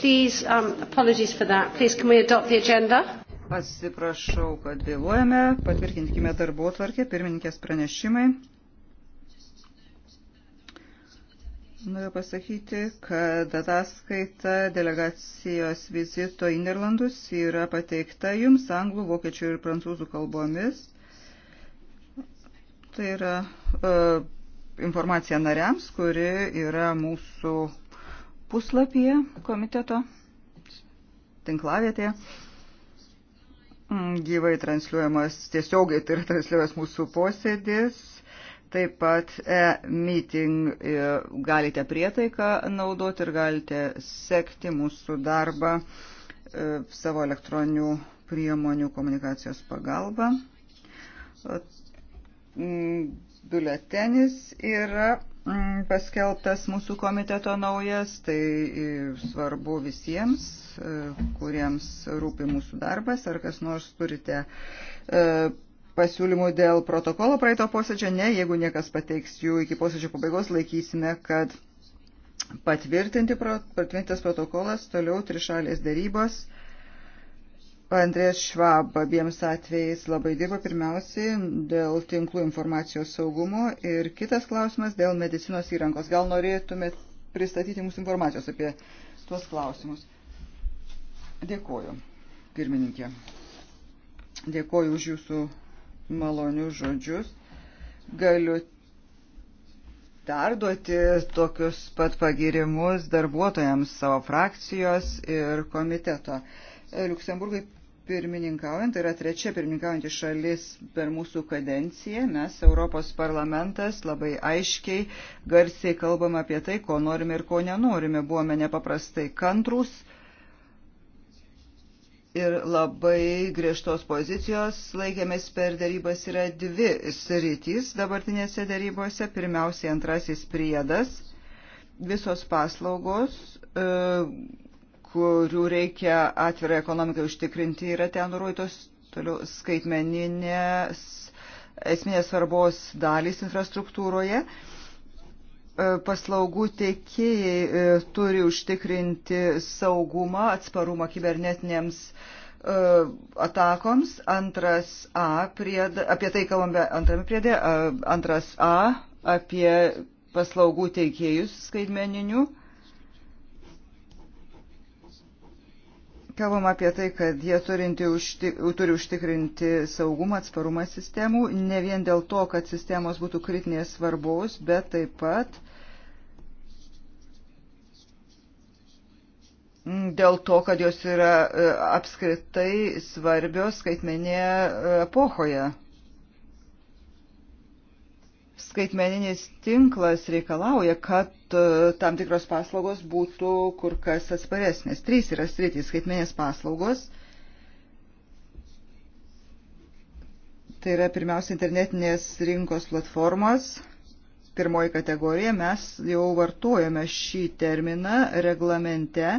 Please, um, apologies for that. Please, can we adopt the agenda? Atsiprašau, kad vėluojame. Patvirtinkime darbo tvarkę, pirmininkės pranešimai. Noriu pasakyti, kad ataskaita delegacijos vizito į Niderlandus yra pateikta jums anglų, vokiečių ir prancūzų kalbomis. Tai yra e, informacija nariams, kuri yra mūsų puslapyje komiteto tinklavietėje. Mm, gyvai transliuojamas tiesiogiai, tai yra transliuojamas mūsų posėdis. Taip pat e-meeting e, galite prietaiką naudoti ir galite sekti mūsų darbą e, savo elektroninių priemonių komunikacijos pagalba. Mm, biuletenis yra Mm, paskelbtas mūsų komiteto naujas, tai svarbu visiems, e, kuriems rūpi mūsų darbas, ar kas nors turite e, pasiūlymų dėl protokolo praeito posėdžio, ne, jeigu niekas pateiks jų iki posėdžio pabaigos, laikysime, kad patvirtinti, patvirtintas protokolas, toliau trišalės darybos Andrės Švab abiems atvejais labai dirba pirmiausiai dėl tinklų informacijos saugumo ir kitas klausimas dėl medicinos įrangos. Gal norėtumėt pristatyti mūsų informacijos apie tuos klausimus? Dėkoju, pirmininkė. Dėkoju už jūsų malonius žodžius. Galiu perduoti tokius pat pagirimus darbuotojams savo frakcijos ir komiteto. Uh, Luksemburgui pirmininkaujant, tai yra trečia pirmininkaujanti šalis per mūsų kadenciją, mes Europos parlamentas labai aiškiai, garsiai kalbam apie tai, ko norime ir ko nenorime. Buvome nepaprastai kantrus ir labai griežtos pozicijos laikėmės per darybas yra dvi sritys dabartinėse darybose. Pirmiausiai antrasis priedas, visos paslaugos. E, kurių reikia atvirai ekonomikai užtikrinti, yra ten nurodytos toliau skaitmeninės esminės svarbos dalys infrastruktūroje. E, paslaugų tiekėjai e, turi užtikrinti saugumą, atsparumą kibernetinėms e, atakoms. Antras A, pried, apie tai kalbame antrame priedė, antras A apie paslaugų teikėjus skaitmeninių Kalbam apie tai, kad jie turinti, užtik, turi užtikrinti saugumą, atsparumą sistemų, ne vien dėl to, kad sistemos būtų kritinės svarbos, bet taip pat dėl to, kad jos yra e, apskritai svarbios skaitmenėje e, epochoje skaitmeninis tinklas reikalauja, kad e, tam tikros paslaugos būtų kur kas atsparesnės. Trys yra sritys - skaitmeninės paslaugos. Tai yra pirmiausia internetinės rinkos platformos. Pirmoji kategorija, mes jau vartojame šį terminą reglamente.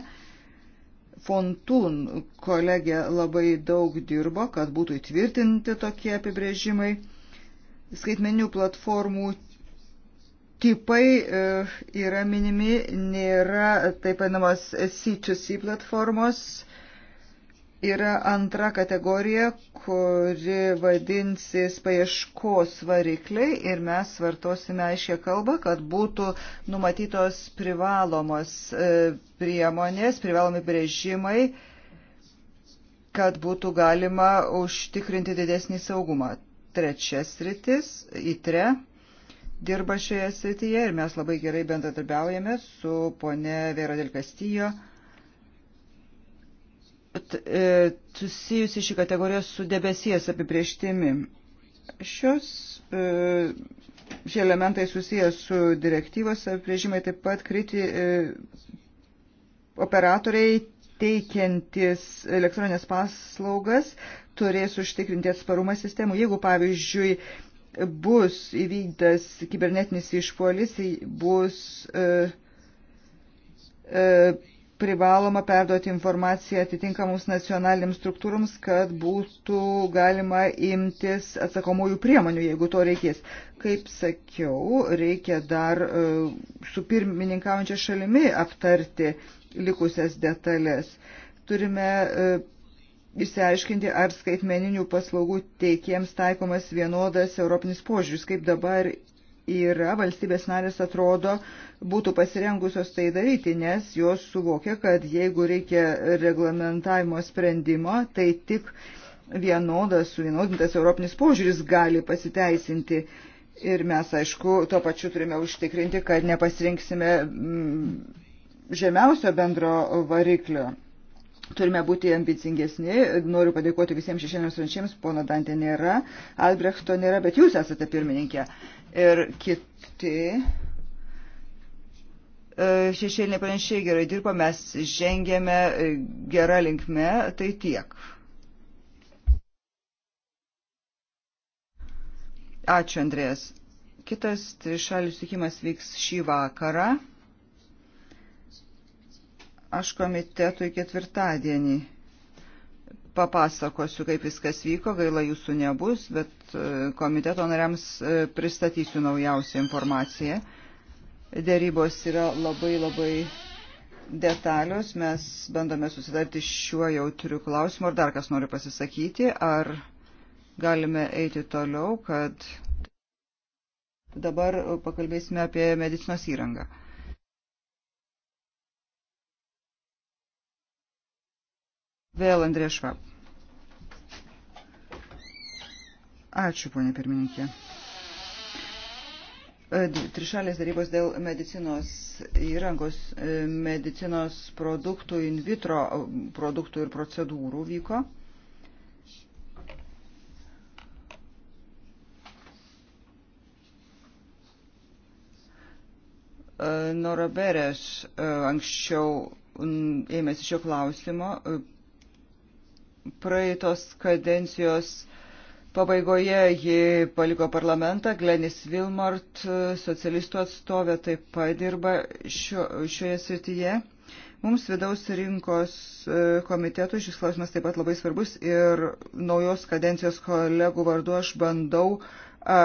Fontun kolegė labai daug dirbo, kad būtų įtvirtinti tokie apibrėžimai skaitmeninių platformų tipai e, yra minimi, nėra taip vadinamos C2C platformos. Yra antra kategorija, kuri vadinsis paieškos varikliai ir mes vartosime aiškę kalbą, kad būtų numatytos privalomos e, priemonės, privalomi brėžimai, kad būtų galima užtikrinti didesnį saugumą trečias sritis, ITRE, dirba šioje srityje ir mes labai gerai bendradarbiaujame su pone Vera Del Castillo. E, susijusi šį kategoriją su debesies apibrieštimi. Šios, e, šie elementai susijęs su direktyvos apibrėžimai taip pat kriti e, operatoriai teikiantis elektroninės paslaugas turės užtikrinti atsparumą sistemų. Jeigu, pavyzdžiui, bus įvykdytas kibernetinis išpuolis, tai bus e, e, privaloma perduoti informaciją atitinkamus nacionaliniams struktūrums, kad būtų galima imtis atsakomųjų priemonių, jeigu to reikės. Kaip sakiau, reikia dar e, su pirmininkaujančia šalimi aptarti likusias detalės. Turime e, išsiaiškinti, ar skaitmeninių paslaugų teikiems taikomas vienodas europinis požiūris, kaip dabar yra, valstybės narės atrodo, būtų pasirengusios tai daryti, nes jos suvokia, kad jeigu reikia reglamentavimo sprendimo, tai tik vienodas, suvienodintas europinis požiūris gali pasiteisinti. Ir mes, aišku, tuo pačiu turime užtikrinti, kad nepasirinksime mm, žemiausio bendro variklio Turime būti ambicingesni. Noriu padėkoti visiems šešėliams rančiams. Pono Dantė nėra, Albrechto nėra, bet jūs esate pirmininkė. Ir kiti e, šešėliniai panašiai gerai dirba, mes žengėme e, gerą linkme, tai tiek. Ačiū, Andrės. Kitas trišalių sutikimas vyks šį vakarą. Aš komitetui ketvirtadienį papasakosiu, kaip viskas vyko, gaila jūsų nebus, bet e, komiteto nariams e, pristatysiu naujausią informaciją. Dėrybos yra labai labai detalios, mes bandome susidarti šiuo jautriu klausimu, ar dar kas nori pasisakyti, ar galime eiti toliau, kad dabar pakalbėsime apie medicinos įrangą. Vėl Andrė Švab. Ačiū, ponė pirmininkė. E, trišalės darybos dėl medicinos įrangos, e, medicinos produktų, in vitro e, produktų ir procedūrų vyko. Nora Bereš anksčiau ėmėsi šio klausimo, praeitos kadencijos pabaigoje ji paliko parlamentą, Glenis Vilmort, socialistų atstovė, taip pat dirba šio, šioje srityje. Mums vidaus rinkos e, komitetų šis klausimas taip pat labai svarbus ir naujos kadencijos kolegų vardu aš bandau a,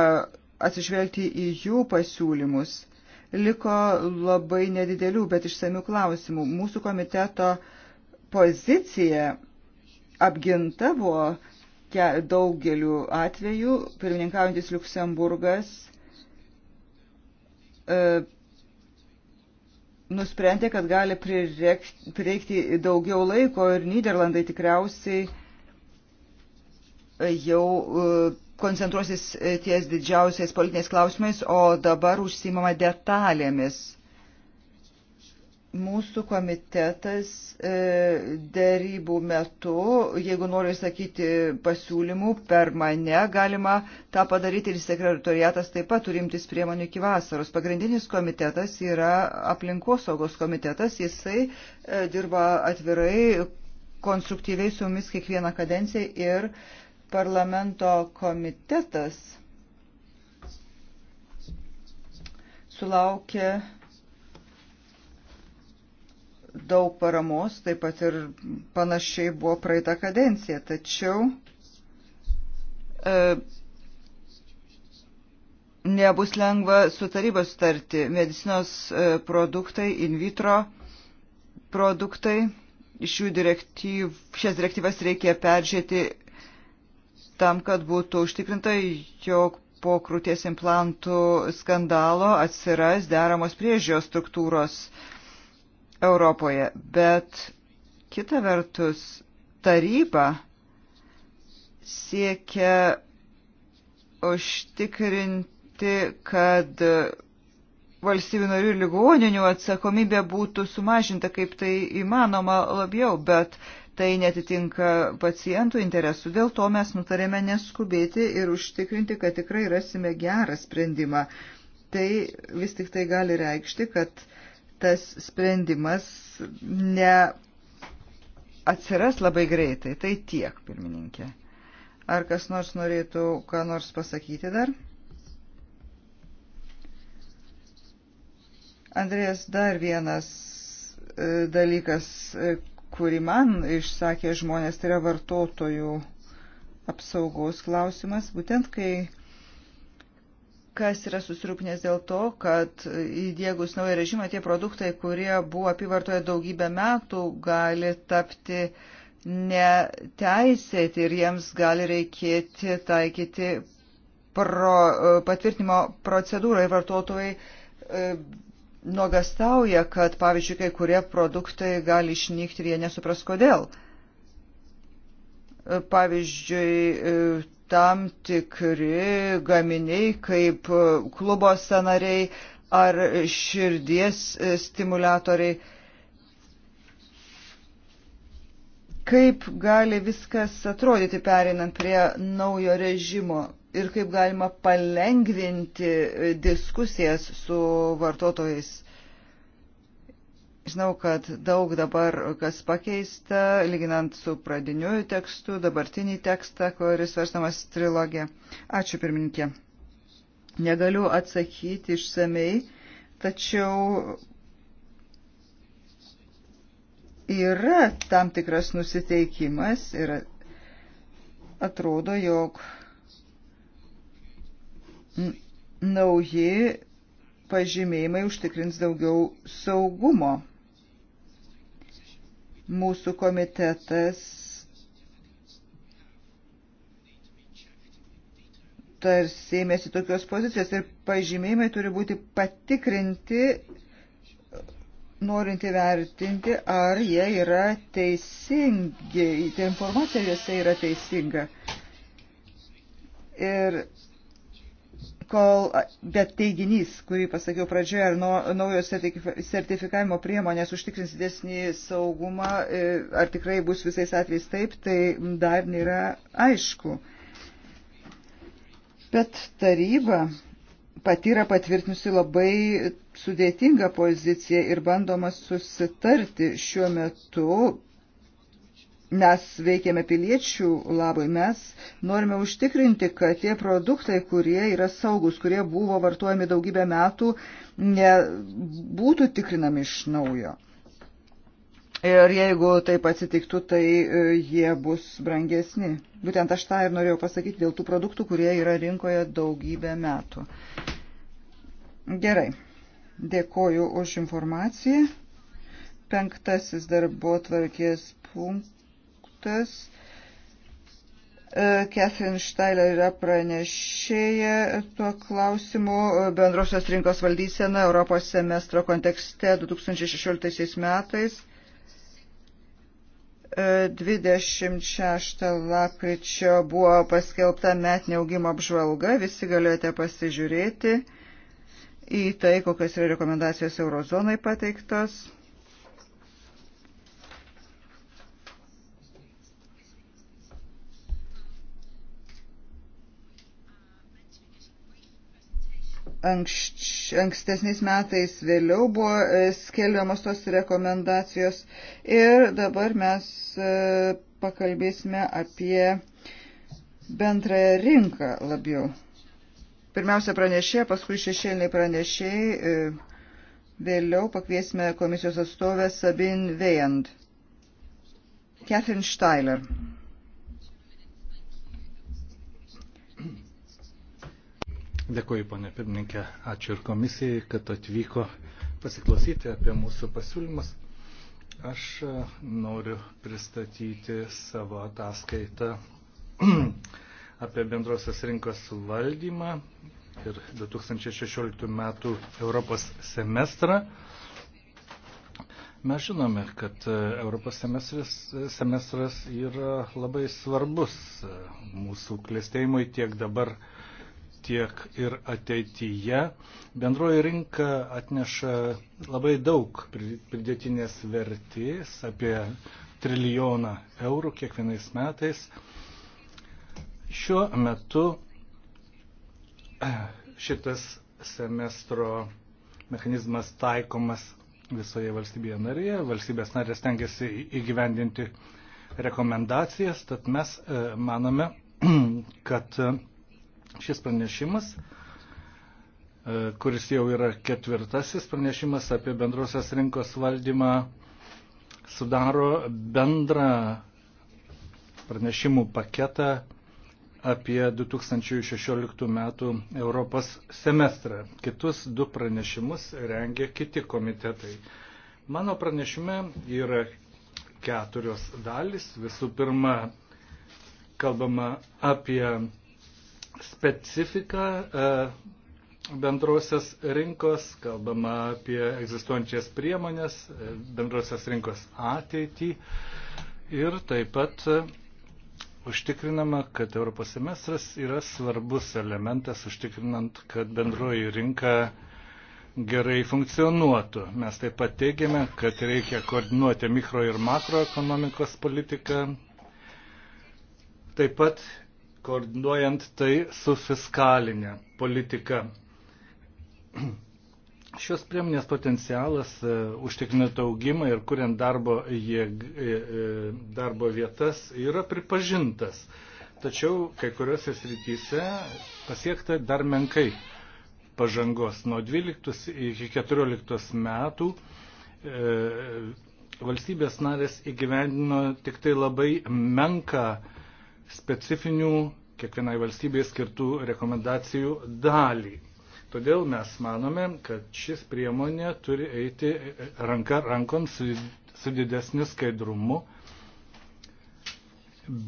atsižvelgti į jų pasiūlymus. Liko labai nedidelių, bet išsamių klausimų. Mūsų komiteto pozicija apginta buvo daugeliu atveju, pirmininkaujantis Luksemburgas e, nusprendė, kad gali prireikti daugiau laiko ir Niderlandai tikriausiai jau e, koncentruosis ties didžiausiais politiniais klausimais, o dabar užsimama detalėmis mūsų komitetas e, dėrybų metu, jeigu noriu išsakyti pasiūlymų per mane, galima tą padaryti ir sekretariatas taip pat turimtis priemonių iki vasaros. Pagrindinis komitetas yra aplinkosaugos komitetas, jisai e, dirba atvirai, konstruktyviai su mumis kiekvieną kadenciją ir parlamento komitetas sulaukė daug paramos, taip pat ir panašiai buvo praeitą kadenciją. Tačiau e, nebus lengva su taryba sutarti. Medicinos e, produktai, in vitro produktai, iš jų direktyv, šias direktyvas reikia peržiūrėti tam, kad būtų užtikrinta, jog po krūties implantų skandalo atsiras deramos priežios struktūros Europoje, bet kita vertus taryba siekia užtikrinti, kad valstybių narių ligoninių atsakomybė būtų sumažinta, kaip tai įmanoma labiau, bet tai netitinka pacientų interesų. Dėl to mes nutarėme neskubėti ir užtikrinti, kad tikrai rasime gerą sprendimą. Tai vis tik tai gali reikšti, kad uh, tas sprendimas ne atsiras labai greitai. Tai tiek, pirmininkė. Ar kas nors norėtų ką nors pasakyti dar? Andrės, dar vienas e, dalykas, e, kurį man išsakė žmonės, tai yra vartotojų apsaugos klausimas. Būtent kai kas yra susirūpinęs dėl to, kad įdėgus naują režimą tie produktai, kurie buvo apyvartoje daugybę metų, gali tapti neteisėti ir jiems gali reikėti taikyti pro, patvirtinimo procedūrą ir vartotojai e, nuogastauja, kad pavyzdžiui kai kurie produktai gali išnykti ir jie nesupras kodėl. E, pavyzdžiui, e, tam tikri gaminiai kaip e, klubo senariai ar širdies e, stimulatoriai. Kaip gali viskas atrodyti perinant prie naujo režimo ir kaip galima palengvinti diskusijas su vartotojais? Žinau, kad daug dabar kas pakeista, lyginant su pradiniu tekstu, dabartinį tekstą, kuris svarstamas trilogija. Ačiū pirmininkė. Negaliu atsakyti išsamei, tačiau yra tam tikras nusiteikimas ir atrodo, jog nauji pažymėjimai užtikrins daugiau saugumo Mūsų komitetas tarsi ėmėsi tokios pozicijos ir pažymėjimai turi būti patikrinti, norint įvertinti, ar jie yra teisingi, tai informacija juose yra teisinga. Ir kol, bet teiginys, kurį pasakiau pradžioje, ar no, naujos sertifikavimo priemonės užtikrins didesnį saugumą, e, ar tikrai bus visais atvejais taip, tai dar nėra aišku. Bet taryba pati yra patvirtinusi labai sudėtingą poziciją ir bandoma susitarti šiuo metu mes veikiame piliečių labui, mes norime užtikrinti, kad tie produktai, kurie yra saugus, kurie buvo vartojami daugybę metų, nebūtų tikrinami iš naujo. Ir jeigu taip atsitiktų, tai e, jie bus brangesni. Būtent aš tą ir norėjau pasakyti dėl tų produktų, kurie yra rinkoje daugybę metų. Gerai. Dėkoju už informaciją. Penktasis darbo tvarkės punktas punktas. E, Catherine Steiler yra pranešėja tuo klausimu e, bendrosios rinkos valdysena Europos semestro kontekste 2016 metais. 26 e, lapkričio buvo paskelbta metinė augimo apžvalga, visi galėjote pasižiūrėti į tai, kokios yra rekomendacijos eurozonai pateiktos. Anksč, ankstesniais metais vėliau buvo e, skelbiamos tos rekomendacijos ir dabar mes e, pakalbėsime apie bendrąją rinką labiau. Pirmiausia pranešė, paskui šešėliniai pranešėjai, e, vėliau pakviesime komisijos atstovę Sabin Vejand. Catherine Steiler. Dėkuoju, ponė pirmininkė, ačiū ir komisijai, kad atvyko pasiklausyti apie mūsų pasiūlymus. Aš e, noriu pristatyti savo ataskaitą apie bendrosios rinkos valdymą ir 2016 metų Europos semestrą. Mes žinome, kad e, Europos semestras, semestras yra labai svarbus e, mūsų klėstėjimui tiek dabar tiek ir ateityje. Bendroji rinka atneša labai daug pridėtinės vertės, apie trilijoną eurų kiekvienais metais. Šiuo metu eh, šitas semestro mechanizmas taikomas visoje valstybėje narėje. Valstybės narės tengiasi įgyvendinti rekomendacijas, tad mes eh, manome, kad Šis pranešimas, e, kuris jau yra ketvirtasis pranešimas apie bendrosios rinkos valdymą, sudaro bendrą pranešimų paketą apie 2016 metų Europos semestrą. Kitus du pranešimus rengia kiti komitetai. Mano pranešime yra keturios dalis. Visų pirma, kalbama apie specifiką e, bendrosios rinkos, kalbama apie egzistuojančias priemonės, e, bendrosios rinkos ateitį ir taip pat e, užtikrinama, kad Europos semestras yra svarbus elementas užtikrinant, kad bendroji rinka gerai funkcionuotų. Mes taip pat teigiame, kad reikia koordinuoti mikro ir makroekonomikos politiką. Taip pat koordinuojant tai su fiskalinė politika. Šios priemonės potencialas e, užtikrinant augimą ir kuriant darbo, jėg, e, e, darbo vietas yra pripažintas. Tačiau kai kuriuose srityse pasiekta dar menkai pažangos. Nuo 12 iki 14 metų valstybės narės įgyvendino tik tai labai menką specifinių kiekvienai valstybėje skirtų rekomendacijų dalį. Todėl mes manome, kad šis priemonė turi eiti ranka rankon su, su didesniu skaidrumu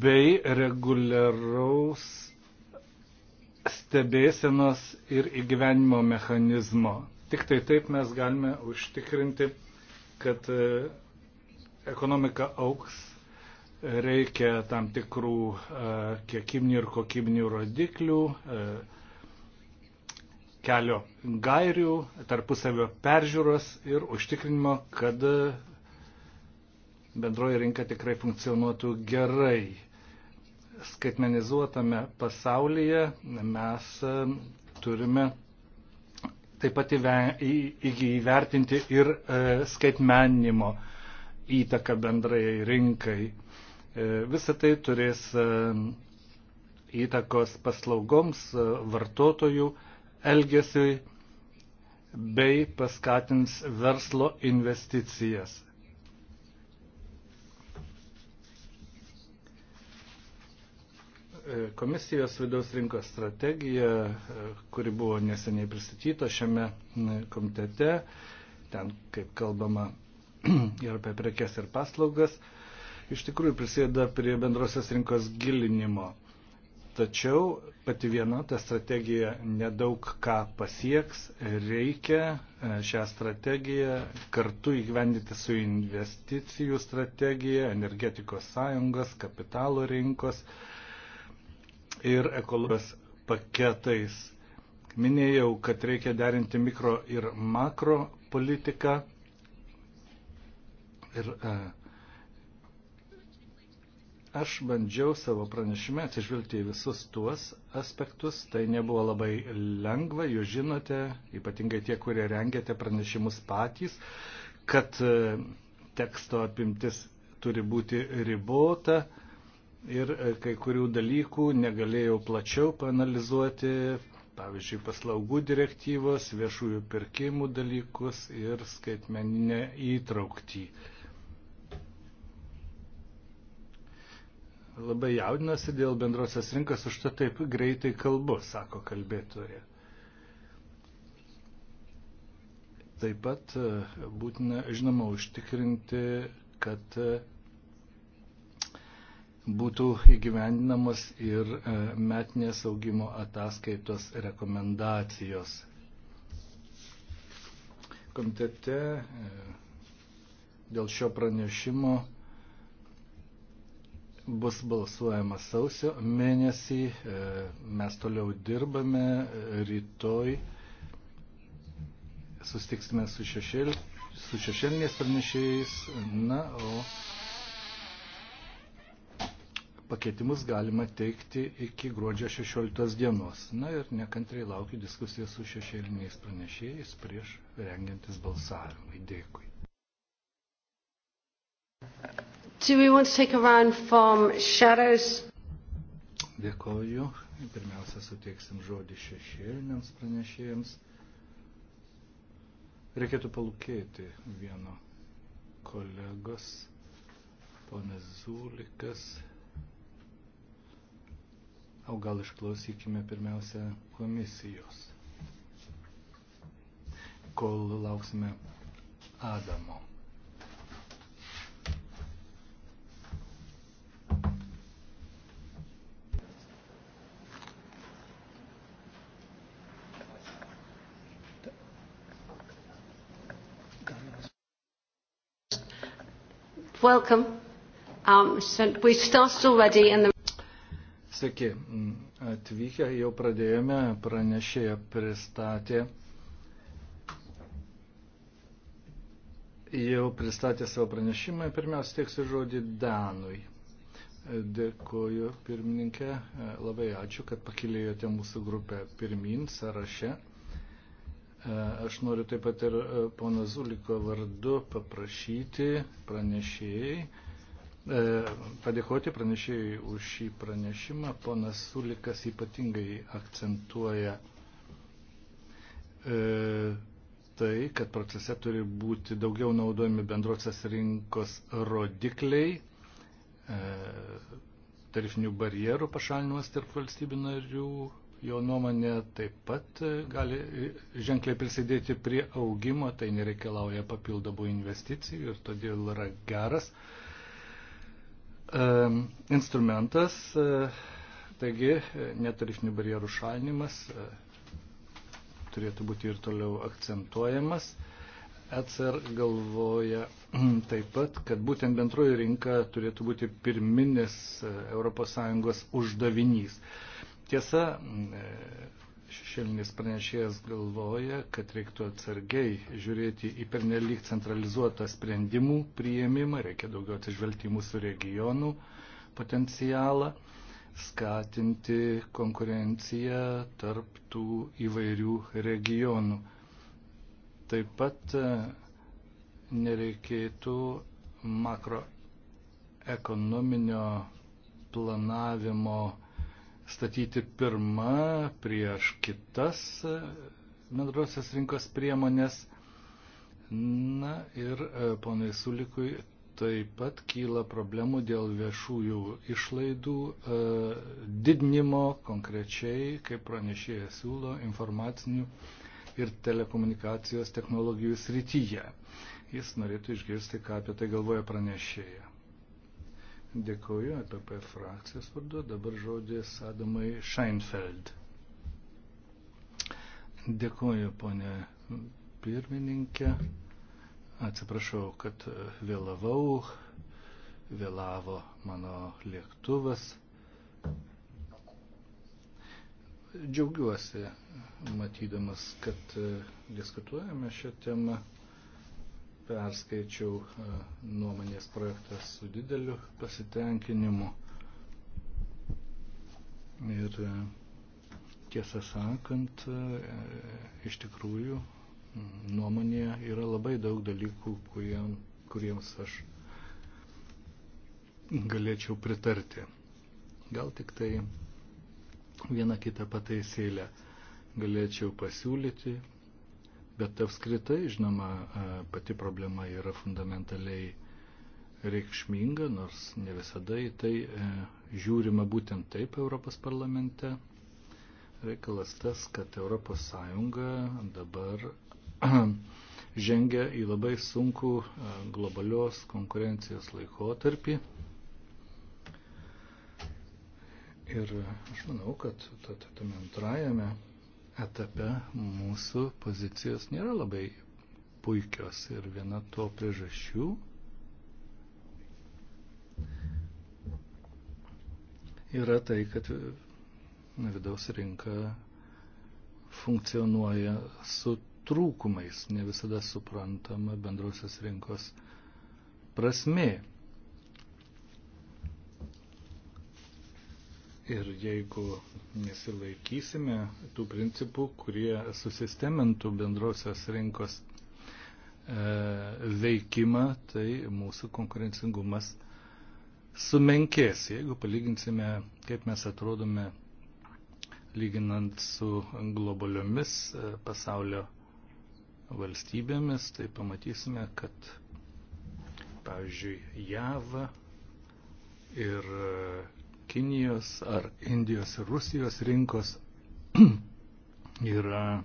bei reguliaraus stebėsenos ir įgyvenimo mechanizmo. Tik tai taip mes galime užtikrinti, kad e, ekonomika auks reikia tam tikrų e, kiekiminių ir kokiminių rodiklių, e, kelio gairių, tarpusavio peržiūros ir užtikrinimo, kad e, bendroji rinka tikrai funkcionuotų gerai. Skaitmenizuotame pasaulyje mes turime taip pat įvertinti ir skaitmeninimo įtaką bendrai rinkai E, Visą tai turės e, įtakos paslaugoms, e, vartotojų elgesiui bei paskatins verslo investicijas. Komisijos vidaus rinkos strategija, kuri buvo neseniai pristatyta šiame komitete, ten kaip kalbama ir apie prekes ir paslaugas, iš tikrųjų prisėda prie bendrosios rinkos gilinimo. Tačiau pati viena ta strategija nedaug ką pasieks, reikia e, šią strategiją kartu įgyvendyti su investicijų strategija, energetikos sąjungos, kapitalo rinkos ir ekologijos paketais. Minėjau, kad reikia derinti mikro ir makro politiką. Ir, uh, Aš bandžiau savo pranešime atsižvelgti į visus tuos aspektus. Tai nebuvo labai lengva, jūs žinote, ypatingai tie, kurie rengėte pranešimus patys, kad e, teksto apimtis turi būti ribota ir e, kai kurių dalykų negalėjau plačiau panalizuoti, pavyzdžiui, paslaugų direktyvos, viešųjų pirkimų dalykus ir skaitmeninę įtraukti. labai jaudinasi dėl bendrosios rinkos, už to tai taip greitai kalbu, sako kalbėtoje. Taip pat e, būtina, žinoma, užtikrinti, kad e, būtų įgyvendinamos ir e, metinės augimo ataskaitos rekomendacijos. Komitete dėl šio pranešimo bus balsuojama sausio mėnesį. E, mes toliau dirbame. Rytoj sustiksime su, šešėl, su šešėliniais pranešėjais. Na, o pakeitimus galima teikti iki gruodžio 16 dienos. Na ir nekantriai laukiu diskusiją su šešėliniais pranešėjais prieš rengiantis balsavimui. Dėkui. Thank you. Do we want to take a round from shadows? Dėkoju. Pirmiausia, suteiksim žodį šešėliniams pranešėjams. Reikėtų palūkėti vieno kolegos, ponas Zulikas. O gal išklausykime pirmiausia komisijos, kol lauksime Adamo. Welcome. Um, so we started already in the... Sveiki, atvykę jau pradėjome, pranešėja pristatė. Jau pristatė savo pranešimą, pirmiausia teiksiu žodį Danui. Dėkoju, pirmininkė, labai ačiū, kad pakilėjote mūsų grupę pirmin sąraše. E, aš noriu taip pat ir e, pono Zuliko vardu paprašyti pranešėjai, e, padėkoti pranešėjai už šį pranešimą. Ponas Zulikas ypatingai akcentuoja tai, kad procese turi būti daugiau naudojami bendrosios rinkos rodikliai, tarifinių barjerų pašalinimas tarp valstybių narių jo nuomonė taip pat e, gali e, ženkliai prisidėti prie augimo, tai nereikalauja papildomų investicijų ir todėl yra geras e, instrumentas, taigi netarifinių barjerų šalinimas turėtų būti ir toliau akcentuojamas. ECR galvoja taip pat, kad būtent bendroji rinka turėtų būti pirminis ES uždavinys. Tiesa, e, šešėlinis pranešėjas galvoja, kad reiktų atsargiai žiūrėti į pernelyg centralizuotą sprendimų priėmimą, reikia daugiau atsižvelgti į mūsų regionų potencialą, skatinti konkurenciją tarp tų įvairių regionų. Taip pat e, nereikėtų makroekonominio planavimo statyti pirmą prieš kitas e, bendrosios rinkos priemonės. Na ir e, ponai Sulikui taip pat kyla problemų dėl viešųjų išlaidų e, didinimo, konkrečiai, kaip pranešėjas siūlo, informacinių ir telekomunikacijos technologijų srityje. Jis norėtų išgirsti, ką apie tai galvoja pranešėja. Dėkuoju apie frakcijos vardu. Dabar žodis Adamai Scheinfeld. Dėkuoju, ponė pirmininkė. Atsiprašau, kad vėlavau. Vėlavo mano lėktuvas. Džiaugiuosi matydamas, kad diskutuojame šią temą perskaičiau e, nuomonės projektą su dideliu pasitenkinimu. Ir e, tiesą sakant, e, iš tikrųjų nuomonėje yra labai daug dalykų, kuriem, kuriems aš galėčiau pritarti. Gal tik tai vieną kitą pataisėlę galėčiau pasiūlyti, Bet apskritai, žinoma, pati problema yra fundamentaliai reikšminga, nors ne visada į tai e, žiūrima būtent taip Europos parlamente. Reikalas tas, kad ES dabar žengia į labai sunkų globalios konkurencijos laikotarpį. Ir aš manau, kad tame antrajame etape mūsų pozicijos nėra labai puikios ir viena to priežasčių yra tai, kad vidaus rinka funkcionuoja su trūkumais, ne visada suprantama bendrosios rinkos prasmė. Ir jeigu nesilaikysime tų principų, kurie susistemintų bendrosios rinkos e, veikimą, tai mūsų konkurencingumas sumenkės. Jeigu palyginsime, kaip mes atrodome lyginant su globaliomis e, pasaulio valstybėmis, tai pamatysime, kad pavyzdžiui JAV ir Kinijos ar Indijos ir Rusijos rinkos yra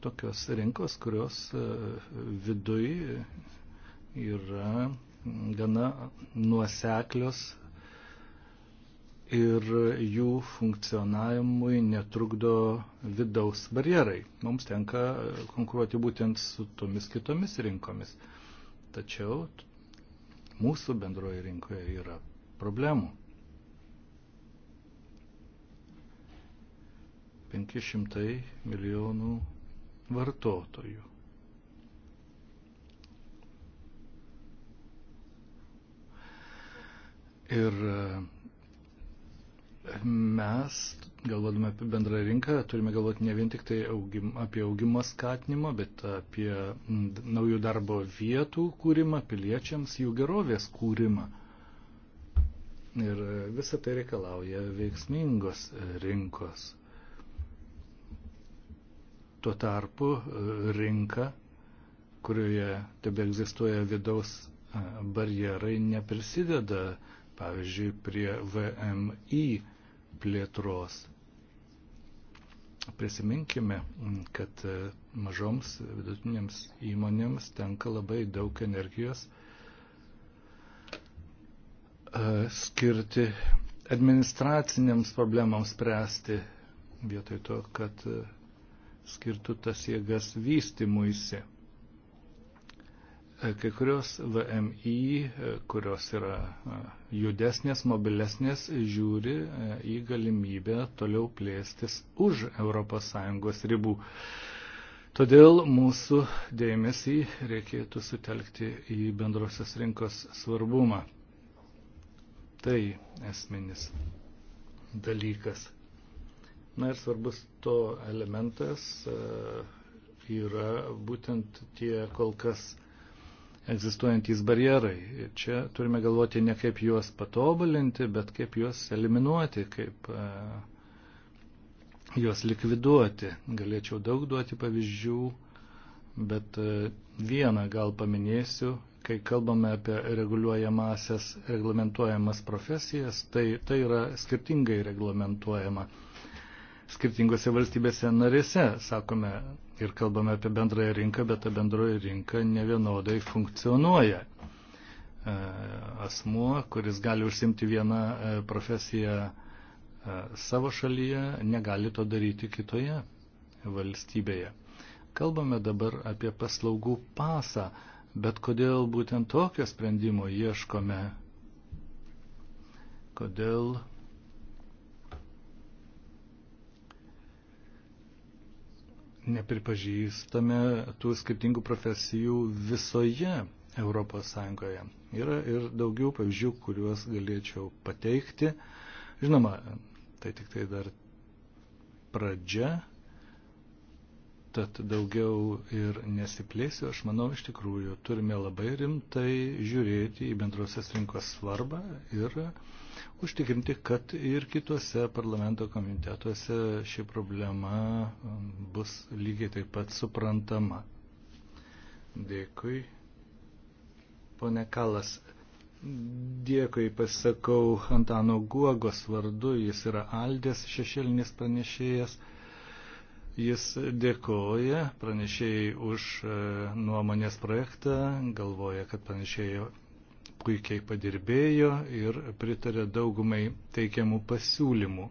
tokios rinkos, kurios e, viduj yra gana nuoseklios ir jų funkcionavimui netrukdo vidaus barjerai. Mums tenka konkuruoti būtent su tomis kitomis rinkomis. Tačiau mūsų bendroje rinkoje yra problemų. 500 milijonų vartotojų. Ir e, mes, galvodami apie bendrą rinką, turime galvoti ne vien tik tai augim, apie augimo skatinimą, bet apie naujų darbo vietų kūrimą, piliečiams jų gerovės kūrimą. Ir e, visą tai reikalauja veiksmingos e, rinkos. Tuo tarpu e, rinka, kurioje tebe egzistuoja vidaus barjerai, neprisideda, pavyzdžiui, prie VMI plėtros. Prisiminkime, kad mažoms vidutinėms įmonėms tenka labai daug energijos E, skirti administraciniams problemams spręsti, vietoj to, kad e, skirtų tas jėgas vystimuisi. E, kai kurios VMI, kurios yra judesnės, mobilesnės, žiūri į galimybę toliau plėstis už ES ribų. Todėl mūsų dėmesį reikėtų sutelkti į bendrosios rinkos svarbumą tai esminis dalykas. Na ir svarbus to elementas e, yra būtent tie kol kas egzistuojantys barjerai. Ir čia turime galvoti ne kaip juos patobulinti, bet kaip juos eliminuoti, kaip e, juos likviduoti. Galėčiau daug duoti pavyzdžių, bet e, vieną gal paminėsiu kai kalbame apie reguliuojamasias, reglamentuojamas profesijas, tai tai yra skirtingai reglamentuojama. Skirtingose valstybėse narėse, sakome, ir kalbame apie bendrąją rinką, bet ta bendroji rinka nevienodai funkcionuoja. E, asmuo, kuris gali užsimti vieną e, profesiją e, savo šalyje, negali to daryti kitoje valstybėje. Kalbame dabar apie paslaugų pasą. Bet kodėl būtent tokio sprendimo ieškome? Kodėl nepripažįstame tų skirtingų profesijų visoje Europos Sąjungoje? Yra ir daugiau pavyzdžių, kuriuos galėčiau pateikti. Žinoma, tai tik tai dar pradžia tad daugiau ir nesiplėsiu. Aš manau, iš tikrųjų, turime labai rimtai žiūrėti į bendrosios rinkos svarbą ir užtikrinti, kad ir kitose parlamento komitetuose ši problema bus lygiai taip pat suprantama. Dėkui. Pone Kalas, dėkui pasakau Antano Guogos vardu, jis yra Aldės šešėlinis pranešėjas. Jis dėkoja pranešėjai už e, nuomonės projektą, galvoja, kad pranešėjai puikiai padirbėjo ir pritarė daugumai teikiamų pasiūlymų.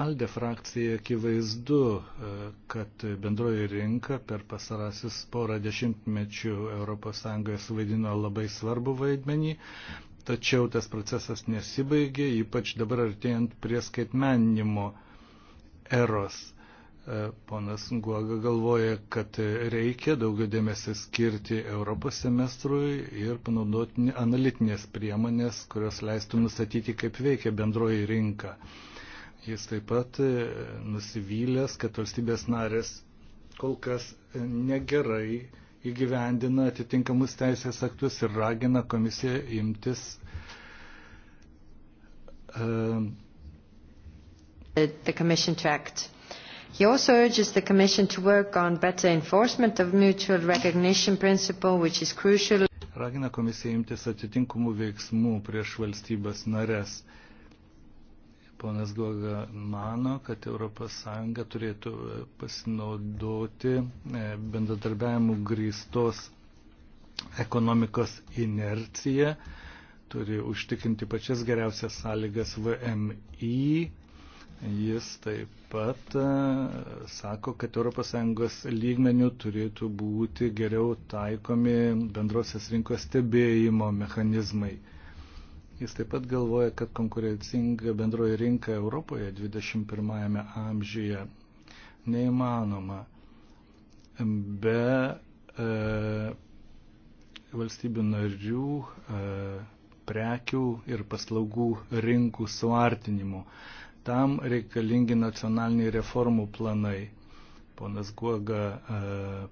Alde frakcija akivaizdu, e, kad bendroji rinka per pasarasis porą dešimtmečių ES suvaidino labai svarbu vaidmenį, tačiau tas procesas nesibaigė, ypač dabar artėjant prie skaitmeninimo eros. E, ponas Guoga galvoja, kad reikia daugiau dėmesio skirti Europos semestrui ir panaudoti analitinės priemonės, kurios leistų nustatyti, kaip veikia bendroji rinka. Jis taip pat e, nusivylęs, kad valstybės narės kol kas e, negerai įgyvendina atitinkamus teisės aktus ir ragina komisiją imtis. Uh, The Commission to act. He also urges the Commission to work on better enforcement of mutual recognition principle, which is crucial. Ragina komisija imtis atitinkamų veiksmų prieš valstybės narės. Ponas Goga mano, kad ES turėtų e, pasinaudoti e, bendradarbiavimų grįstos ekonomikos inerciją, turi užtikrinti pačias geriausias sąlygas VMI Jis taip pat e, sako, kad ES lygmenių turėtų būti geriau taikomi bendrosios rinkos stebėjimo mechanizmai. Jis taip pat galvoja, kad konkurencinga bendroji rinka Europoje 21-ame amžiuje neįmanoma be e, valstybių narių e, prekių ir paslaugų rinkų suartinimo. E, tam reikalingi nacionaliniai reformų planai. Ponas Guoga e,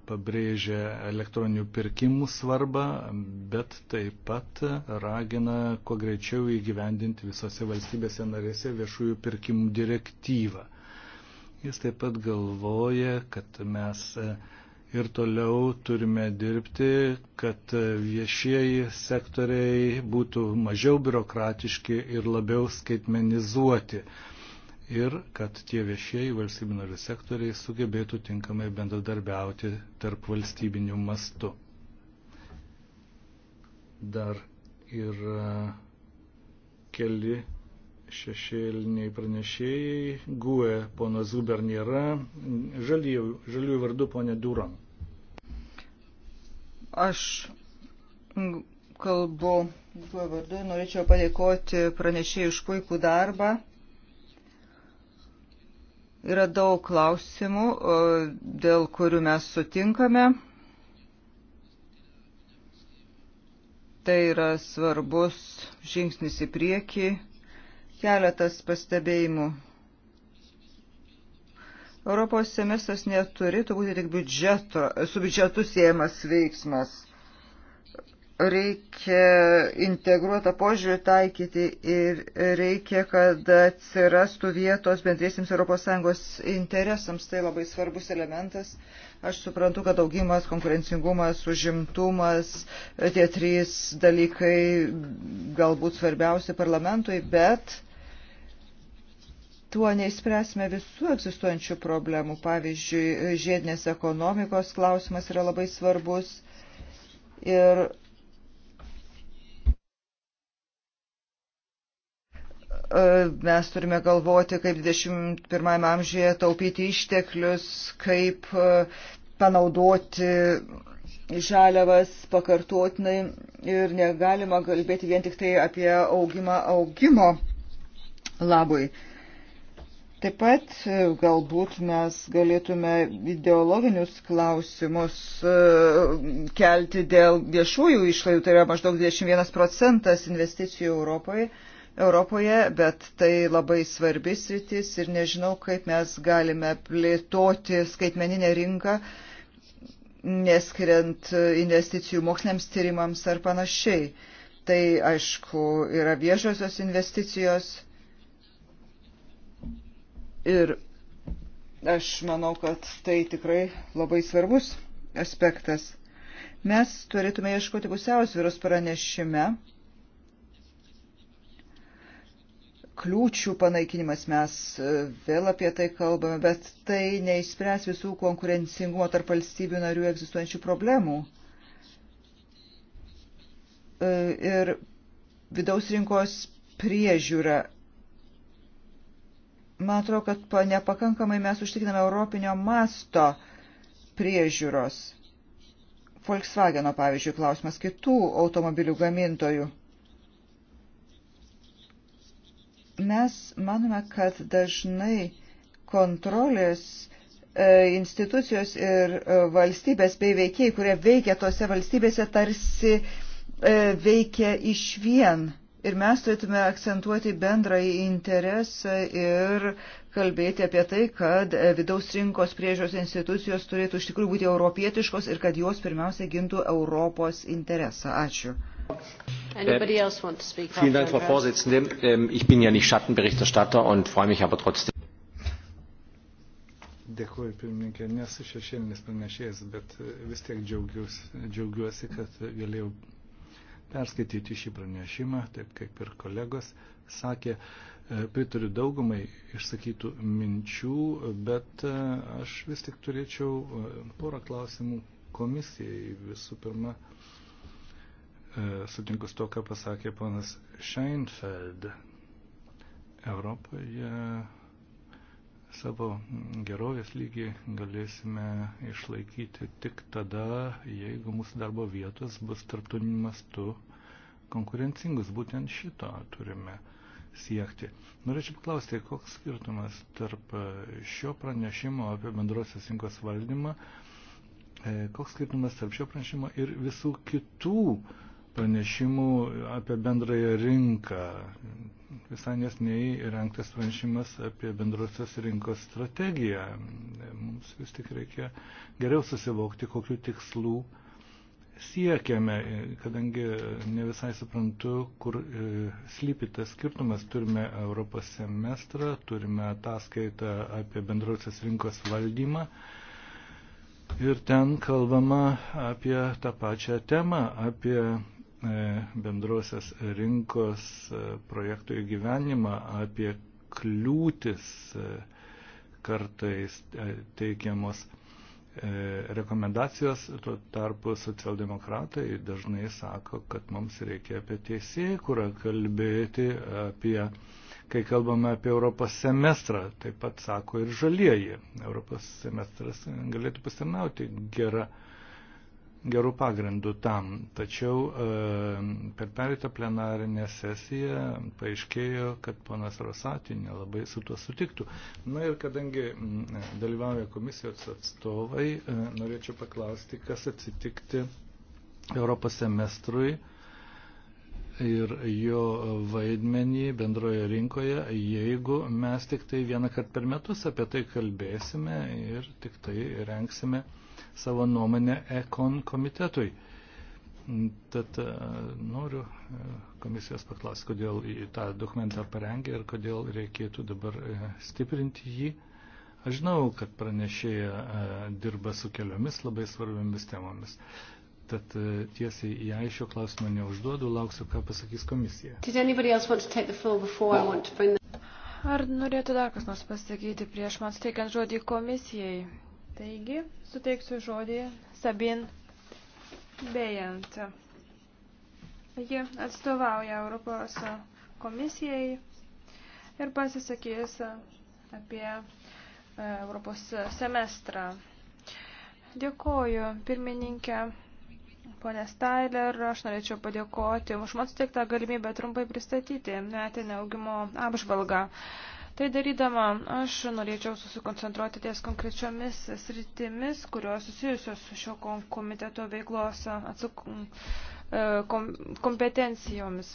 pabrėžė elektroninių pirkimų svarbą, bet taip pat ragina kuo greičiau įgyvendinti visose valstybėse narėse viešųjų pirkimų direktyvą. Jis taip pat galvoja, kad mes e, ir toliau turime dirbti, kad viešieji sektoriai būtų mažiau biurokratiški ir labiau skaitmenizuoti ir kad tie viešieji valstybinarių sektoriai sugebėtų tinkamai bendradarbiauti tarp valstybinių mastų. Dar yra e, keli šešėliniai pranešėjai. Gue, pono Zuber nėra. Žaliųjų vardu, ponė Duran. Aš kalbu Gue vardu, norėčiau padėkoti pranešėjai už puikų darbą. Yra daug klausimų, dėl kurių mes sutinkame. Tai yra svarbus žingsnis į priekį. Keletas pastebėjimų. Europos semestras neturėtų būti tik biudžeto, su biudžetu siejamas veiksmas reikia integruotą požiūrį taikyti ir reikia, kad atsirastų vietos bendriesiams ES interesams. Tai labai svarbus elementas. Aš suprantu, kad augimas, konkurencingumas, užimtumas, tie trys dalykai galbūt svarbiausi parlamentui, bet tuo neįspręsime visų egzistuojančių problemų. Pavyzdžiui, žiedinės ekonomikos klausimas yra labai svarbus. Ir E, mes turime galvoti, kaip 21 amžiuje taupyti išteklius, kaip e, panaudoti žaliavas pakartotinai ir negalima kalbėti vien tik tai apie augimą augimo labui. Taip pat e, galbūt mes galėtume ideologinius klausimus kelti dėl viešųjų išlaidų, tai yra maždaug 21 procentas investicijų Europoje. Europoje, bet tai labai svarbis rytis ir nežinau, kaip mes galime plėtoti skaitmeninę rinką, neskiriant investicijų moksliniams tyrimams ar panašiai. Tai aišku yra viešosios investicijos ir aš manau, kad tai tikrai labai svarbus aspektas. Mes turėtume ieškoti pusiausvyros pranešime kliūčių panaikinimas, mes e, vėl apie tai kalbame, bet tai neišspręs visų konkurencingumo tarp valstybių narių egzistuojančių problemų. E, ir vidaus rinkos priežiūra. Man atrodo, kad nepakankamai mes užtikriname europinio masto priežiūros. Volkswageno, pavyzdžiui, klausimas kitų automobilių gamintojų Mes manome, kad dažnai kontrolės e, institucijos ir e, valstybės bei veikiai, kurie veikia tose valstybėse, tarsi e, veikia iš vien. Ir mes turėtume akcentuoti bendrąjį interesą ir kalbėti apie tai, kad vidaus rinkos priežios institucijos turėtų iš tikrųjų būti europietiškos ir kad jos pirmiausia gintų Europos interesą. Ačiū. Äh, vielen Dank, Frau Vorsitzende. Ähm, ich bin ja nicht Schattenberichterstatter und freue mich aber trotzdem. Dėkuoju, pirmininkė, nesu šešėlinis pranešėjas, bet e, vis tiek džiaugiuosi, džiaugiuosi, kad galėjau perskaityti šį pranešimą, taip kaip ir kolegos sakė. E, pritariu daugumai išsakytų minčių, bet e, aš vis tik turėčiau porą klausimų komisijai visų pirma. E, sutinku su to, ką pasakė ponas Scheinfeld. Europoje savo gerovės lygį galėsime išlaikyti tik tada, jeigu mūsų darbo vietos bus tarptautiniu mastu konkurencingus. Būtent šito turime siekti. Norėčiau paklausti, koks skirtumas tarp šio pranešimo apie bendrosios rinkos valdymą, e, koks skirtumas tarp šio pranešimo ir visų kitų uh, pranešimų apie bendrąją rinką. Visai nesnei renktas pranešimas apie bendrosios rinkos strategiją. Mums vis tik reikia geriau susivokti, kokiu tikslu siekiame, kadangi ne visai suprantu, kur e, slypi tas skirtumas. Turime Europos semestrą, turime ataskaitą apie bendrosios rinkos valdymą. Ir ten kalbama apie tą pačią temą, apie E, bendrosios rinkos e, projektų įgyvenimą, apie kliūtis e, kartais teikiamos rekomendacijos, tuo tarpu socialdemokratai dažnai sako, kad mums reikia apie teisėkurą kalbėti, apie, kai kalbame apie Europos semestrą, taip pat sako ir žalieji. Europos semestras galėtų pasitarnauti gerą gerų pagrindų tam. Tačiau e, per perėtą plenarinę sesiją paaiškėjo, kad ponas Rosatį nelabai su tuo sutiktų. Na ir kadangi dalyvauja komisijos atstovai, e, norėčiau paklausti, kas atsitikti Europos semestrui ir jo vaidmenį bendroje rinkoje, jeigu mes tik tai vieną kartą per metus apie tai kalbėsime ir tik tai renksime uh, savo nuomonę ekon komitetui. Tad e, noriu e, komisijos paklausti, kodėl tą dokumentą parengė ir kodėl reikėtų dabar e, stiprinti jį. Aš žinau, kad pranešėja dirba su keliomis labai svarbiomis temomis. Tad tiesiai į aišio klausimą neužduodu, lauksiu, ką pasakys komisija. Ar norėtų dar kas nors pasakyti prieš man steikiant žodį komisijai? Taigi, suteiksiu žodį Sabin Bejant. Ji atstovauja Europos komisijai ir pasisakys apie e, Europos semestrą. Dėkoju, pirmininkė. Pone Stailer, aš norėčiau padėkoti už man suteiktą galimybę trumpai pristatyti metinę augimo apžvalgą. Tai darydama, aš norėčiau susikoncentruoti ties konkrečiomis sritimis, kurios susijusios su šio komiteto veiklos atsuk, e, kom, kompetencijomis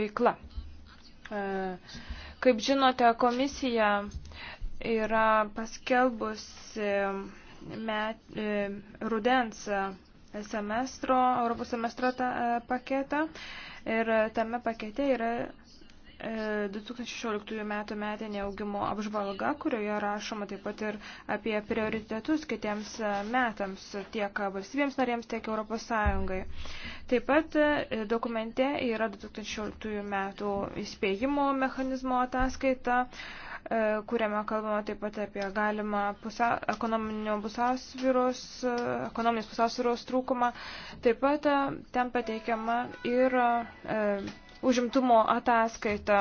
veikla. E, kaip žinote, komisija yra paskelbusi met, e, rudens semestro, Europos semestro ta, paketą ir tame pakete yra 2016 e, metų metinė augimo apžvalga, kurioje rašoma taip pat ir apie prioritetus kitiems e, metams tiek valstybėms narėms, tiek Europos Sąjungai. Taip pat e, dokumente yra 2016 metų įspėjimo mechanizmo ataskaita, kuriame kalbama taip pat apie galimą pusa, pusiausvyros, ekonominės pusiausvyros trūkumą. Taip pat ten pateikiama ir užimtumo ataskaitą.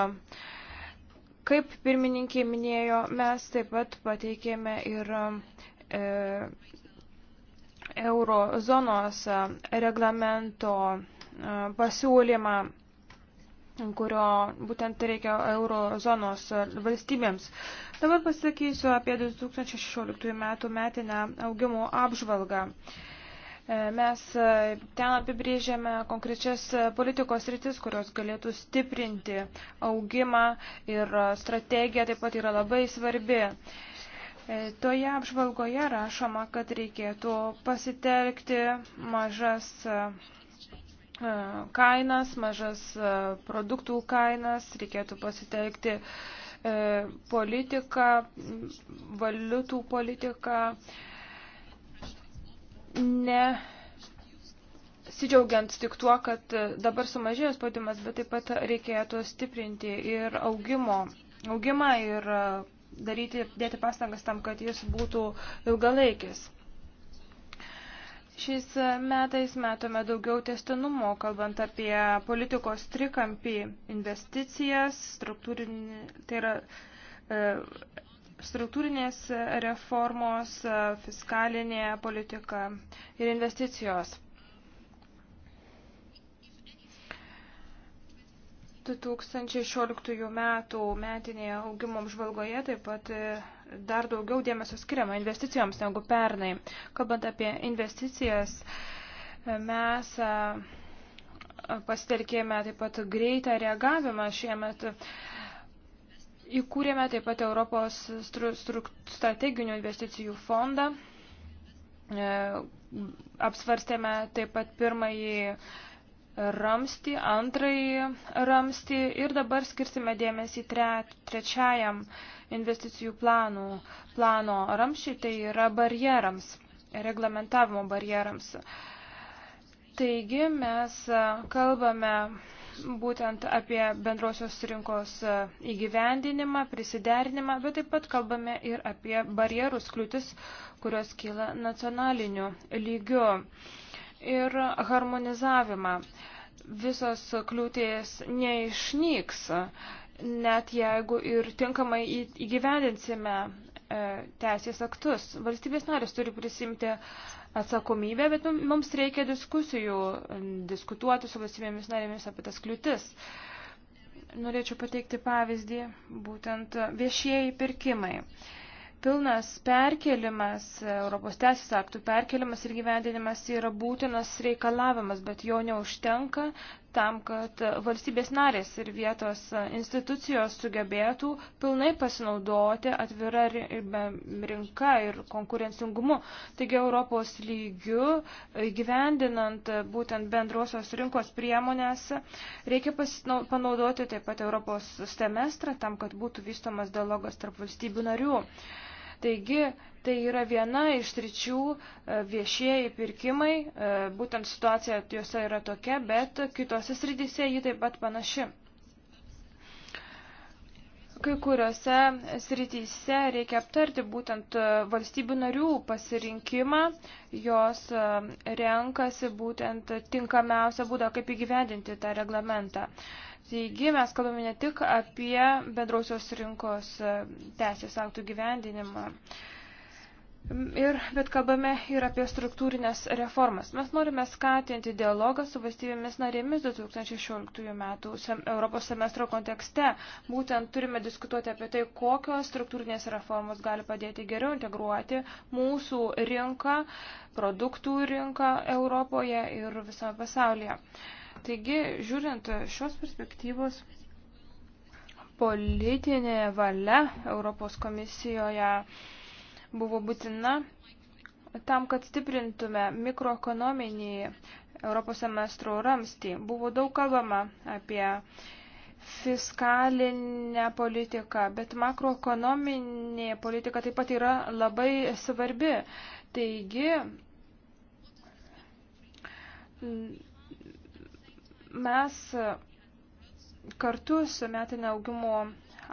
Kaip pirmininkė minėjo, mes taip pat pateikėme ir e, eurozonos e, reglamento e, pasiūlymą, kurio būtent reikia eurozonos valstybėms. Dabar pasakysiu apie 2016 metų metinę augimo apžvalgą. E, E, mes e, ten apibrėžėme konkrečias politikos rytis, kurios galėtų stiprinti augimą ir strategija taip pat yra labai svarbi. E, toje apžvalgoje rašoma, kad reikėtų pasitelkti mažas kainas, mažas produktų kainas, reikėtų pasitelkti politiką, valiutų politiką, ne sidžiaugiant tik tuo, kad dabar sumažėjo spaudimas, bet taip pat reikėtų stiprinti ir augimo, augimą ir daryti, dėti pastangas tam, kad jis būtų ilgalaikis. Šiais metais metome daugiau testinumo, kalbant apie politikos trikampį investicijas, struktūrinį, tai yra e, struktūrinės reformos, fiskalinė politika ir investicijos. 2016 metų metinėje augimo apžvalgoje taip pat dar daugiau dėmesio skiriama investicijoms negu pernai. Kalbant apie investicijas, mes e, pasitelkėme taip pat greitą reagavimą šiemet Įkūrėme taip pat Europos strateginių investicijų fondą. E, apsvarstėme taip pat pirmąjį ramstį, antrąjį ramstį ir dabar skirsime dėmesį tre, trečiajam investicijų planų, plano ramščiui, tai yra barjerams, reglamentavimo barjerams. Taigi mes kalbame būtent apie bendrosios rinkos e, įgyvendinimą, prisiderinimą, bet taip pat kalbame ir apie barjerus, kliūtis, kurios kyla nacionaliniu lygiu ir harmonizavimą. Visos kliūtės neišnyks, net jeigu ir tinkamai įgyvendinsime e, teisės aktus. Valstybės narės turi prisimti uh, atsakomybę, bet mums reikia diskusijų, diskutuoti su valstybėmis narėmis apie tas kliūtis. Norėčiau pateikti pavyzdį, būtent viešieji pirkimai. Pilnas perkelimas, Europos teisės aktų perkelimas ir gyvendinimas yra būtinas reikalavimas, bet jo neužtenka, tam, kad valstybės narės ir vietos institucijos sugebėtų pilnai pasinaudoti atvira rinka ir konkurencingumu. Taigi Europos lygių gyvendinant būtent bendrosios rinkos priemonės reikia panaudoti taip pat Europos semestrą tam, kad būtų vystomas dialogas tarp valstybių narių. Taigi, tai yra viena iš tričių e, viešieji pirkimai, e, būtent situacija juose yra tokia, bet kitose srityse ji taip pat panaši. Kai kuriuose srityse reikia aptarti būtent e, valstybių narių pasirinkimą, jos renkasi būtent tinkamiausią būdą, kaip įgyvendinti tą reglamentą. Taigi mes kalbame ne tik apie bendrausios rinkos e, teisės aktų gyvendinimą, ir, bet kalbame ir apie struktūrinės reformas. Mes norime skatinti dialogą su valstybėmis narėmis 2016 metų Europos semestro kontekste. Būtent turime diskutuoti apie tai, kokios struktūrinės reformos gali padėti geriau integruoti mūsų rinką, produktų rinką Europoje ir visame pasaulyje. Taigi, žiūrint šios perspektyvos, politinė valia Europos komisijoje buvo būtina tam, kad stiprintume mikroekonominį Europos semestro ramstį. Buvo daug kalbama apie fiskalinę politiką, bet makroekonominė politika taip pat yra labai svarbi. Taigi, Mes e, kartu su metinė augimo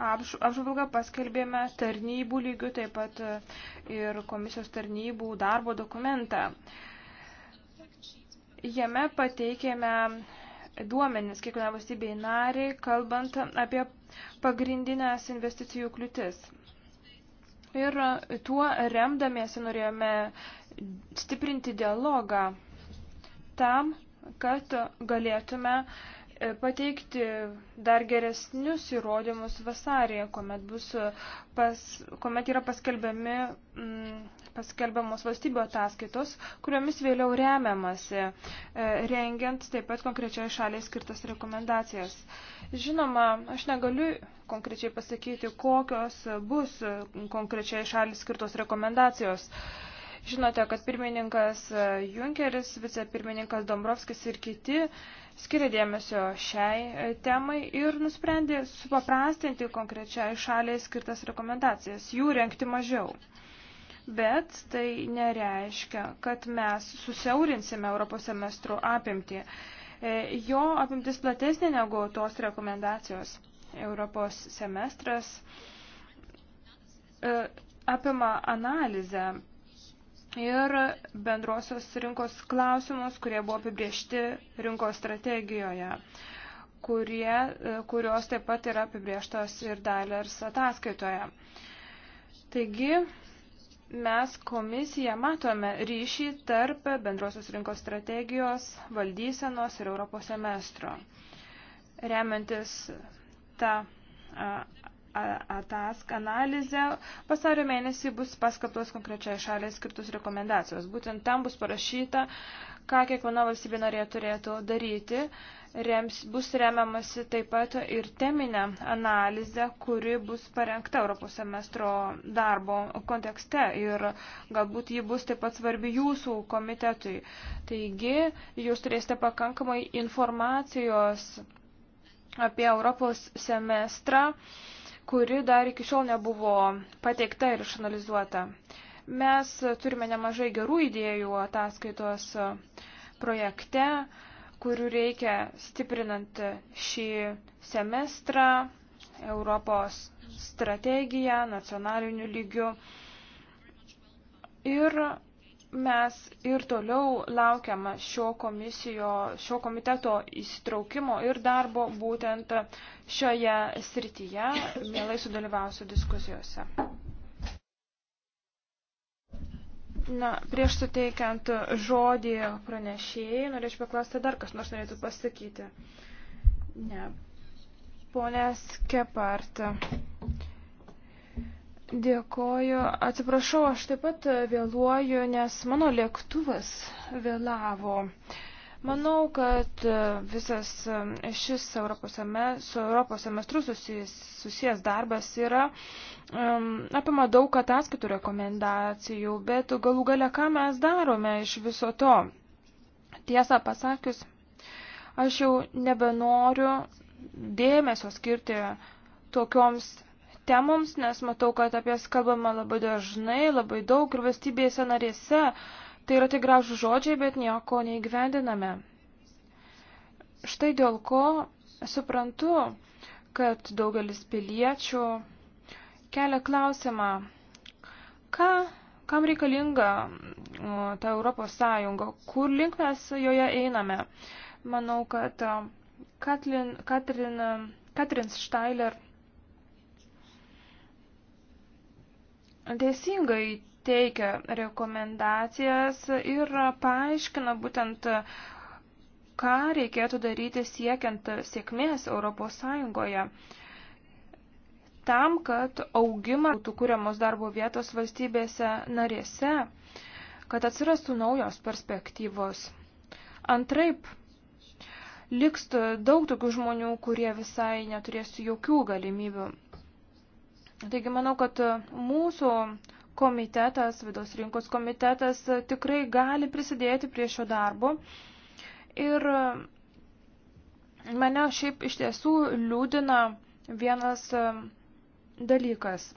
apžvalga paskelbėme tarnybų lygių, taip pat e, ir komisijos tarnybų darbo dokumentą. Jame pateikėme duomenis kiekvienai valstybei nariai, kalbant apie pagrindinės investicijų kliūtis. Ir tuo remdamiesi norėjome stiprinti dialogą tam, kad galėtume e, pateikti dar geresnius įrodymus vasarėje, kuomet, bus e, pas, kuomet yra paskelbiami, m, mm, paskelbiamos valstybių ataskaitos, kuriomis vėliau remiamasi, e, rengiant taip pat konkrečiai šaliai skirtas rekomendacijas. Žinoma, aš negaliu konkrečiai pasakyti, kokios bus konkrečiai šaliai skirtos rekomendacijos. Žinote, kad pirmininkas e, Junkeris, vicepirmininkas Dombrovskis ir kiti skiria dėmesio šiai e, temai ir nusprendė supaprastinti konkrečiai šaliai skirtas rekomendacijas, jų renkti mažiau. Bet tai nereiškia, kad mes susiaurinsime Europos semestro apimtį. E, jo apimtis platesnė negu tos rekomendacijos. Europos semestras apima analizę ir bendrosios rinkos klausimus, kurie buvo apibriežti rinkos strategijoje, kurie, e, kurios taip pat yra apibrieštos ir Dailers ataskaitoje. Taigi, mes komisija matome ryšį tarp bendrosios rinkos strategijos, valdysenos ir Europos semestro. Remiantis tą atask analizę. Vasario mėnesį bus paskatos konkrečiai šaliai skirtus rekomendacijos. Būtent tam bus parašyta, ką kiekviena valstybė narė turėtų daryti. Rems, bus remiamasi taip pat ir teminę analizę, kuri bus parengta Europos semestro darbo kontekste ir galbūt ji bus taip pat svarbi jūsų komitetui. Taigi, jūs turėsite pakankamai informacijos apie Europos semestrą. Uh, kuri dar iki šiol nebuvo pateikta ir išanalizuota. Mes turime nemažai gerų idėjų ataskaitos projekte, kurių reikia stiprinant šį semestrą, Europos strategiją, nacionaliniu lygiu. Ir mes ir toliau laukiam šio, komisijo, šio komiteto įsitraukimo ir darbo būtent šioje srityje. Mielai sudalyvausiu diskusijose. Na, prieš suteikiant žodį pranešėjai, norėčiau paklausti, dar kas nors norėtų pasakyti. Ne. Ponės Kepart. Dėkoju, atsiprašau, aš taip pat vėluoju, nes mano lėktuvas vėlavo. Manau, kad e, visas e, šis Europos su Europos semestru susijęs, susijęs darbas yra um, apima daug ataskaitų rekomendacijų, bet galų gale ką mes darome iš viso to. Tiesą pasakius, aš jau nebenoriu dėmesio skirti tokioms temoms, nes matau, kad apie jas kalbama labai dažnai, labai daug ir valstybėse narėse. Tai yra tik gražų žodžiai, bet nieko neįgyvendiname. Štai dėl ko suprantu, kad daugelis piliečių kelia klausimą, ką, kam reikalinga ta Europos Sąjunga, kur link mes joje einame. Manau, kad Katlin, Katrin, Katrin Steiler teisingai teikia rekomendacijas ir paaiškina būtent, ką reikėtų daryti siekiant sėkmės ES tam, kad augimą būtų kuriamos darbo vietos valstybėse narėse, kad atsirastų naujos perspektyvos. Antraip, liks daug tokių žmonių, kurie visai neturės jokių galimybių. Taigi manau, kad e, mūsų komitetas, vidaus rinkos komitetas e, tikrai gali prisidėti prie šio darbo. Ir e, mane šiaip iš tiesų liūdina vienas dalykas.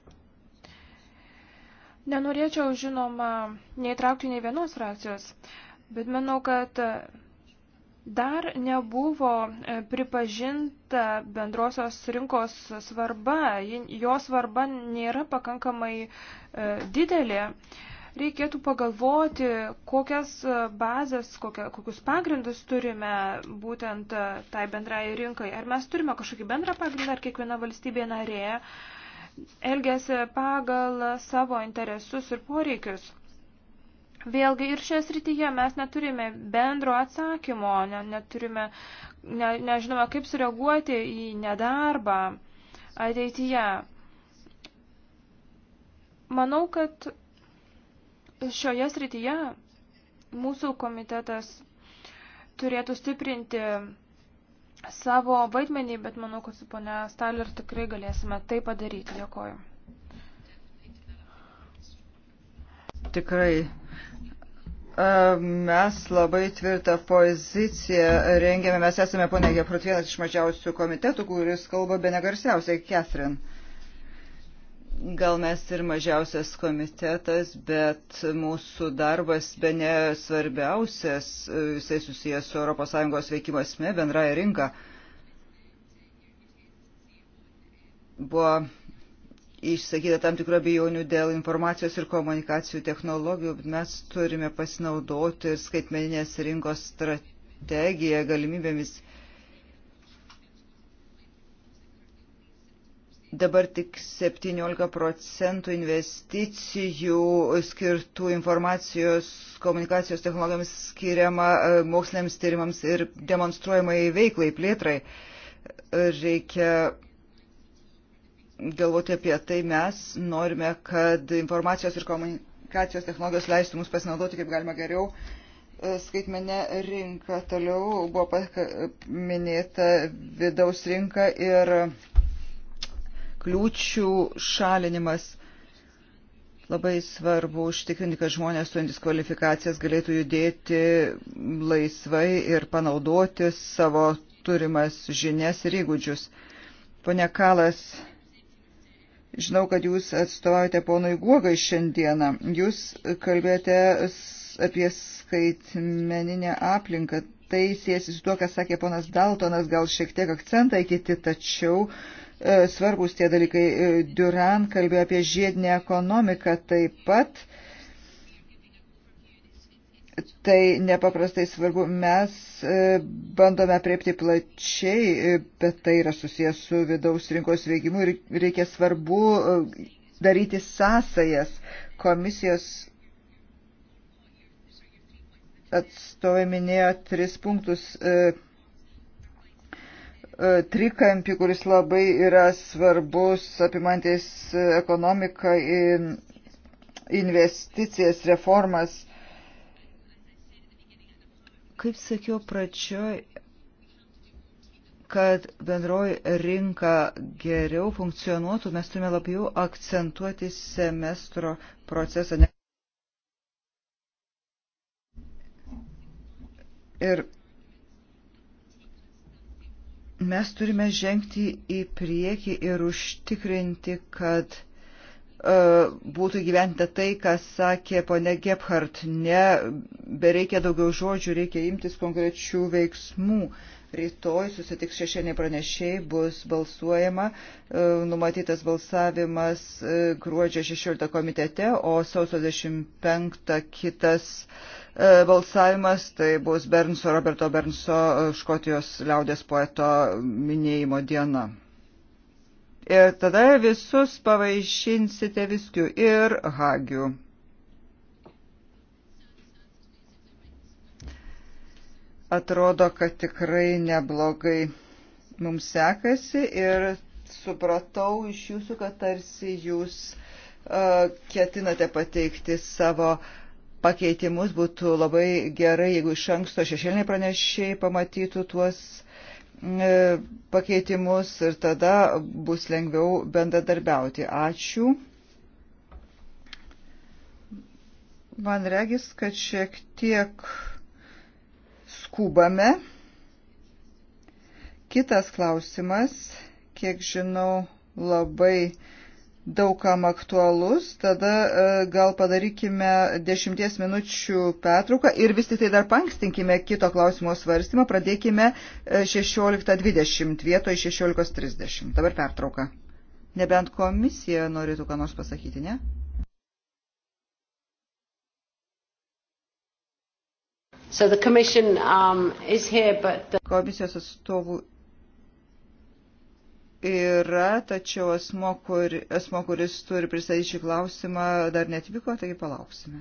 Nenorėčiau, žinoma, neįtraukti nei vienos frakcijos, bet manau, kad Dar nebuvo e, pripažinta bendrosios rinkos svarba, jo svarba nėra pakankamai e, didelė. Reikėtų pagalvoti, kokias bazės, kokia, kokius pagrindus turime būtent e, tai bendrai rinkai. Ar mes turime kažkokį bendrą pagrindą, ar kiekviena valstybė narė elgėsi pagal savo interesus ir poreikius. Vėlgi ir šioje srityje mes neturime bendro atsakymo, ne, neturime, ne, nežinome, kaip sureaguoti į nedarbą ateityje. Manau, kad šioje srityje mūsų komitetas turėtų stiprinti savo vaidmenį, bet manau, kad su ponia Staler tikrai galėsime tai padaryti. Dėkoju. Tikrai Mes labai tvirtą poziciją rengėme. Mes esame, ponia Geprut, vienas iš mažiausių komitetų, kuris kalba be negarsiausiai, Catherine. Gal mes ir mažiausias komitetas, bet mūsų darbas be nesvarbiausias, e, jisai susijęs su ES veikimo esmė, bendraja rinka. Buvo išsakyta tam tikro bijonių dėl informacijos ir komunikacijų technologijų, bet mes turime pasinaudoti ir skaitmeninės rinkos strategiją galimybėmis. Dabar tik 17 procentų investicijų skirtų informacijos komunikacijos technologijoms skiriama e, moksliniams tyrimams ir demonstruojamai veiklai plėtrai. Reikia galvoti apie tai. Mes norime, kad informacijos ir komunikacijos technologijos leistų mums pasinaudoti kaip galima geriau e, skaitmenę rinką. Toliau buvo minėta vidaus rinka ir kliūčių šalinimas. Labai svarbu užtikrinti, kad žmonės su diskvalifikacijas galėtų judėti laisvai ir panaudoti savo turimas žinias ir įgūdžius. Pone Kalas Žinau, kad jūs atstovaujate ponui Guogai šiandieną. Jūs kalbėjote apie skaitmeninę aplinką. Tai siesi su tuo, ką sakė ponas Daltonas, gal šiek tiek akcentą kiti, tačiau e, svarbus tie dalykai. E, Duran kalbėjo apie žiedinę ekonomiką taip pat. E, Tai nepaprastai svarbu. Mes e, bandome priepti plačiai, e, bet tai yra susijęs su vidaus rinkos veikimu ir reikia svarbu e, daryti sąsajas. Komisijos atstovai minėjo tris punktus trikampį, kuris labai yra svarbus apimantis ekonomiką, investicijas, reformas Kaip sakiau pračioj, kad bendroji rinka geriau funkcionuotų, mes turime labiau akcentuoti semestro procesą. Ir mes turime žengti į priekį ir užtikrinti, kad E, būtų gyventa tai, kas sakė ponė Gebhardt. Ne, bereikia daugiau žodžių, reikia imtis konkrečių veiksmų. Rytoj susitiks šešieniai pranešiai, bus balsuojama, e, numatytas balsavimas e, gruodžio 16 komitete, o sausio 25 kitas balsavimas, tai bus Bernso, Roberto Bernso, Škotijos liaudės poeto minėjimo diena. Ir tada visus pavaišinsite viskiu ir hagiu. Atrodo, kad tikrai neblogai mums sekasi ir supratau iš jūsų, kad tarsi jūs uh, e, ketinate pateikti savo pakeitimus. Būtų labai gerai, jeigu iš anksto šešėliniai pranešiai pamatytų tuos E, pakeitimus ir tada bus lengviau bendradarbiauti. Ačiū. Man regis, kad šiek tiek skubame. Kitas klausimas, kiek žinau, labai uh, daugam aktualus, tada e, gal padarykime dešimties minučių pertrauką ir vis tik tai dar pankstinkime kito klausimo svarstymą, pradėkime 16.20 e, vietoj 16.30. Dabar pertrauka. Nebent komisija norėtų ką nors pasakyti, ne? So the commission um, is here, but the... Komisijos atstovų yra, tačiau asmo, kur, asmo kuris turi pristatyti šį klausimą, dar netvyko, taigi palauksime.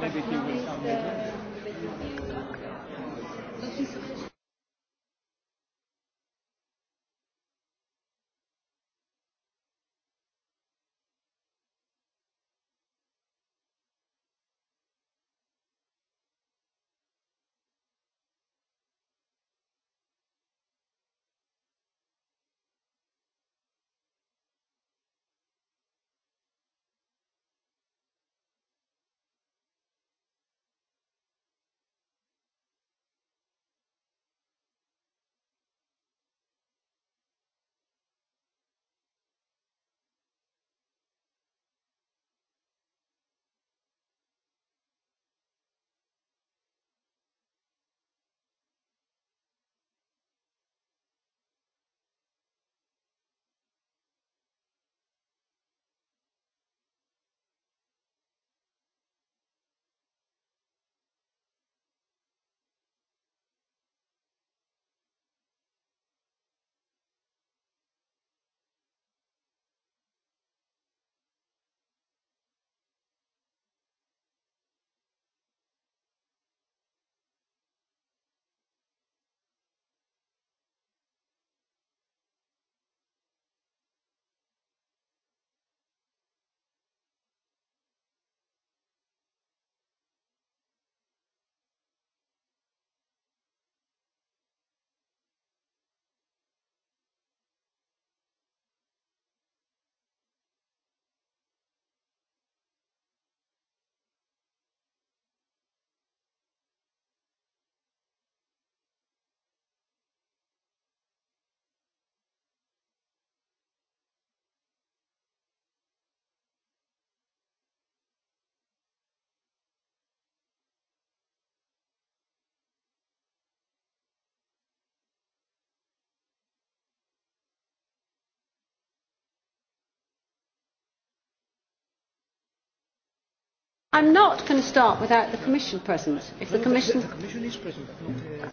Maybe he will come later. I'm not going to start without the Commission present. If no, the Commission... The, the Commission is present. Not, uh...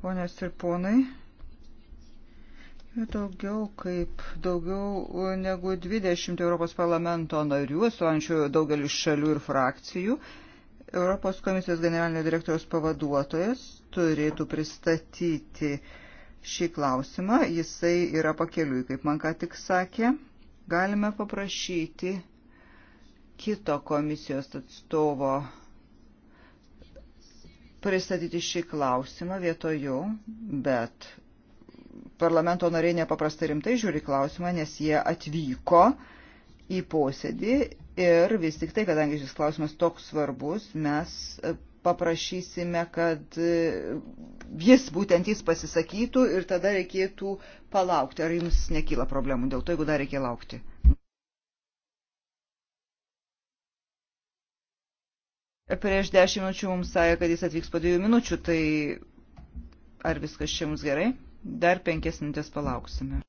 Ponios ir ponai, daugiau kaip daugiau negu 20 Europos parlamento narių, suančių daugelį šalių ir frakcijų, Europos komisijos generalinio direktoriaus pavaduotojas turėtų pristatyti šį klausimą. Jisai yra pakeliui, kaip man ką tik sakė. Galime paprašyti kito komisijos atstovo pristatyti šį klausimą vietoju, bet parlamento nariai nepaprastai rimtai žiūri klausimą, nes jie atvyko į posėdį ir vis tik tai, kadangi šis klausimas toks svarbus, mes paprašysime, kad e, jis būtent jis pasisakytų ir tada reikėtų palaukti. Ar jums nekyla problemų dėl to, jeigu dar reikia laukti? Prieš dešimt minučių mums sąja, kad jis atvyks po dviejų minučių, tai ar viskas čia mums gerai? Dar penkias minutės palauksime.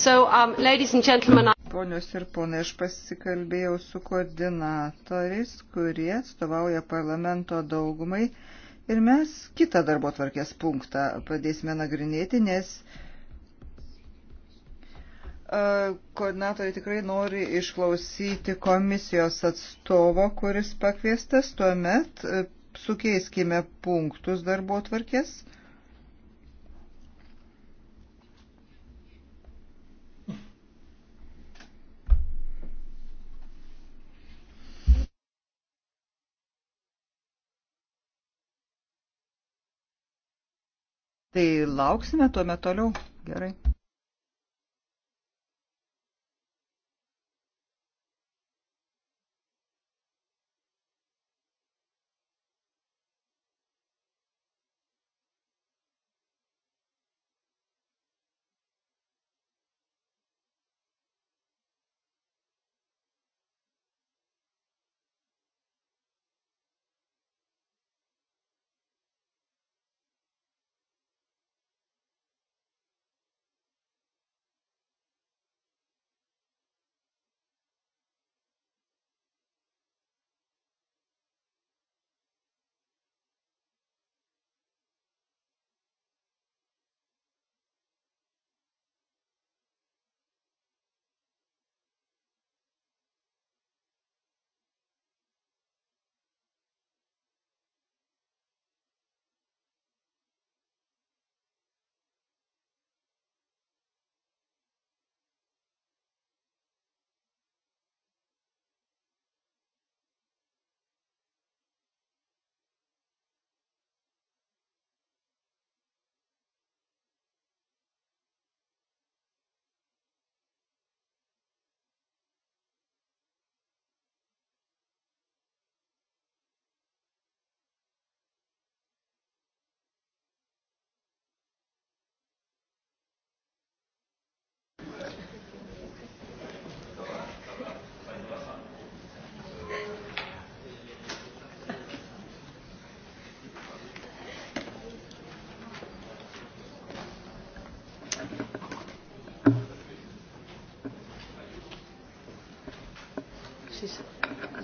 So, um, ladies and gentlemen, Ponios ir ponai, aš pasikalbėjau su koordinatoriais, kurie atstovauja parlamento daugumai ir mes kitą darbo tvarkės punktą pradėsime nagrinėti, nes e, koordinatoriai tikrai nori išklausyti komisijos atstovo, kuris pakviestas, tuomet e, sukeiskime punktus darbo tvarkės. Tai lauksime tuo metu toliau. Gerai.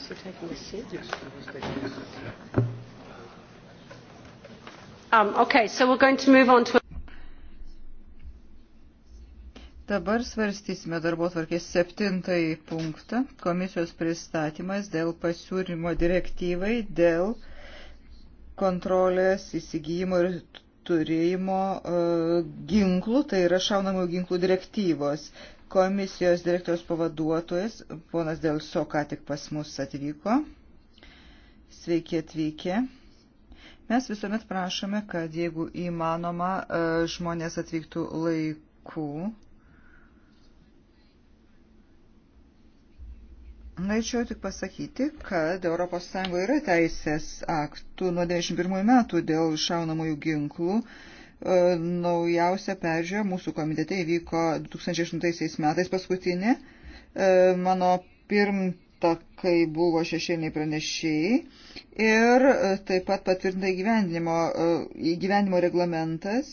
thanks for taking a seat. Yes, I was taking a seat. Um, okay, so we're going to move on to... Dabar svarstysime darbo tvarkės septintąjį punktą komisijos pristatymas dėl pasiūlymo direktyvai dėl kontrolės įsigijimo ir turėjimo uh, ginklų, tai yra šaunamų ginklų direktyvos. Komisijos direktoriaus pavaduotojas, ponas Delso, ką tik pas mus atvyko. Sveiki atvykę. Mes visuomet prašome, kad jeigu įmanoma, e, žmonės atvyktų laiku. Norėčiau tik pasakyti, kad ES yra teisės aktų nuo 91 metų dėl šaunamųjų ginklų E, naujausia peržiūra mūsų komitete įvyko 2008 metais paskutinė. E, mano pirmtakai buvo šešėliniai pranešėjai ir e, taip pat patvirtinta įgyvendinimo, įgyvendinimo reglamentas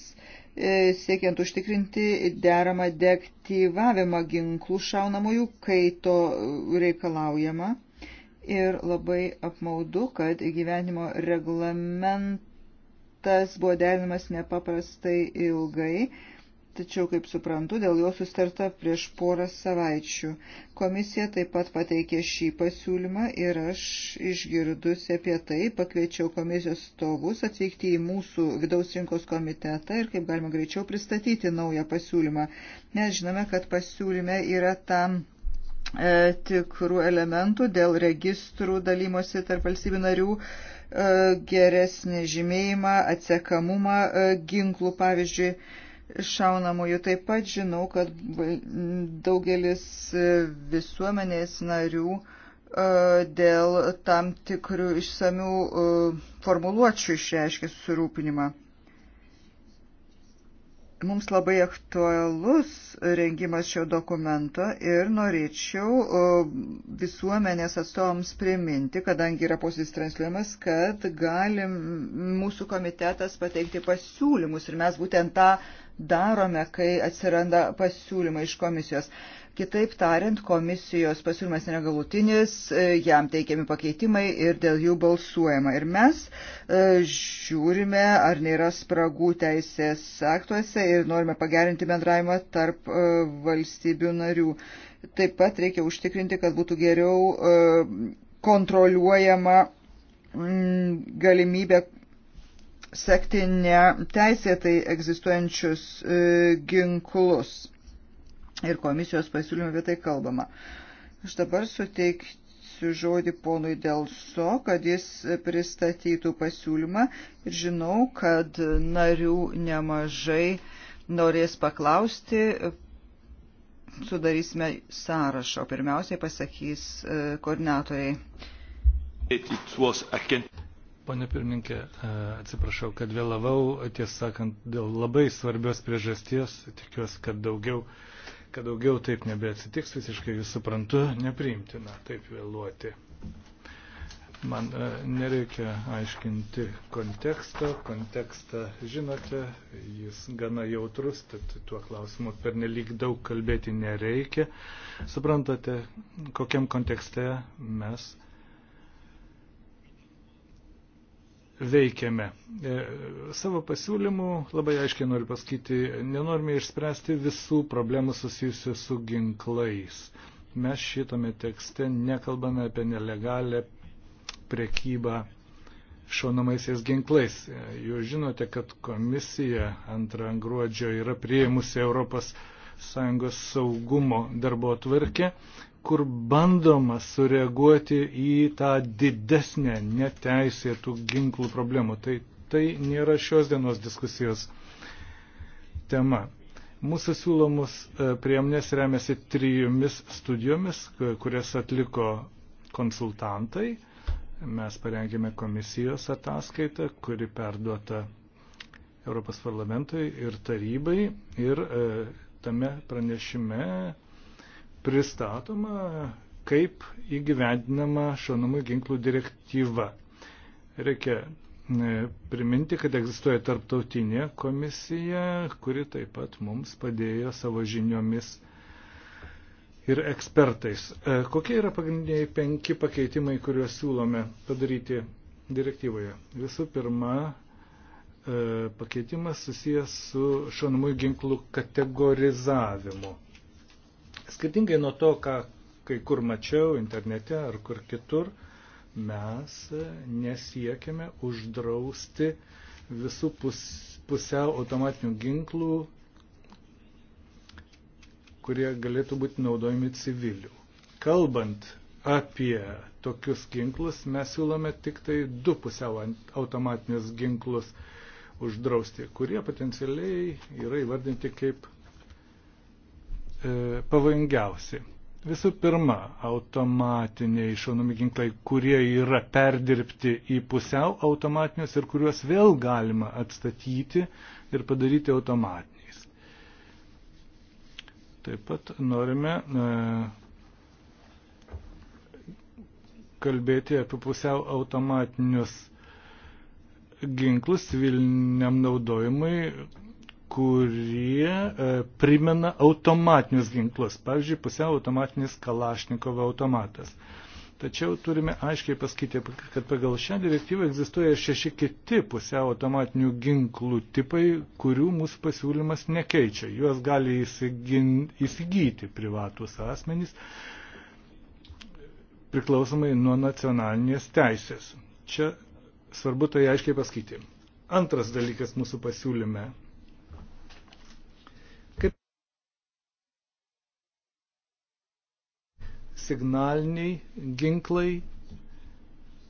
siekiant užtikrinti deramą deaktyvavimą ginklų šaunamųjų, kai to reikalaujama. Ir labai apmaudu, kad gyvenimo reglamentas tas buvo derinamas nepaprastai ilgai, tačiau, kaip suprantu, dėl jo sustarta prieš porą savaičių. Komisija taip pat pateikė šį pasiūlymą ir aš išgirdusi apie tai pakviečiau komisijos stovus atvykti į mūsų vidaus rinkos komitetą ir kaip galima greičiau pristatyti naują pasiūlymą, nes žinome, kad pasiūlyme yra tam e, tikrų elementų dėl registrų dalymosi tarp valstybių narių. E, E, geresnį žymėjimą, atsekamumą e, ginklų, pavyzdžiui, šaunamųjų. Taip pat žinau, kad daugelis e, visuomenės narių dėl tam tikrų išsamių formuluočių išreiškė susirūpinimą mums labai aktualus rengimas šio dokumento ir norėčiau visuomenės atstovams priminti, kadangi yra posėdis transliuojamas, kad galim mūsų komitetas pateikti pasiūlymus ir mes būtent tą darome, kai atsiranda pasiūlymai iš komisijos. Kitaip tariant, komisijos pasiūlymas nėra galutinis, e, jam teikiami pakeitimai ir dėl jų balsuojama. Ir mes e, žiūrime, ar nėra spragų teisės aktuose ir norime pagerinti bendravimą tarp e, valstybių narių. Taip pat reikia užtikrinti, kad būtų geriau kontroliuojama galimybė sekti neteisėtai egzistuojančius ginklus ir komisijos pasiūlymų apie tai kalbama. Aš dabar suteiksiu žodį ponui Delso, kad jis pristatytų pasiūlymą ir žinau, kad narių nemažai norės paklausti. Sudarysime sąrašo. Pirmiausiai pasakys e, koordinatoriai. Pane pirmininkė, e, atsiprašau, kad vėlavau, tiesą sakant, dėl labai svarbios priežasties, tikiuosi, kad daugiau uh, kad daugiau taip nebeatsitiks, visiškai jūs suprantu, nepriimtina taip vėluoti. Man e, nereikia aiškinti konteksto, kontekstą žinote, jis gana jautrus, tad tuo klausimu pernelyg daug kalbėti nereikia. Suprantate, kokiam kontekste mes veikiame. E, savo pasiūlymų labai aiškiai noriu pasakyti, nenorime išspręsti visų problemų susijusių su ginklais. Mes šitame tekste nekalbame apie nelegalę prekybą šaunamaisiais ginklais. E, jūs žinote, kad komisija antrą gruodžio yra prieimusi Europos Sąjungos saugumo darbo tvarkė kur bandoma sureaguoti į tą didesnę neteisėtų ginklų problemą. Tai, tai nėra šios dienos diskusijos tema. Mūsų siūlomus e, priemonės remiasi trijomis studijomis, kurias atliko konsultantai. Mes parengėme komisijos ataskaitą, kuri perduota Europos parlamentui ir tarybai. Ir e, tame pranešime pristatoma, kaip įgyvendinama šaunamų ginklų direktyva. Reikia e, priminti, kad egzistuoja tarptautinė komisija, kuri taip pat mums padėjo savo žiniomis ir ekspertais. E, kokie yra pagrindiniai penki pakeitimai, kuriuos siūlome padaryti direktyvoje? Visų pirma, e, pakeitimas susijęs su šaunamųjų ginklų kategorizavimu. Skirtingai nuo to, ką kai kur mačiau internete ar kur kitur, mes e, nesiekime uždrausti visų pus, pusiau automatinių ginklų, kurie galėtų būti naudojami civilių. Kalbant apie tokius ginklus, mes siūlome tik tai du pusiau automatinius ginklus uždrausti, kurie potencialiai yra įvardinti kaip E, pavojingiausi. Visų pirma, automatiniai šaunami ginklai, kurie yra perdirbti į pusiau automatinius ir kuriuos vėl galima atstatyti ir padaryti automatiniais. Taip pat norime e, kalbėti apie pusiau automatinius ginklus civiliniam naudojimui, kurie e, primena automatinius ginklus, pavyzdžiui, pusiau automatinis Kalašnikovo automatas. Tačiau turime aiškiai pasakyti, kad pagal šią direktyvą egzistuoja šeši kiti pusiau automatinių ginklų tipai, kurių mūsų pasiūlymas nekeičia. Juos gali įsigin, įsigyti privatus asmenys priklausomai nuo nacionalinės teisės. Čia svarbu tai aiškiai pasakyti. Antras dalykas mūsų pasiūlyme signaliniai ginklai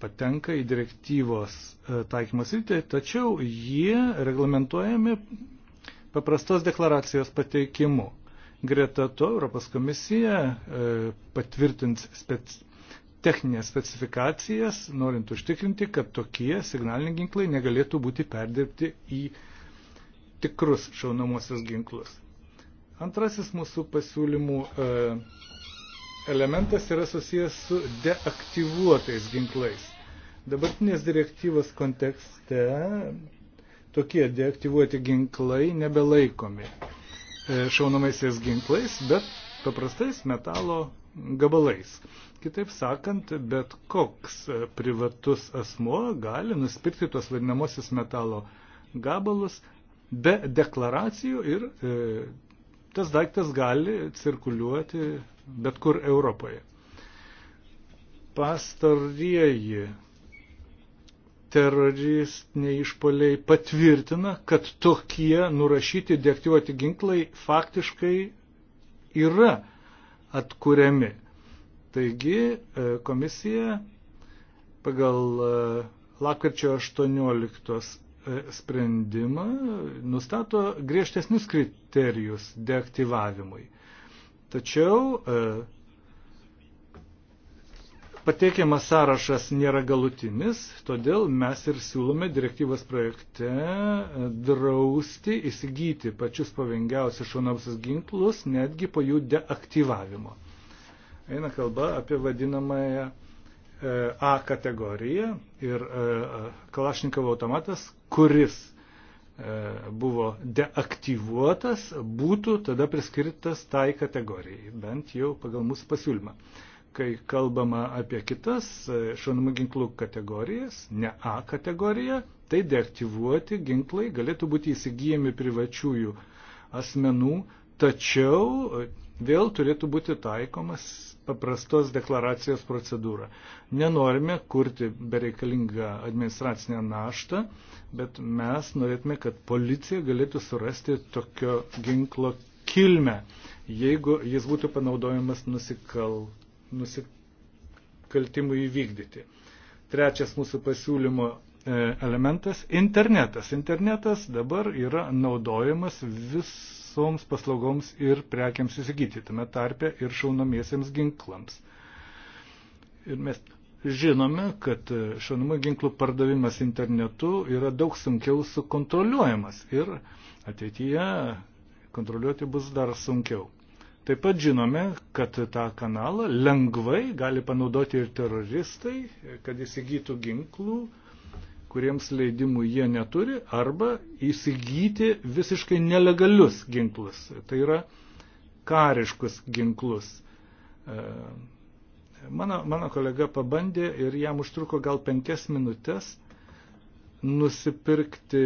patenka į direktyvos e, taikymas rytį, tačiau jie reglamentuojami paprastos deklaracijos pateikimu. Greta to Europos komisija e, patvirtins spec, techninės specifikacijas, norint užtikrinti, kad tokie signaliniai ginklai negalėtų būti perdirbti į tikrus šaunamosios ginklus. Antrasis mūsų pasiūlymų e, elementas yra susijęs su deaktyvuotais ginklais. Dabartinės direktyvos kontekste tokie deaktyvuoti ginklai nebelaikomi e, šaunamaisiais ginklais, bet paprastais metalo gabalais. Kitaip sakant, bet koks e, privatus asmo gali nuspirti tuos vadinamosius metalo gabalus be deklaracijų ir e, tas daiktas gali cirkuliuoti bet kur Europoje. Pastarieji teroristiniai išpoliai patvirtina, kad tokie nurašyti deaktyvuoti ginklai faktiškai yra atkuriami. Taigi e, komisija pagal e, lakryčio 18 E, sprendimą nustato griežtesnius kriterijus deaktyvavimui. Tačiau e, pateikiamas sąrašas nėra galutinis, todėl mes ir siūlome direktyvos projekte e, drausti įsigyti pačius pavingiausius šaunausius ginklus netgi po jų deaktyvavimo. Eina kalba apie vadinamąją E, A kategorija ir e, Kalašnikovo automatas, kuris e, buvo deaktyvuotas, būtų tada priskirtas tai kategorijai, bent jau pagal mūsų pasiūlymą. Kai kalbama apie kitas šaunamų ginklų kategorijas, ne A kategorija, tai deaktyvuoti ginklai galėtų būti įsigijami privačiųjų asmenų, tačiau vėl turėtų būti taikomas paprastos deklaracijos procedūra. Nenorime kurti bereikalingą administracinę naštą, bet mes norėtume, kad policija galėtų surasti tokio ginklo kilmę, jeigu jis būtų panaudojamas nusikal, nusikaltimui įvykdyti. Trečias mūsų pasiūlymo e, elementas - internetas. Internetas dabar yra naudojamas vis paslaugoms, paslaugoms ir prekiams įsigyti, tame tarpe ir šaunamiesiems ginklams. Ir mes žinome, kad šaunamų ginklų pardavimas internetu yra daug sunkiau sukontroliuojamas ir ateityje kontroliuoti bus dar sunkiau. Taip pat žinome, kad tą kanalą lengvai gali panaudoti ir teroristai, kad įsigytų ginklų kuriems leidimų jie neturi, arba įsigyti visiškai nelegalius ginklus. Tai yra kariškus ginklus. E, mano, mano kolega pabandė ir jam užtruko gal penkias minutės nusipirkti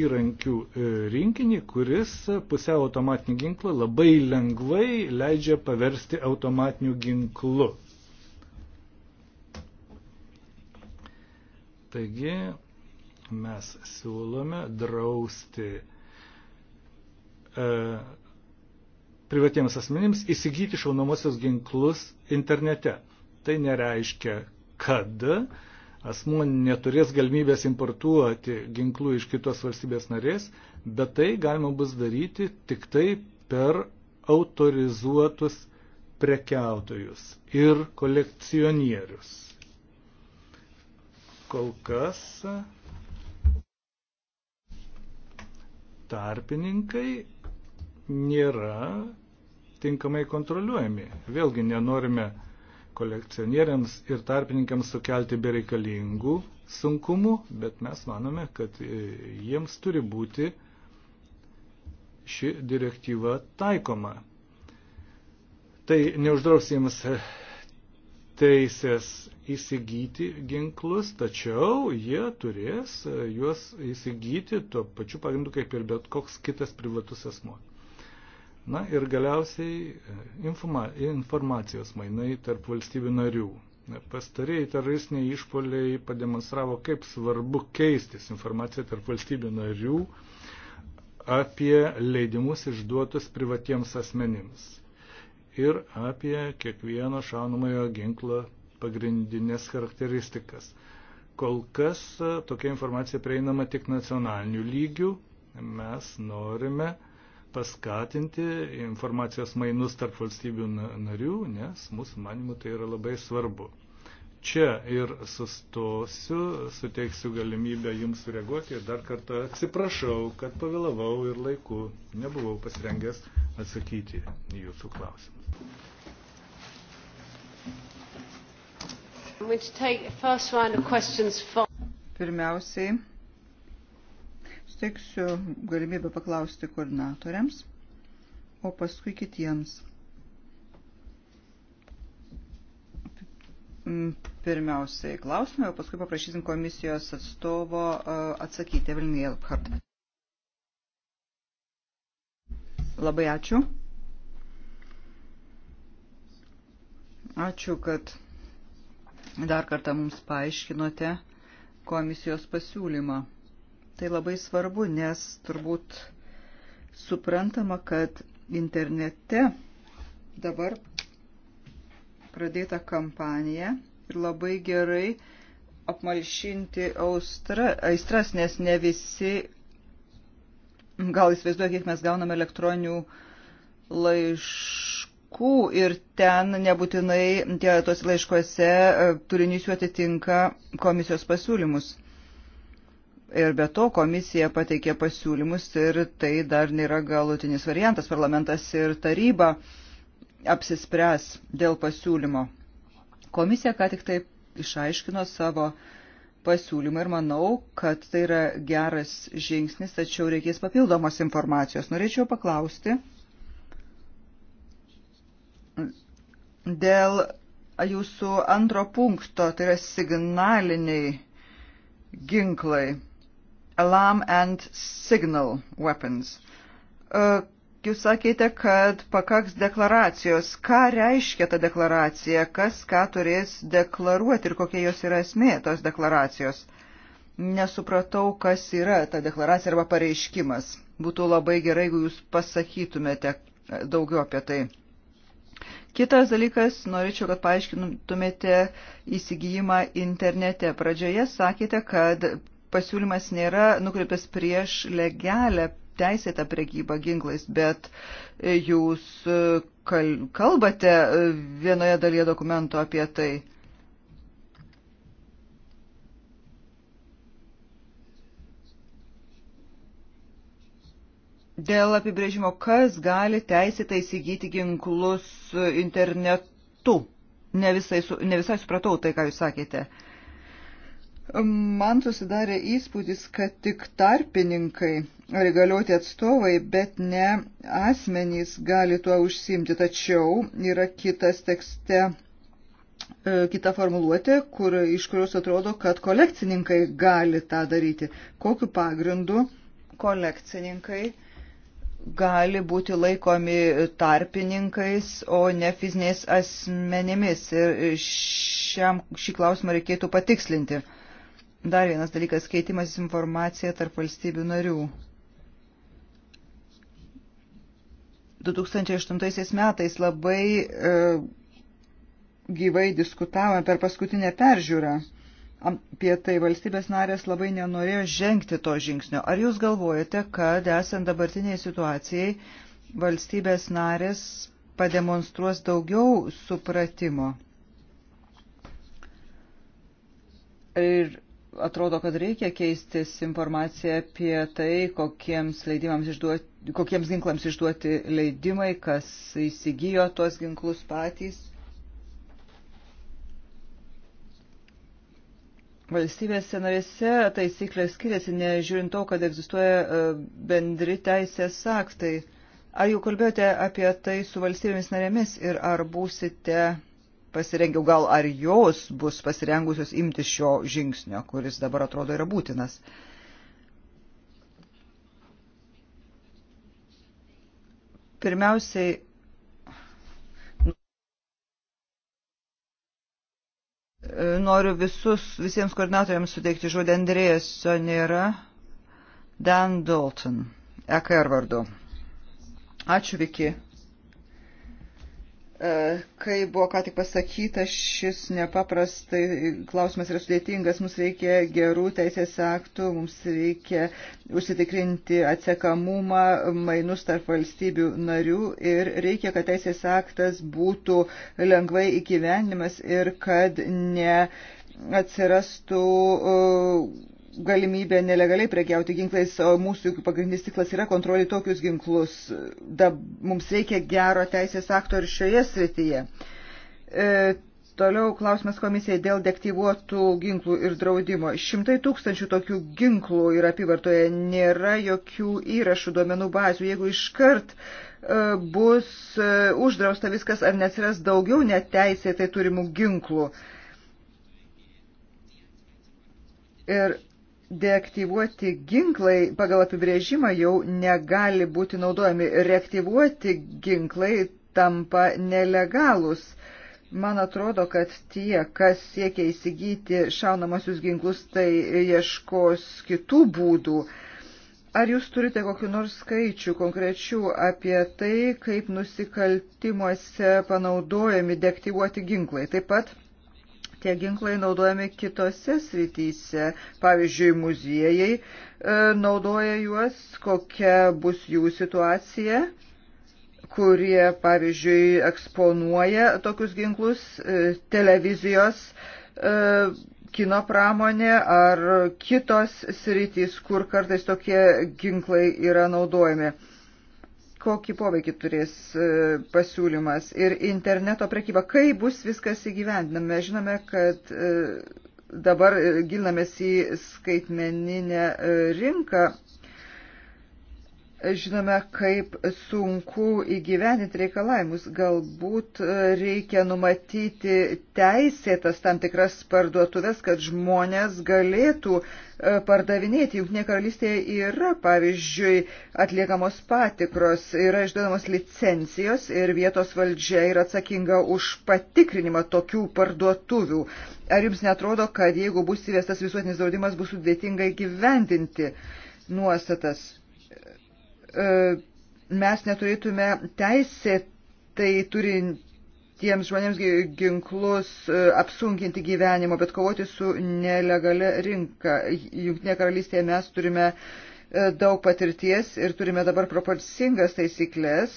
įrankių e, rinkinį, kuris pusiau automatinį ginklą labai lengvai leidžia paversti automatiniu ginklu. Taigi mes siūlome drausti e, privatiems asmenims įsigyti šaunamosios ginklus internete. Tai nereiškia, kad asmuo neturės galimybės importuoti ginklų iš kitos valstybės narės, bet tai galima bus daryti tik tai per autorizuotus prekiautojus ir kolekcionierius kol kas tarpininkai nėra tinkamai kontroliuojami. Vėlgi nenorime kolekcionieriams ir tarpininkams sukelti bereikalingų sunkumų, bet mes manome, kad e, jiems turi būti ši direktyva taikoma. Tai neuždraus jiems teisės įsigyti ginklus, tačiau jie turės e, juos įsigyti tuo pačiu pagrindu kaip ir bet koks kitas privatus asmo. Na ir galiausiai e, informa, informacijos mainai tarp valstybių narių. E, Pastarėjai teroristiniai išpoliai pademonstravo, kaip svarbu keistis informaciją tarp valstybių narių apie leidimus išduotus privatiems asmenims ir apie kiekvieno šaunamojo ginklo pagrindinės charakteristikas. Kol kas e, tokia informacija prieinama tik nacionalinių lygių. Mes norime paskatinti informacijos mainus tarp valstybių narių, nes mūsų manimų tai yra labai svarbu čia ir sustosiu, suteiksiu galimybę jums sureaguoti ir dar kartą atsiprašau, kad pavėlavau ir laiku nebuvau pasirengęs atsakyti į jūsų klausimus. Pirmiausiai, steiksiu galimybę paklausti koordinatoriams, o paskui kitiems. Mm, pirmiausiai klausimą, o paskui paprašysim komisijos atstovo e, atsakyti. Evelina Jelpkart. Labai ačiū. Ačiū, kad dar kartą mums paaiškinote komisijos pasiūlymą. Tai labai svarbu, nes turbūt suprantama, kad internete dabar pradėta kampanija ir labai gerai apmalšinti austra, aistras, nes ne visi gal įsivaizduoja, kiek mes gauname elektroninių laiškų ir ten nebūtinai tie tos laiškose e, turinys jų atitinka komisijos pasiūlymus. Ir be to komisija pateikė pasiūlymus ir tai dar nėra galutinis variantas, parlamentas ir taryba. Uh, apsispręs dėl pasiūlymo. Komisija ką tik taip išaiškino savo pasiūlymą ir manau, kad tai yra geras žingsnis, tačiau reikės papildomos informacijos. Norėčiau paklausti dėl jūsų antro punkto, tai yra signaliniai ginklai, alarm and signal weapons. Jūs sakėte, kad pakaks deklaracijos. Ką reiškia ta deklaracija? Kas ką turės deklaruoti ir kokia jos yra esmė tos deklaracijos? Nesupratau, kas yra ta deklaracija arba pareiškimas. Būtų labai gerai, jeigu jūs pasakytumėte daugiau apie tai. Kitas dalykas, norėčiau, kad paaiškintumėte įsigijimą internete. Pradžioje sakėte, kad pasiūlymas nėra nukreiptas prieš legalę teisėtą prekybą ginklais, bet e, jūs e, kalbate e, vienoje dalyje dokumento apie tai. Dėl apibrėžimo, kas gali teisėtai įsigyti ginklus internetu. Ne visai, ne visai supratau tai, ką jūs sakėte. Uh, Man susidarė įspūdis, kad tik tarpininkai ar įgalioti atstovai, bet ne asmenys gali tuo užsimti. Tačiau yra kitas tekste, e, kita formuluotė, kur, iš kurios atrodo, kad kolekcininkai gali tą daryti. Kokiu pagrindu kolekcininkai gali būti laikomi tarpininkais, o ne fiziniais asmenimis. Ir šiam, šį klausimą reikėtų patikslinti. Dar vienas dalykas - keitimas informacija tarp valstybių narių. 2008 metais labai e, gyvai diskutavome per paskutinę peržiūrą apie tai valstybės narės labai nenorėjo žengti to žingsnio. Ar jūs galvojate, kad esant dabartiniai situacijai valstybės narės pademonstruos daugiau supratimo? Ir atrodo, kad reikia keistis informaciją apie tai, kokiems, išduoti, kokiems ginklams išduoti leidimai, kas įsigijo tuos ginklus patys. Valstybėse narėse taisyklės skiriasi, nežiūrint to, kad egzistuoja e, bendri teisės aktai. Ar jau kalbėjote apie tai su valstybėmis narėmis ir ar būsite pasirengiau, gal ar jos bus pasirengusios imti šio žingsnio, kuris dabar atrodo yra būtinas. Pirmiausiai, noriu visus, visiems koordinatoriams suteikti žodį Andrėjas Sonera, Dan Dalton, EKR vardu. Ačiū, Viki. E, kai buvo ką tik pasakyta, šis nepaprastai klausimas yra sudėtingas, mums reikia gerų teisės aktų, mums reikia užsitikrinti atsekamumą, mainus tarp valstybių narių ir reikia, kad teisės aktas būtų lengvai įgyvenimas ir kad ne atsirastų uh, galimybė nelegaliai prekiauti ginklais, o mūsų juk pagrindinis tiklas yra kontroliuoti tokius ginklus. Da, mums reikia gero teisės akto ir šioje srityje. E, Toliau klausimas komisijai dėl dektyvuotų ginklų ir draudimo. Šimtai tūkstančių tokių ginklų yra apyvartoje, nėra jokių įrašų duomenų bazių. Jeigu iškart e, bus e, uždrausta viskas, ar nesiras daugiau neteisėtai turimų ginklų. Ir deaktyvuoti ginklai pagal apibrėžimą jau negali būti naudojami. Reaktyvuoti ginklai tampa nelegalus. Man atrodo, kad tie, kas siekia įsigyti šaunamosius ginklus, tai ieškos kitų būdų. Ar jūs turite kokiu nors skaičių konkrečių apie tai, kaip nusikaltimuose panaudojami deaktyvuoti ginklai? Taip pat tie ginklai naudojami kitose srityse. Pavyzdžiui, muziejai e, naudoja juos, kokia bus jų situacija kurie, pavyzdžiui, eksponuoja tokius ginklus e, televizijos, e, kino pramonė ar kitos sritys, kur kartais tokie ginklai yra naudojami kokį poveikį turės e, pasiūlymas ir interneto prekyba, kaip bus viskas įgyvendinama. Mes žinome, kad e, dabar e, gilinamės į skaitmeninę rinką žinome, kaip sunku įgyveninti reikalavimus. Galbūt e, reikia numatyti teisėtas tam tikras parduotuvės, kad žmonės galėtų e, pardavinėti. Junknė karalystėje yra, pavyzdžiui, atliekamos patikros, yra išduodamos licencijos ir vietos valdžia yra atsakinga už patikrinimą tokių parduotuvių. Ar jums netrodo, kad jeigu bus įvestas visuotinis draudimas, bus sudėtinga įgyvendinti nuostatas? E, mes neturėtume teisė tai turintiems žmonėms ginklus e, apsunkinti gyvenimo, bet kovoti su nelegalia rinka. Junktinė karalystėje mes turime e, daug patirties ir turime dabar proporcingas taisyklės.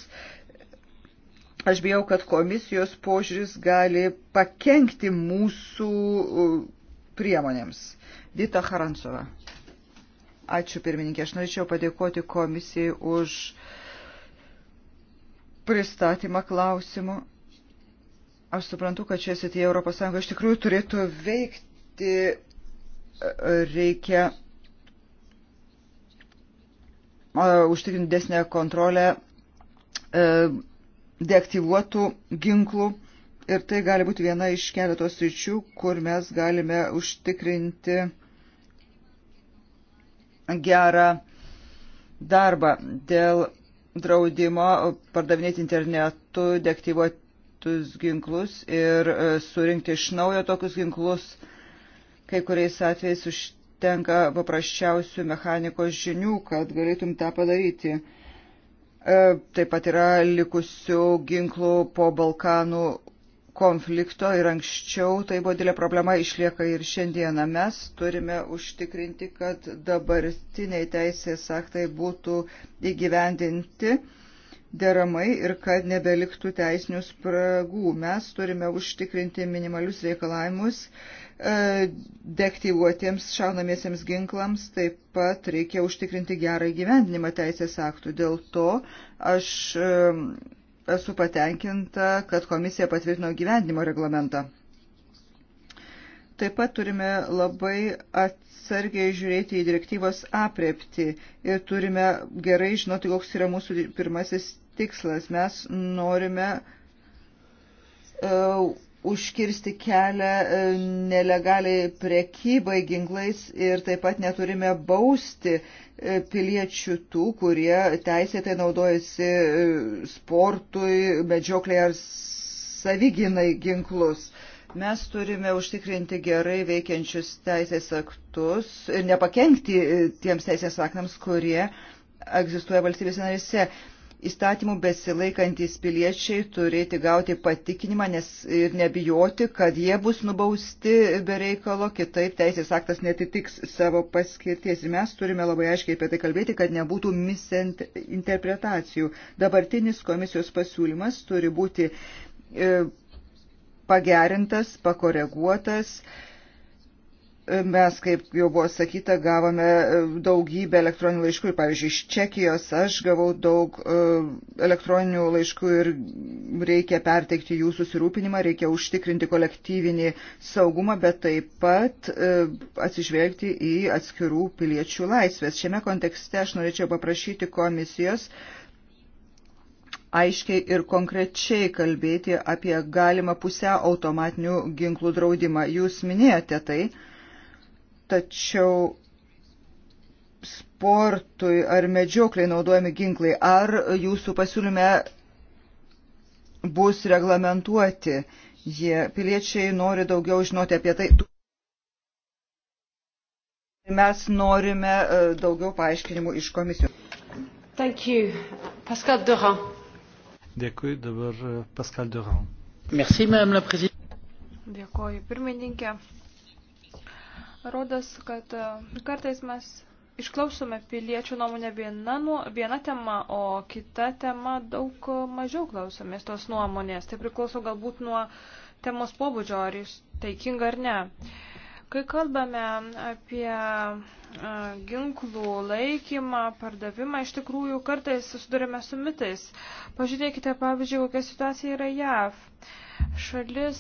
Aš bijau, kad komisijos požiūris gali pakengti mūsų priemonėms. Dita Harantsova. Ačiū pirmininkė. Aš norėčiau padėkoti komisijai už pristatymą klausimų. Aš suprantu, kad čia sėtėje ES iš tikrųjų turėtų veikti e, reikia e, užtikrinti desnę kontrolę e, deaktyvuotų ginklų ir tai gali būti viena iš keletos ryčių, kur mes galime užtikrinti gerą darbą dėl draudimo pardavinėti internetu deaktyvuotus ginklus ir e, surinkti iš naujo tokius ginklus. Kai kuriais atvejais užtenka paprasčiausių mechanikos žinių, kad galėtum tą padaryti. E, taip pat yra likusių ginklų po Balkanų konflikto ir anksčiau tai buvo didelė problema išlieka ir šiandieną. Mes turime užtikrinti, kad dabartiniai teisės aktai būtų įgyvendinti deramai ir kad nebeliktų teisinių spragų. Mes turime užtikrinti minimalius reikalavimus e, deaktyvuotiems šaunamiesiems ginklams, taip pat reikia užtikrinti gerą įgyvendinimą teisės aktų. Dėl to aš e, esu patenkinta, kad komisija patvirtino gyvendimo reglamentą. Taip pat turime labai atsargiai žiūrėti į direktyvos apriepti ir turime gerai žinoti, koks yra mūsų pirmasis tikslas. Mes norime uh, užkirsti kelią e, nelegaliai prekybai ginklais ir taip pat neturime bausti e, piliečių tų, kurie teisėtai naudojasi e, sportui, medžioklėje ar saviginai ginklus. Mes turime užtikrinti gerai veikiančius teisės aktus ir nepakenkti tiems teisės aktams, kurie egzistuoja valstybėse narėse. Įstatymų besilaikantis piliečiai turėti gauti patikinimą nes, ir nebijoti, kad jie bus nubausti be reikalo, kitaip teisės aktas netitiks savo paskirties. Ir mes turime labai aiškiai apie tai kalbėti, kad nebūtų misinterpretacijų. Dabartinis komisijos pasiūlymas turi būti e, pagerintas, pakoreguotas. E, Mes, kaip jau buvo sakyta, gavome e, daugybę elektroninių laiškų. Pavyzdžiui, iš Čekijos aš gavau daug e, elektroninių laiškų ir reikia perteikti jų susirūpinimą, reikia užtikrinti kolektyvinį saugumą, bet taip pat e, atsižvelgti į atskirų piliečių laisvės. Šiame kontekste aš norėčiau paprašyti komisijos aiškiai ir konkrečiai kalbėti apie galimą pusę automatinių ginklų draudimą. Jūs minėjote tai. Tačiau sportui ar medžiokliai naudojami ginklai, ar jūsų pasiūlyme bus reglamentuoti jie. Piliečiai nori daugiau žinoti apie tai. Mes norime e, daugiau paaiškinimų iš komisijų. Thank you. Pascal Durand. Dėkui, dabar e, Pascal Durand. Merci, Madame la Présidente. Dėkoju, pirmininkė rodas, kad e, kartais mes išklausome piliečių nuomonę viena, viena tema, o kita tema daug mažiau klausomės tos nuomonės. Tai priklauso galbūt nuo temos pobūdžio, ar jis taikinga ar ne. Uh, Kai kalbame apie ginklų laikymą, pardavimą, iš tikrųjų kartais susidurime su mitais. Pažiūrėkite, pavyzdžiui, kokia situacija yra JAV. Šalis,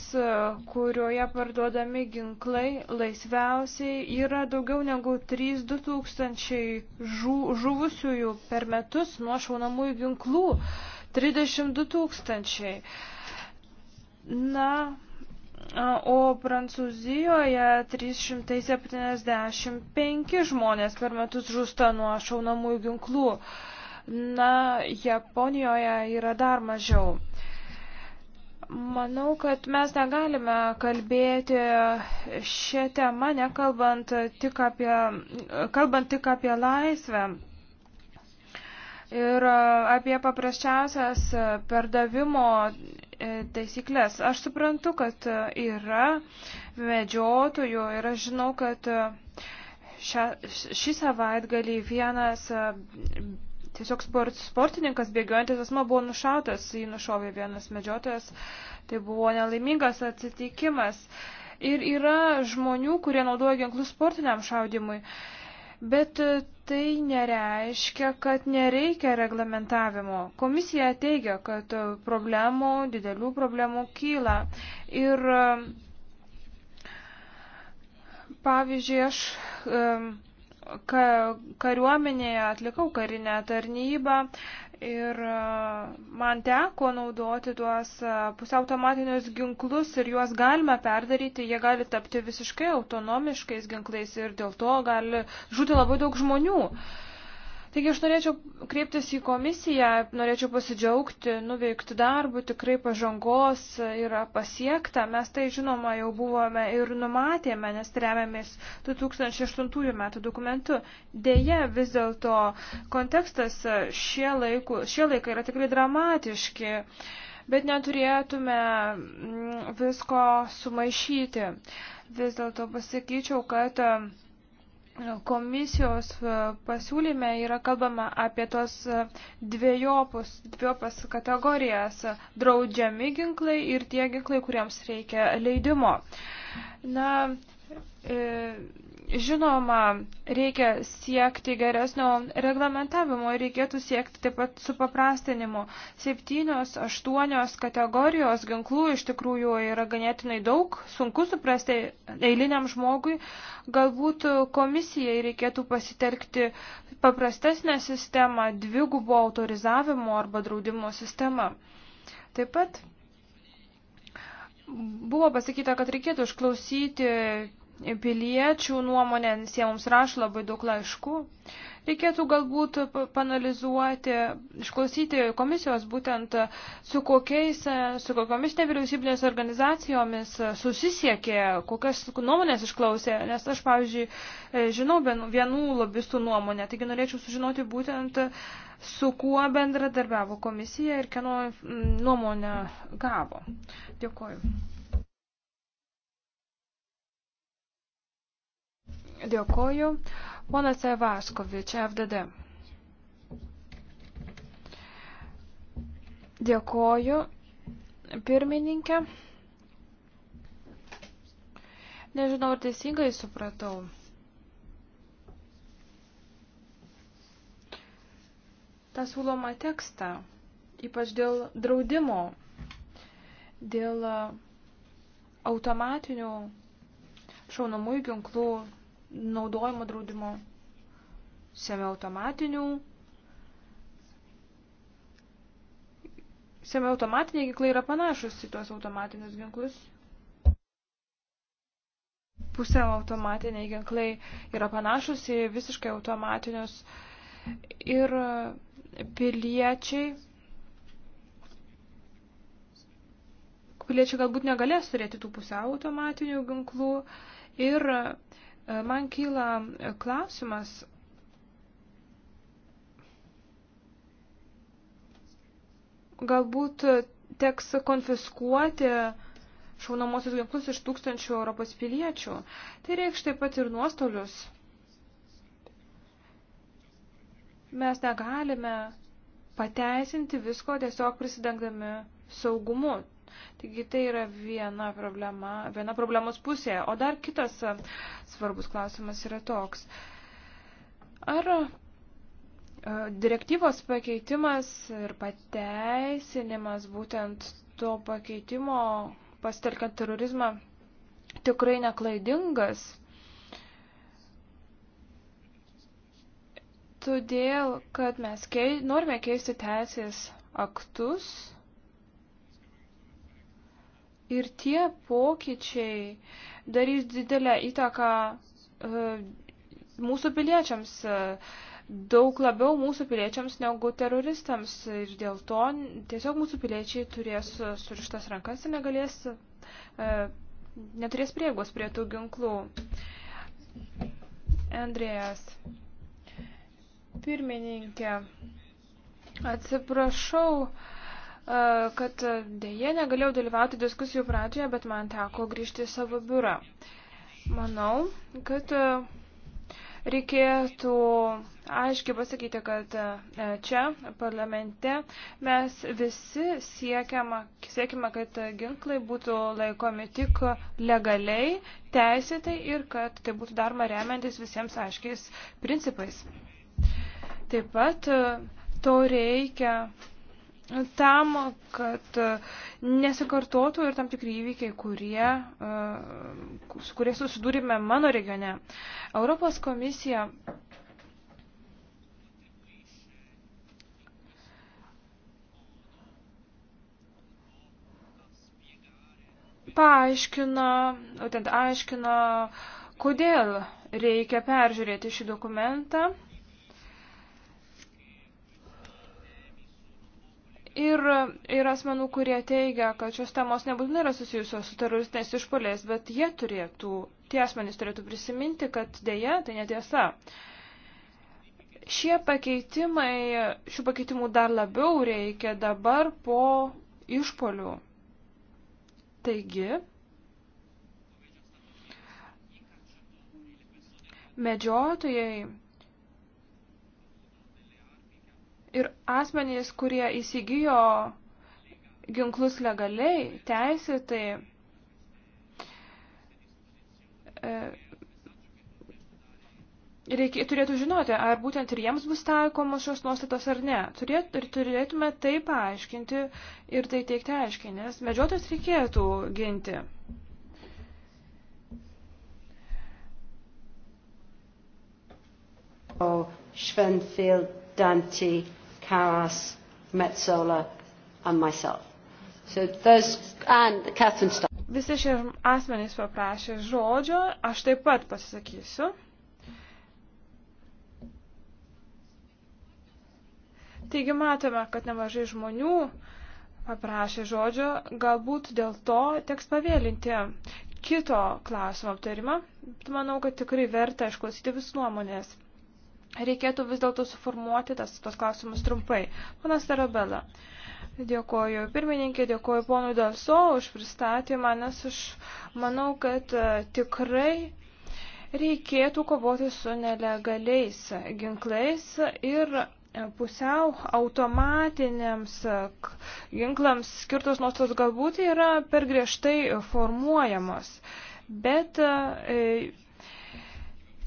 kurioje parduodami ginklai laisviausiai yra daugiau negu 3-2 tūkstančiai žu, žuvusiųjų per metus nuo šaunamųjų ginklų. 32 tūkstančiai. Na, O Prancūzijoje 375 žmonės per metus žūsta nuo šaunamųjų ginklų. Na, Japonijoje yra dar mažiau. Manau, kad mes negalime kalbėti šią temą, nekalbant tik apie, kalbant tik apie laisvę ir apie paprasčiausias perdavimo E, taisyklės. Aš suprantu, kad e, yra medžiotojų ir aš žinau, kad e, šią, šį savaitgalį vienas tiesiog sport, sportininkas bėgiojantis asmo buvo nušautas, jį nušovė vienas medžiotojas, tai buvo nelaimingas atsitikimas. Ir yra žmonių, kurie naudoja ginklus sportiniam šaudimui. Uh, Bet e, tai nereiškia, kad nereikia reglamentavimo. Komisija teigia, kad e, problemų, didelių problemų kyla. Ir e, pavyzdžiui, aš ka, kariuomenėje atlikau karinę tarnybą, Ir e, man teko naudoti tuos e, pusiautomatinius ginklus ir juos galima perdaryti, jie gali tapti visiškai autonomiškais ginklais ir dėl to gali žūti labai daug žmonių. Uh, Taigi aš norėčiau kreiptis į komisiją, norėčiau pasidžiaugti, nuveikti darbų, tikrai pažangos yra pasiekta. Mes tai žinoma jau buvome ir numatėme, nes remiamės 2008 metų dokumentu. Deja, vis dėlto kontekstas šie, laiku, šie laikai yra tikrai dramatiški bet neturėtume mm, visko sumaišyti. Vis dėlto pasakyčiau, kad komisijos e, pasiūlyme yra kalbama apie tos e, dviejopus, dviejopas kategorijas - draudžiami ginklai ir tie ginklai, kuriems reikia leidimo. Na, e, Žinoma, reikia siekti geresnio reglamentavimo ir reikėtų siekti taip pat supaprastinimo. Septynios, aštuonios kategorijos ginklų iš tikrųjų yra ganėtinai daug, sunku suprasti eiliniam žmogui. Galbūt komisijai reikėtų pasitelkti paprastesnę sistemą, dvigubo autorizavimo arba draudimo sistemą. Taip pat buvo pasakyta, kad reikėtų išklausyti piliečių nuomonę, nes jie mums rašo labai daug laiškų. Reikėtų galbūt panalizuoti, išklausyti komisijos būtent su, kokiais, su kokiomis nevyriausybinės organizacijomis susisiekė, kokias nuomonės išklausė, nes aš, pavyzdžiui, žinau vienų lobistų nuomonę, taigi norėčiau sužinoti būtent su kuo bendradarbiavo komisija ir kieno mm, nuomonę gavo. Dėkuoju. Dėkoju. Ponas Evaskovič, FDD. Dėkoju, pirmininkė. Nežinau, ar teisingai supratau. tą siūlomą tekstą, ypač dėl draudimo, dėl automatinių šaunamųjų ginklų naudojimo draudimo, semiautomatinių, semiautomatiniai ginklai yra panašus į tuos automatinius ginklus. Pusiau automatiniai ginklai yra panašus į visiškai automatinius ir piliečiai piliečiai galbūt negalės turėti tų pusiau automatinių ginklų ir Man kyla klausimas, galbūt teks konfiskuoti šaunamosius ginklus iš tūkstančių Europos piliečių. Tai reikš taip pat ir nuostolius. Mes negalime pateisinti visko tiesiog prisidengdami saugumu. Taigi tai yra viena problema, viena problemos pusė. O dar kitas e, svarbus klausimas yra toks. Ar e, direktyvos pakeitimas ir pateisinimas būtent to pakeitimo pasitelkiant terorizmą tikrai neklaidingas? Todėl, kad mes kei, norime keisti teisės aktus Ir tie pokyčiai darys didelę įtaką e, mūsų piliečiams, e, daug labiau mūsų piliečiams negu teroristams. Ir dėl to tiesiog mūsų piliečiai turės surištas rankas ir negalės, e, neturės priegos prie tų ginklų. Andrėjas, pirmininkė, atsiprašau, kad dėje negalėjau dalyvauti diskusijų pradžioje, bet man teko grįžti į savo biurą. Manau, kad reikėtų aiškiai pasakyti, kad čia, parlamente, mes visi siekiama, siekime, kad ginklai būtų laikomi tik legaliai, teisėtai ir kad tai būtų daroma remiantis visiems aiškiais principais. Taip pat to reikia tam, kad e, nesikartotų ir tam tikri įvykiai, kurie, e, su kurie susidūrime mano regione. Europos komisija paaiškina, būtent aiškina, kodėl reikia peržiūrėti šį dokumentą Ir yra asmenų, kurie teigia, kad šios temos nebūtinai yra susijusios su teroristinės išpolės, bet jie turėtų, tie asmenys turėtų prisiminti, kad dėja, tai netiesa. Šie pakeitimai, šių pakeitimų dar labiau reikia dabar po išpolių. Taigi, medžiotojai ir asmenys, kurie įsigijo ginklus legaliai, teisėtai, e, reikia, turėtų žinoti, ar būtent ir jiems bus taikomos šios nuostatos ar ne. Turėt, ir turėtume tai paaiškinti ir tai teikti aiškiai, nes medžiotojus reikėtų ginti. Oh, Schwenfield, Dante, Karas, Metzola, and myself. So those, and Catherine Stein. Visi šie asmenys paprašė žodžio, aš taip pat pasisakysiu. Taigi matome, kad nemažai žmonių paprašė žodžio, galbūt dėl to teks pavėlinti kito klausimo aptarimą. Manau, kad tikrai verta išklausyti visų nuomonės reikėtų vis dėlto suformuoti tas, tos klausimus trumpai. Panas Tarabela, dėkoju pirmininkė, dėkoju ponui Dalso už pristatymą, nes aš manau, kad e, tikrai reikėtų kovoti su nelegaliais ginklais ir e, pusiau automatiniams e, ginklams skirtos nuostos galbūt yra per griežtai formuojamos. Bet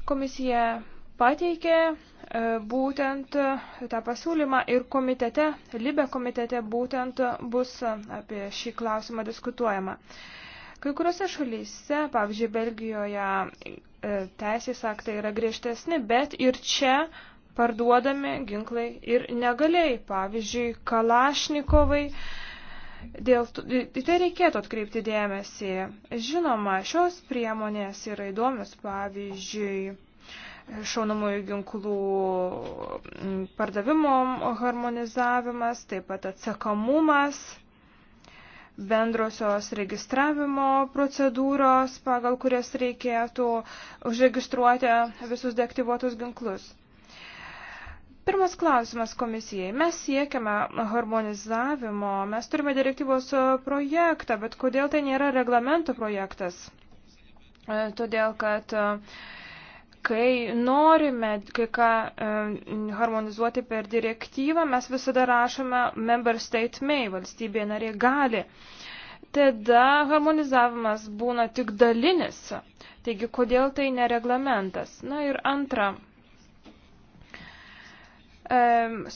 komisija pateikė e, būtent e, tą pasiūlymą ir komitete, Libe komitete būtent bus apie šį klausimą diskutuojama. Kai kuriuose šalyse, pavyzdžiui, Belgijoje e, teisės aktai yra griežtesni, bet ir čia parduodami ginklai ir negaliai, pavyzdžiui, Kalašnikovai. Dėl į tai reikėtų atkreipti dėmesį. Žinoma, šios priemonės yra įdomios, pavyzdžiui, šaunamųjų ginklų mm, pardavimo harmonizavimas, taip pat atsakamumas, bendrosios registravimo procedūros, pagal kurias reikėtų užregistruoti visus deaktyvuotus ginklus. Pirmas klausimas komisijai. Mes siekiame harmonizavimo, mes turime direktyvos projektą, bet kodėl tai nėra reglamento projektas? E, todėl, kad uh, Kai norime kai ką e, harmonizuoti per direktyvą, mes visada rašome Member State May, valstybė narė gali. Tada harmonizavimas būna tik dalinis. Taigi, kodėl tai nereglamentas? Na ir antra. E,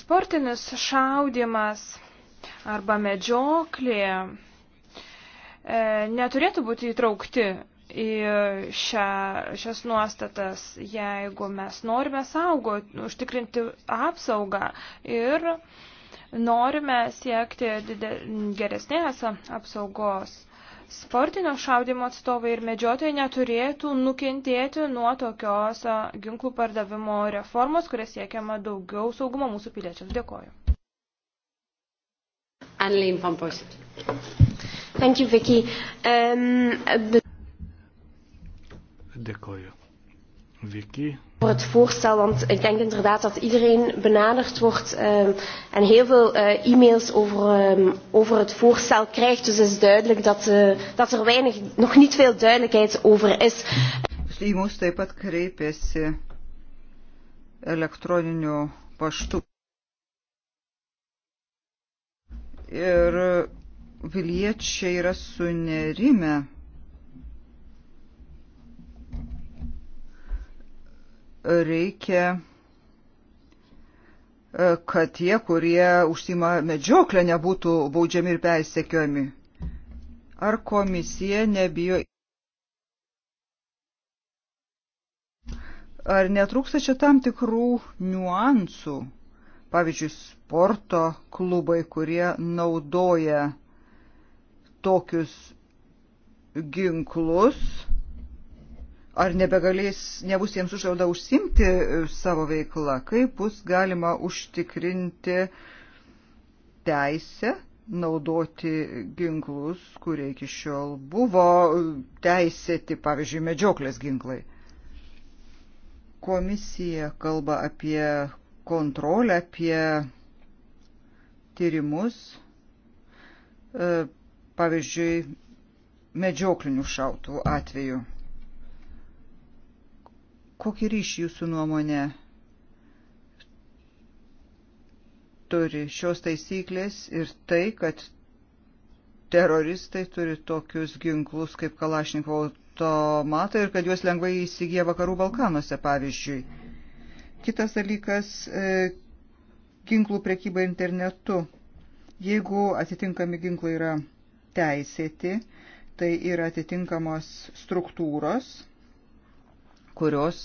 sportinis šaudimas arba medžioklė e, neturėtų būti įtraukti į šią, šias nuostatas, jeigu mes norime saugoti, užtikrinti apsaugą ir norime siekti geresnės apsaugos. Sportinio šaudimo atstovai ir medžiotojai neturėtų nukentėti nuo tokios ginklų pardavimo reformos, kuria siekiama daugiau saugumo mūsų piliečiams. Dėkoju. Anlin Van Thank you, Vicky. Um, the... Dėkoju. Vicky. Voor het voorstel, want ik denk inderdaad dat iedereen benaderd wordt uh, en heel veel uh, e-mails over, um, over het voorstel krijgt. Dus het is duidelijk dat, uh, dat er weinig, nog niet veel duidelijkheid over is. Į mus taip pat kreipėsi elektroniniu paštu. Ir e, viliečiai yra sunerime reikia, e, kad tie, kurie užsima medžioklę, nebūtų baudžiami ir persekiojami. Ar komisija nebijo. Ar netrūksta čia tam tikrų niuansų? Pavyzdžiui, sporto klubai, kurie naudoja tokius ginklus, ar nebegalės, nebus jiems uždrauda užsimti e, savo veiklą, kaip bus galima užtikrinti teisę naudoti ginklus, kurie iki šiol buvo e, teisėti, pavyzdžiui, medžioklės ginklai. Komisija kalba apie kontrolę, apie tyrimus, e, pavyzdžiui, medžioklinių šautų atveju. Kokį ryšį jūsų nuomonė turi šios taisyklės ir tai, kad teroristai turi tokius ginklus kaip Kalašnikovo automatą ir kad juos lengvai įsigyja vakarų Balkanuose, pavyzdžiui. Kitas dalykas e, - ginklų prekyba internetu. Jeigu atitinkami ginklai yra teisėti, tai yra atitinkamos struktūros kurios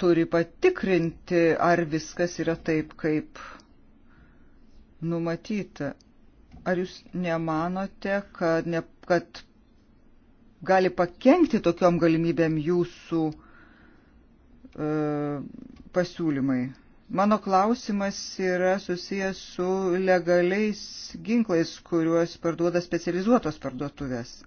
turi patikrinti, ar viskas yra taip, kaip numatyta. Ar jūs nemanote, kad, ne, kad gali pakengti tokiom galimybėm jūsų e, pasiūlymai? Mano klausimas yra susijęs su legaliais ginklais, kuriuos parduoda specializuotos parduotuvės.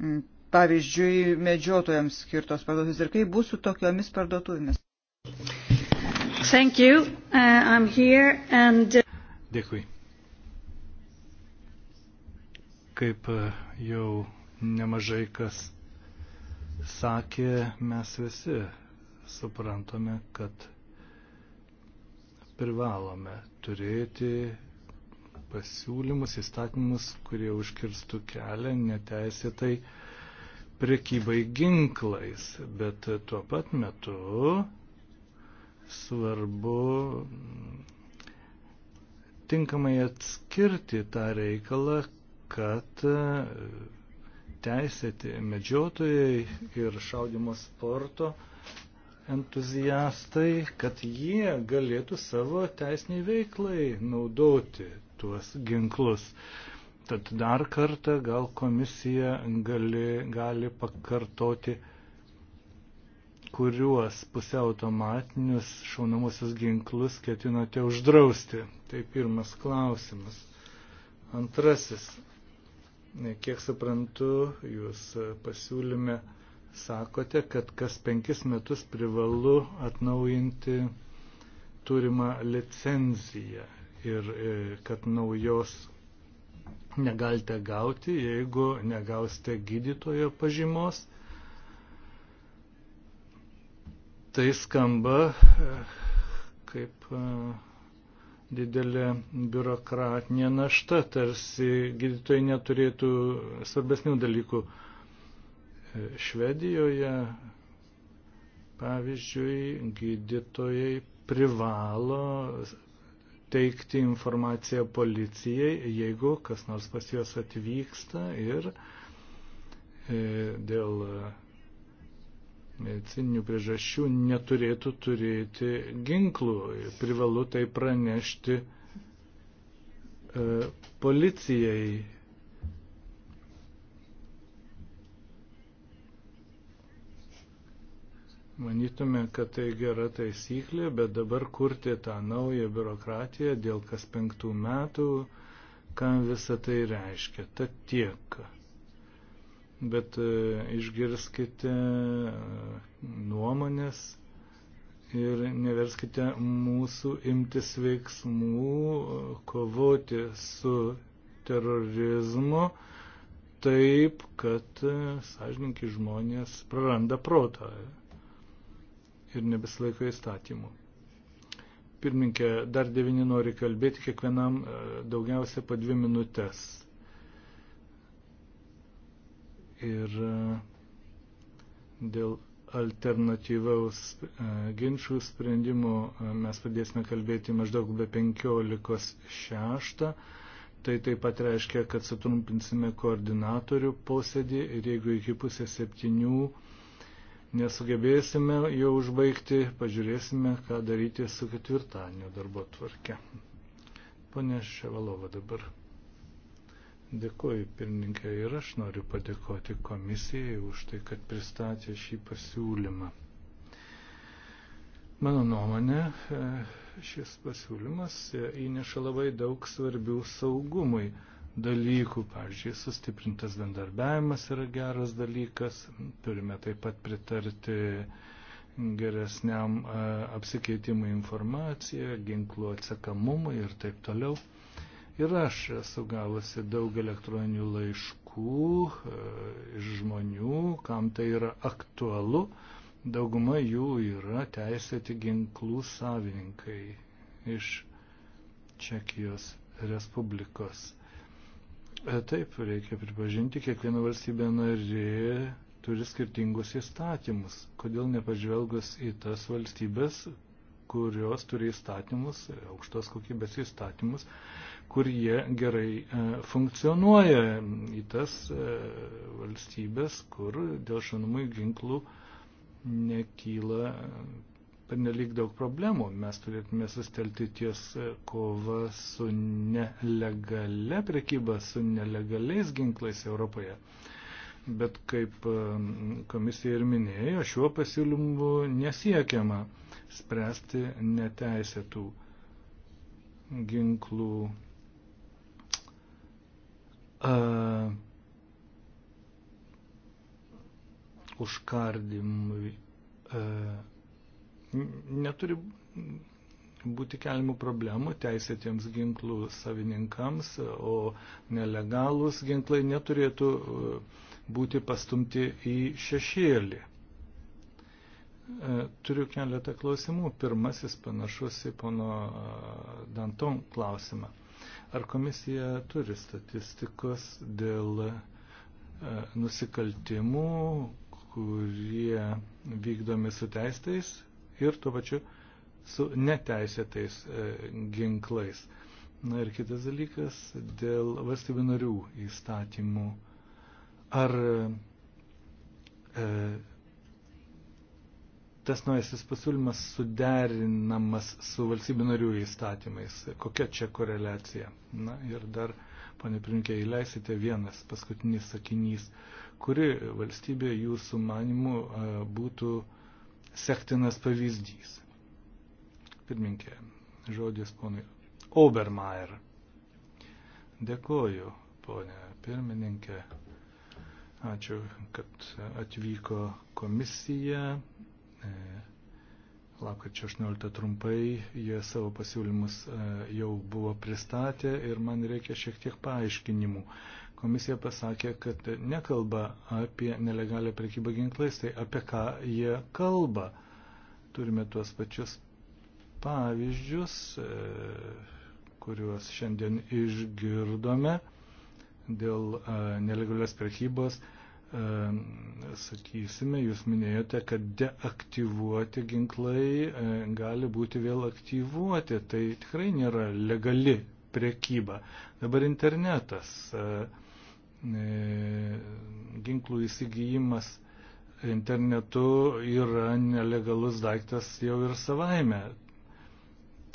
Mm, pavyzdžiui, medžiotojams skirtos parduotuvės ir kaip bus su tokiomis parduotuvėmis. Thank you. Uh, I'm here and... Uh, Dėkui. Kaip uh, jau nemažai kas sakė, mes visi suprantame, kad privalome turėti pasiūlymus, įstatymus, kurie užkirstų kelią neteisėtai prekybai ginklais, bet tuo pat metu svarbu tinkamai atskirti tą reikalą, kad teisėti medžiotojai ir šaudimo sporto entuziastai, kad jie galėtų savo teisiniai veiklai naudoti tuos ginklus. Tad dar kartą gal komisija gali, gali pakartoti, kuriuos pusiautomatinius šaunamusius ginklus ketinate uždrausti. Tai pirmas klausimas. Antrasis. Kiek suprantu, jūs pasiūlyme sakote, kad kas penkis metus privalu atnaujinti turimą licenciją ir e, kad naujos negalite gauti, jeigu negausite gydytojo pažymos. Tai skamba e, kaip e, didelė biurokratinė našta, tarsi gydytojai neturėtų svarbesnių dalykų. Švedijoje, pavyzdžiui, gydytojai privalo teikti informaciją policijai, jeigu kas nors pas juos atvyksta ir e, dėl e, medicininių priežasčių neturėtų turėti ginklų. Privalu tai pranešti e, policijai Manytume, kad tai gera taisyklė, bet dabar kurti tą naują biurokratiją dėl kas penktų metų, ką visa tai reiškia. Tad tiek. Bet e, išgirskite e, nuomonės ir neverskite mūsų imtis veiksmų, kovoti su terorizmu taip, kad e, sąžininkai žmonės praranda protą ir nebesilaiko įstatymų. Pirminkė, dar devyni nori kalbėti, kiekvienam e, daugiausia po dvi minutės. Ir e, dėl alternatyvaus e, ginčių sprendimo mes pradėsime kalbėti maždaug be 15.6. Tai taip pat reiškia, kad sutrumpinsime koordinatorių posėdį ir jeigu iki pusės septynių 7 nesugebėsime jo užbaigti, pažiūrėsime, ką daryti su ketvirtadienio darbo tvarke. Pane Ševalova dabar. Dėkuoju pirmininkė ir aš noriu padėkoti komisijai už tai, kad pristatė šį pasiūlymą. Mano nuomonė, e, šis pasiūlymas e, įneša labai daug svarbių saugumui dalykų. Pavyzdžiui, sustiprintas bendarbiavimas yra geras dalykas. Turime taip pat pritarti geresniam apsikeitimui informaciją, ginklų atsekamumui ir taip toliau. Ir aš esu gavusi daug elektroninių laiškų iš žmonių, kam tai yra aktualu. Dauguma jų yra teisėti ginklų savininkai iš Čekijos Respublikos. E, taip, reikia pripažinti, kiekviena valstybė narė turi skirtingus įstatymus. Kodėl nepažvelgus į tas valstybės, kurios turi įstatymus, aukštos kokybės įstatymus, kur jie gerai e, funkcionuoja, į tas e, valstybės, kur dėl šanumų ginklų nekyla pernelyg daug problemų. Mes turėtume sustelti ties e, kova su nelegale prekyba, su nelegaliais ginklais Europoje. Bet kaip e, komisija ir minėjo, šiuo pasiūlymu nesiekiama spręsti neteisėtų ginklų uh, e, užkardimui. Uh, neturi būti keliamų problemų teisėtiems ginklų savininkams, o nelegalūs ginklai neturėtų e, būti pastumti į šešėlį. E, turiu keletą klausimų. Pirmasis panašus į pono e, Danton klausimą. Ar komisija turi statistikos dėl nusikaltimų, kurie vykdomi su teistais ir tuo pačiu su neteisėtais e, ginklais. Na ir kitas dalykas dėl valstybių narių įstatymų. Ar e, tas naujasis pasiūlymas suderinamas su valstybių narių įstatymais? Kokia čia koreliacija? Na ir dar, pane Prinkė, įleisite vienas paskutinis sakinys, kuri valstybė jūsų manimų e, būtų e, sektinas pavyzdys. Pirminkė, žodis ponui Obermeier. Dėkoju, ponė pirmininkė. Ačiū, kad atvyko komisija. E, lapkričio 18 trumpai jie savo pasiūlymus e, jau buvo pristatę ir man reikia šiek tiek paaiškinimų. Komisija pasakė, kad nekalba apie nelegalią prekybą ginklais, tai apie ką jie kalba. Turime tuos pačius pavyzdžius, e, kuriuos šiandien išgirdome dėl e, nelegalios prekybos e, sakysime, jūs minėjote, kad deaktyvuoti ginklai gali būti vėl aktyvuoti. Tai tikrai nėra legali priekyba. Dabar internetas. E, E, ginklų įsigijimas internetu yra nelegalus daiktas jau ir savaime.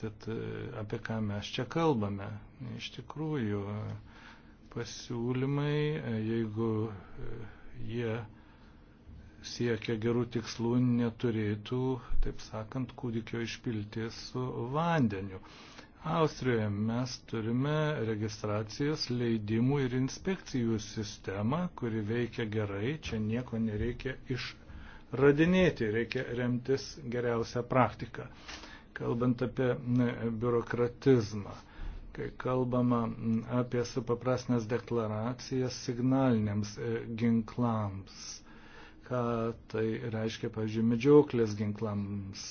Tad e, apie ką mes čia kalbame? Iš tikrųjų, pasiūlymai, e, jeigu jie siekia gerų tikslų, neturėtų, taip sakant, kūdikio išpilti su vandeniu. Austrijoje mes turime registracijos leidimų ir inspekcijų sistemą, kuri veikia gerai, čia nieko nereikia išradinėti, reikia remtis geriausią praktiką. Kalbant apie biurokratizmą, kai kalbama apie supaprasnės deklaracijas signaliniams e, ginklams, ką tai reiškia, pavyzdžiui, medžioklės ginklams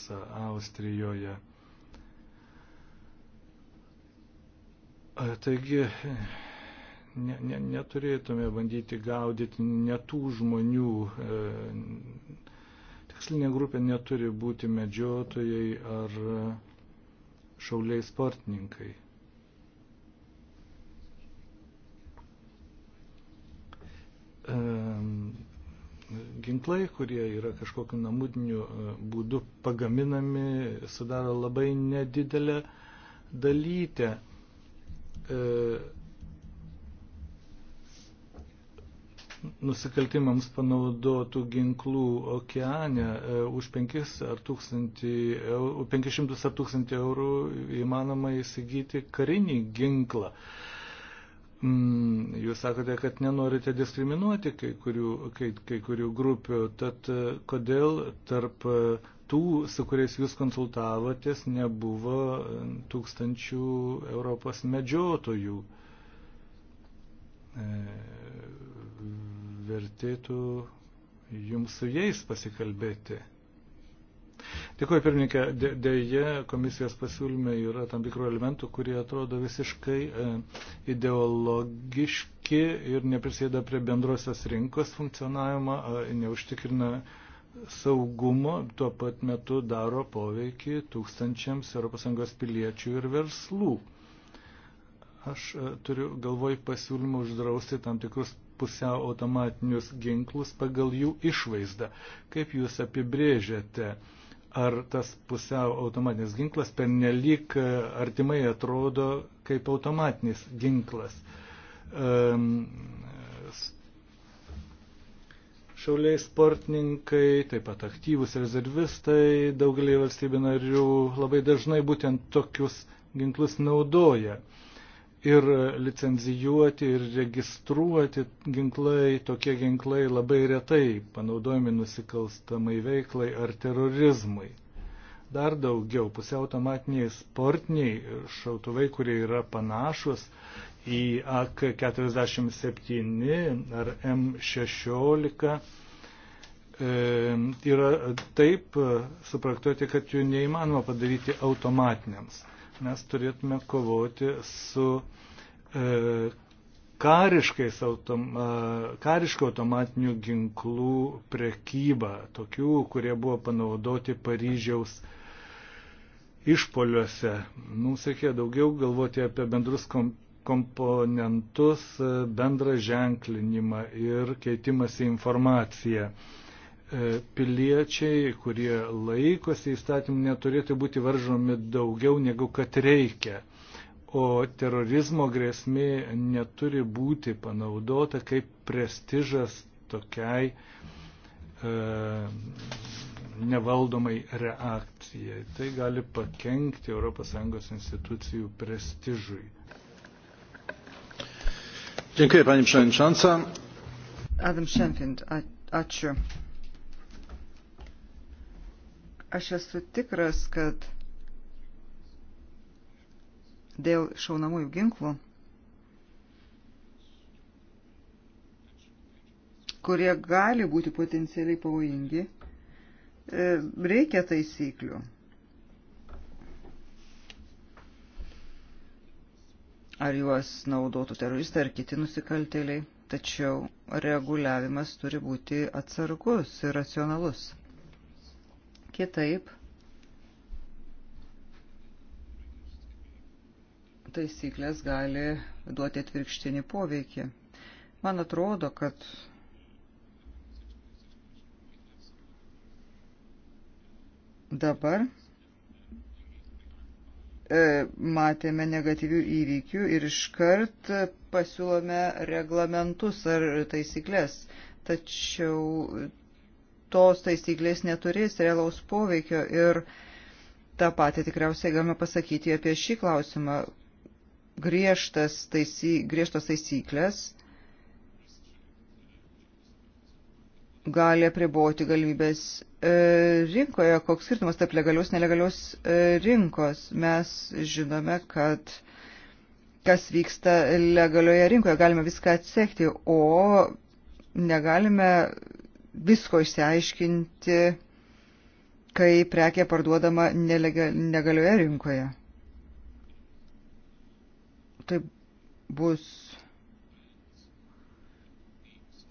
Austrijoje Taigi ne, ne, neturėtume bandyti gaudyti netų žmonių. E, tikslinė grupė neturi būti medžiotojai ar e, šauliai sportininkai. E, ginklai, kurie yra kažkokiu namudiniu būdu pagaminami, sudaro labai nedidelę dalytę E, nusikaltimams panaudotų ginklų okeane e, už 5 ar 1000 eurų, 500 ar 1000 eurų įmanoma įsigyti karinį ginklą. Mm, jūs sakote, kad nenorite diskriminuoti kai kurių, kai, kai kurių grupių, tad e, kodėl tarp tų, su kuriais jūs konsultavotės, nebuvo e, tūkstančių Europos medžiotojų. E, vertėtų jums su jais pasikalbėti. Dėkuoju, pirmininkė, dėje komisijos pasiūlyme yra tam tikrų elementų, kurie atrodo visiškai e, ideologiški ir neprisėda prie bendrosios rinkos funkcionavimą, e, neužtikrina e, saugumo tuo pat metu daro poveikį tūkstančiams ES piliečių ir verslų. Aš e, turiu galvoj pasiūlymą uždrausti tam tikrus pusiau automatinius ginklus pagal jų išvaizdą. Kaip jūs apibrėžiate, ar tas pusiau automatinis ginklas pernelyg e, artimai atrodo kaip automatinis ginklas? Um, šauliai sportininkai, taip pat aktyvus rezervistai daugelį valstybių narių labai dažnai būtent tokius ginklus naudoja. Ir licenzijuoti ir registruoti ginklai, tokie ginklai labai retai panaudojami nusikalstamai veiklai ar terorizmui. Dar daugiau pusiautomatiniai sportiniai šautuvai, kurie yra panašus į AK-47 ar M16 e, yra taip supraktuoti, kad jų neįmanoma padaryti automatiniams. Mes turėtume kovoti su e, kariškais autom, e, kariško automatinių ginklų prekyba, tokių, kurie buvo panaudoti Paryžiaus išpoliuose. Mums reikėjo daugiau galvoti apie bendrus komp komponentus, e, bendrą ženklinimą ir keitimąsi informaciją. E, piliečiai, kurie laikosi įstatymų, neturėtų būti varžomi daugiau negu kad reikia. O terorizmo grėsmė neturi būti panaudota kaip prestižas tokiai e, nevaldomai reakcijai. Tai gali pakengti ES institucijų prestižui. Dziękuję Pani Przewodnicząca. Adam Šenfind, ačiū. Aš esu tikras, kad dėl šaunamųjų ginklų, kurie gali būti potencialiai pavojingi, e, reikia taisyklių. ar juos naudotų teroristai ar kiti nusikaltėliai, tačiau reguliavimas turi būti atsargus ir racionalus. Kitaip, taisyklės gali duoti atvirkštinį poveikį. Man atrodo, kad dabar E, matėme negatyvių įvykių ir iškart pasiūlome reglamentus ar taisyklės. Tačiau tos taisyklės neturės realaus poveikio ir tą patį tikriausiai galime pasakyti apie šį klausimą. Griežtas taisy, griežtos taisyklės gali apriboti galimybės e, rinkoje, koks skirtumas tarp legalios ir nelegalios e, rinkos. Mes žinome, kad kas vyksta legalioje rinkoje, galime viską atsekti, o negalime visko išsiaiškinti, kai prekė parduodama nelegalioje rinkoje. Tai bus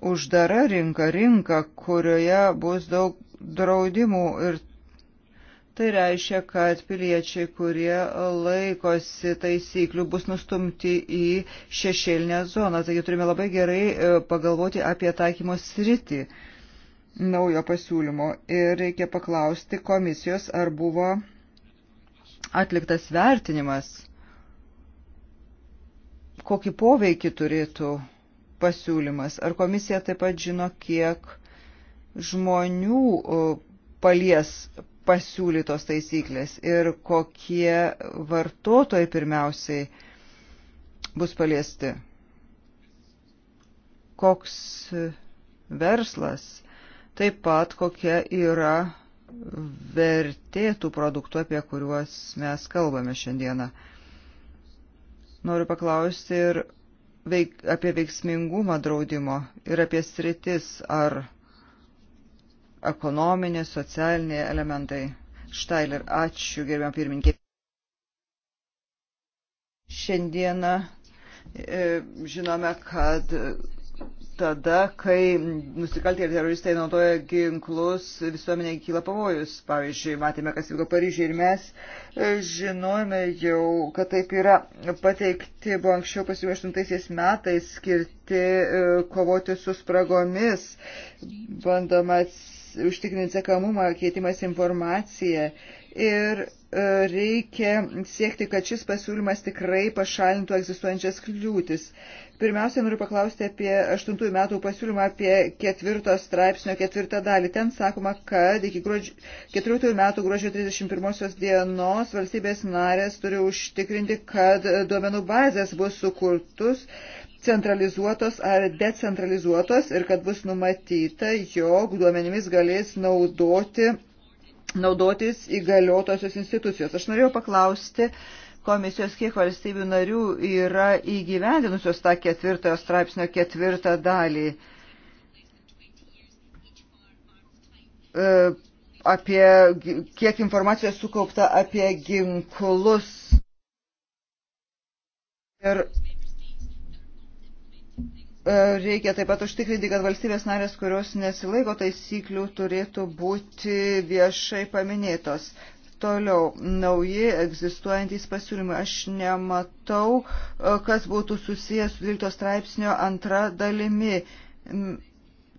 uždara rinka, rinka, kurioje bus daug draudimų ir tai reiškia, kad piliečiai, kurie laikosi taisyklių, bus nustumti į šešėlinę zoną. Taigi turime labai gerai e, pagalvoti apie taikymo sritį naujo pasiūlymo ir reikia paklausti komisijos, ar buvo atliktas vertinimas, kokį poveikį turėtų pasiūlymas. Ar komisija taip pat žino, kiek žmonių palies pasiūlytos taisyklės ir kokie vartotojai pirmiausiai bus paliesti? Koks verslas? Taip pat kokia yra vertė tų produktų, apie kuriuos mes kalbame šiandieną. Noriu paklausti ir veik, apie veiksmingumą draudimo ir apie sritis ar ekonominiai, socialiniai elementai. Štailer, ačiū, gerbiam pirmininkė. Šiandieną e, žinome, kad tada, kai nusikaltėliai ir teroristai naudoja ginklus, visuomenė kyla pavojus. Pavyzdžiui, matėme, kas vyko Paryžiai ir mes e, žinojame jau, kad taip yra. Pateikti buvo anksčiau pasiūlymai 8 metais skirti e, kovoti su spragomis, bandoma užtikrinti sekamumą, keitimas informaciją. Ir reikia siekti, kad šis pasiūlymas tikrai pašalintų egzistuojančias kliūtis. Pirmiausia, noriu paklausti apie 8 metų pasiūlymą apie ketvirto straipsnio ketvirtą dalį. Ten sakoma, kad iki gruodžio, 14 metų gruodžio 31 dienos valstybės narės turi užtikrinti, kad duomenų bazės bus sukurtus centralizuotos ar decentralizuotos ir kad bus numatyta, jog duomenimis galės naudoti naudotis įgaliotosios institucijos. Aš norėjau paklausti komisijos, kiek valstybių narių yra įgyvendinusios tą ketvirtojo straipsnio ketvirtą dalį. E, apie kiek informacijos sukaupta apie ginklus ir E, reikia taip pat užtikrinti, kad valstybės narės, kurios nesilaiko taisyklių, turėtų būti viešai paminėtos. Toliau, nauji egzistuojantys pasiūlymai. Aš nematau, e, kas būtų susijęs su 12 straipsnio antra dalimi.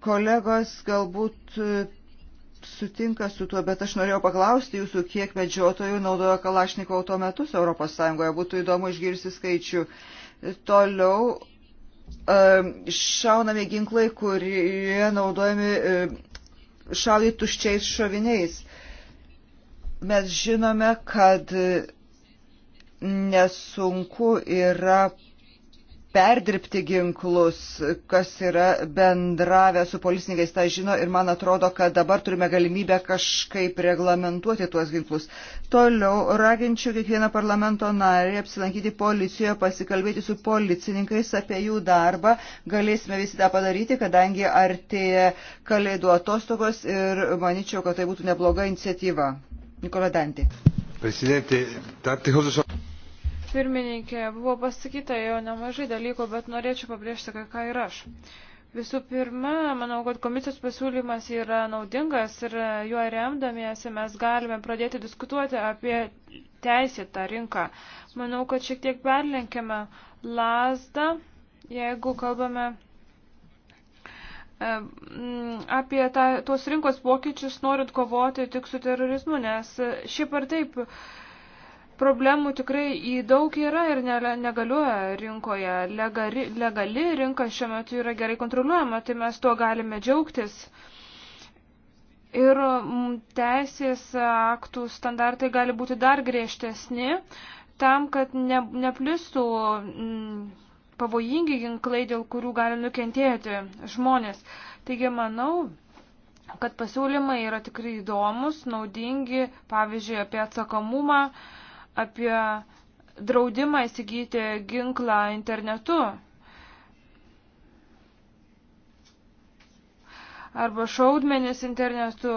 Kolegos galbūt e, sutinka su tuo, bet aš norėjau paklausti jūsų, kiek medžiotojų naudojo Kalašniko autometus Europos Sąjungoje. Būtų įdomu išgirsti skaičių. Toliau šaunami ginklai, kurie naudojami šaudyti tuščiais šoviniais. Mes žinome, kad nesunku yra perdirbti ginklus, kas yra bendravę su policininkais, tą žino ir man atrodo, kad dabar turime galimybę kažkaip reglamentuoti tuos ginklus. Toliau raginčiau kiekvieną parlamento narį apsilankyti policijoje, pasikalbėti su policininkais apie jų darbą. Galėsime visi tą padaryti, kadangi artėja kalėdų atostogos ir manyčiau, kad tai būtų nebloga iniciatyva. Nikola Dantė. Presidente, tante cose sono pirmininkė, buvo pasakyta jau nemažai dalykų, bet norėčiau pabrėžti kai ką ir aš. Visų pirma, manau, kad komisijos pasiūlymas yra naudingas ir juo remdamiesi mes galime pradėti diskutuoti apie teisėtą rinką. Manau, kad šiek tiek perlenkime lasdą, jeigu kalbame apie tą, tuos rinkos pokyčius norint kovoti tik su terorizmu, nes šiaip ar taip problemų tikrai į daug yra ir negalioja rinkoje. Legali, legali rinka šiuo metu yra gerai kontroliuojama, tai mes tuo galime džiaugtis. Ir mm, teisės aktų standartai gali būti dar griežtesni tam, kad ne, neplistų mm, pavojingi ginklai, dėl kurių gali nukentėti žmonės. Taigi manau, kad pasiūlymai yra tikrai įdomus, naudingi, pavyzdžiui, apie atsakomumą, uh, apie draudimą įsigyti ginklą internetu. Arba šaudmenis internetu.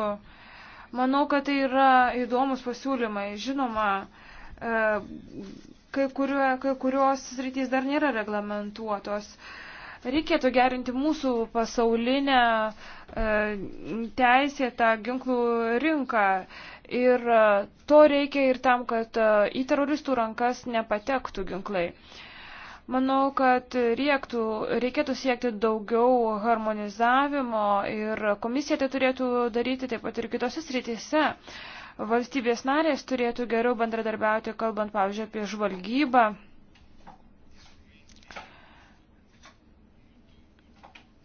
Manau, kad tai yra įdomus pasiūlymai. Žinoma, e, kai, kurio, kai kurios sritys dar nėra reglamentuotos. Reikėtų gerinti mūsų pasaulinę e, teisėtą ginklų rinką. Ir e, to reikia ir tam, kad e, į teroristų rankas nepatektų ginklai. Manau, kad reiktų, reikėtų siekti daugiau harmonizavimo ir komisija tai turėtų daryti taip pat ir kitose srityse. Valstybės narės turėtų geriau bendradarbiauti, kalbant, pavyzdžiui, apie žvalgybą.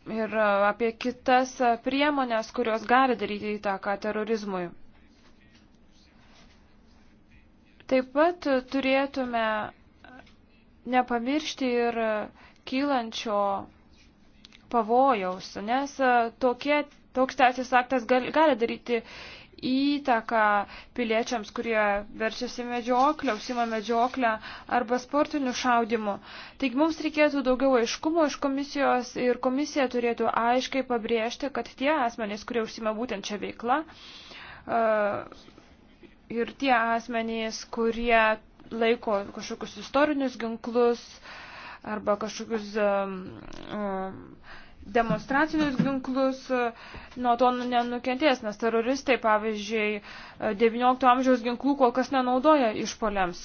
Ir e, apie kitas priemonės, kurios gali daryti įtaką terorizmui. Taip pat turėtume nepamiršti ir kylančio pavojaus, nes tokie, toks teisės aktas gali, gali daryti įtaką piliečiams, kurie verčiasi medžioklę, užsima medžioklę arba sportiniu šaudimu. Taigi mums reikėtų daugiau aiškumo iš komisijos ir komisija turėtų aiškiai pabrėžti, kad tie asmenys, kurie užsima būtent čia veiklą, ir tie asmenys, kurie laiko kažkokius istorinius ginklus arba kažkokius um, um, demonstracinius ginklus, uh, nuo to nenukentės, nes teroristai, pavyzdžiui, XIX uh, amžiaus ginklų kol kas nenaudoja išpoliams.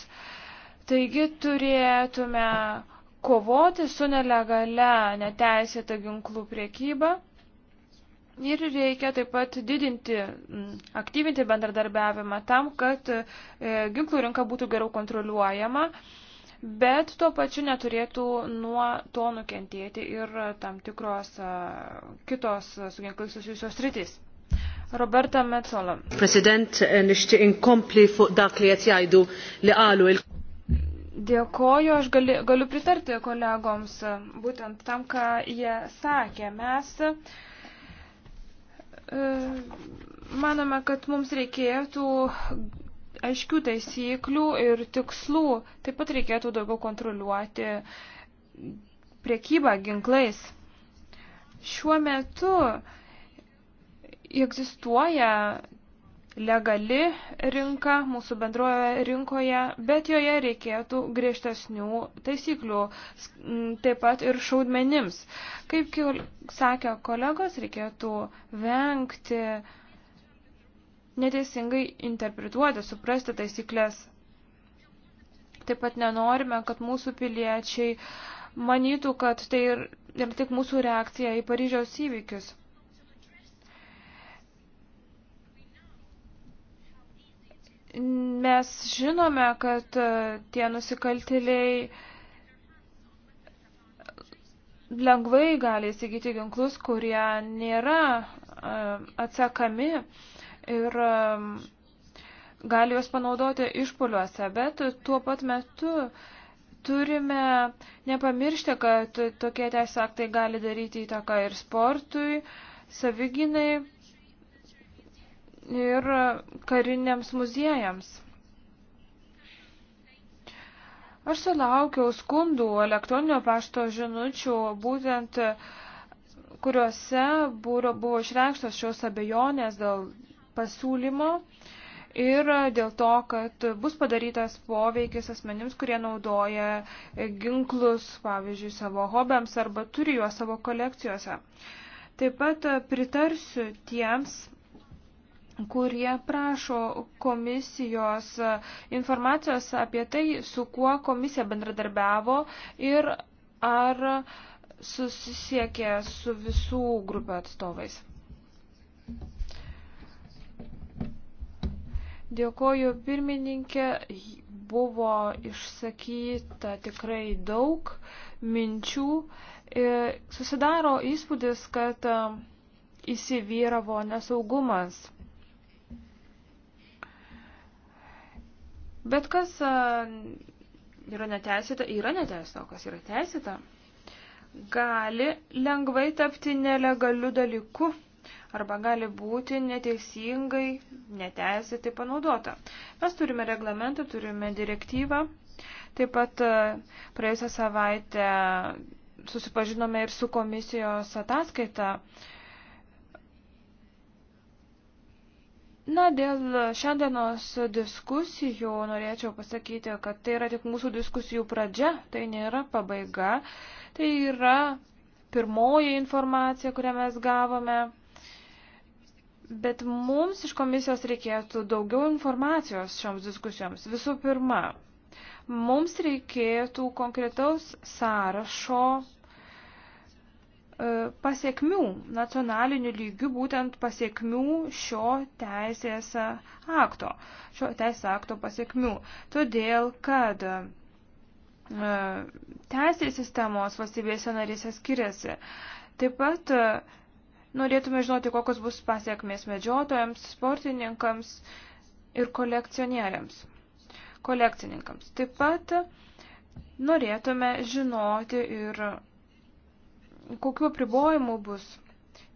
Taigi turėtume kovoti su nelegale neteisėta ginklų priekyba Ir reikia taip pat didinti, aktyvinti bendradarbiavimą tam, kad e, ginklų rinka būtų geriau kontroliuojama, bet tuo pačiu neturėtų nuo to nukentėti ir tam tikros e, kitos su ginklais susijusios rytis. Roberta Metzola. President, eh, nishti inkompli fuq dak li jgħidu li qalu il Dėkoju, aš gali, galiu pritarti kolegoms e, būtent tam, ką jie sakė. Mes uh, E, manome, kad mums reikėtų aiškių taisyklių ir tikslų. Taip pat reikėtų daugiau kontroliuoti priekybą ginklais. Šiuo metu egzistuoja legali rinka mūsų bendroje rinkoje, bet joje reikėtų griežtesnių taisyklių, taip pat ir šaudmenims. Kaip sakė kolegos, reikėtų vengti neteisingai interpretuoti, suprasti taisyklės. Taip pat nenorime, kad mūsų piliečiai manytų, kad tai yra tik mūsų reakcija į Paryžiaus įvykius. Mes žinome, kad e, tie nusikaltėliai lengvai gali įsigyti ginklus, kurie nėra e, atsakami ir e, gali juos panaudoti išpoliuose, bet tuo pat metu turime nepamiršti, kad tokie teisės aktai gali daryti įtaką ir sportui, saviginai ir kariniams muziejams. Aš sulaukiau skundų elektroninio pašto žinučių, būtent kuriuose buvo išreikštos šios abejonės dėl pasiūlymo ir dėl to, kad bus padarytas poveikis asmenims, kurie naudoja ginklus, pavyzdžiui, savo hobiams arba turi juos savo kolekcijose. Taip pat pritarsiu tiems, kurie prašo komisijos informacijos apie tai, su kuo komisija bendradarbiavo ir ar susisiekė su visų grupių atstovais. Dėkoju pirmininkė, buvo išsakyta tikrai daug minčių. E, susidaro įspūdis, kad e, įsivyravo nesaugumas Bet kas yra neteisėta, yra neteisėta, o kas yra teisėta, gali lengvai tapti nelegaliu dalyku arba gali būti neteisingai, neteisėtai panaudota. Mes turime reglamentą, turime direktyvą. Taip pat praėjusią savaitę susipažinome ir su komisijos ataskaita Na, dėl šiandienos diskusijų norėčiau pasakyti, kad tai yra tik mūsų diskusijų pradžia, tai nėra pabaiga, tai yra pirmoji informacija, kurią mes gavome. Bet mums iš komisijos reikėtų daugiau informacijos šioms diskusijoms. Visų pirma, mums reikėtų konkretaus sąrašo E, pasiekmių nacionaliniu lygiu, būtent pasiekmių šio teisės akto, šio teisės akto pasiekmių. Todėl, kad e, teisės sistemos valstybėse narėse skiriasi. Taip pat e, norėtume žinoti, kokios bus pasiekmės medžiotojams, sportininkams ir kolekcionieriams. Kolekcininkams. Taip pat norėtume žinoti ir kokiu apribojimu bus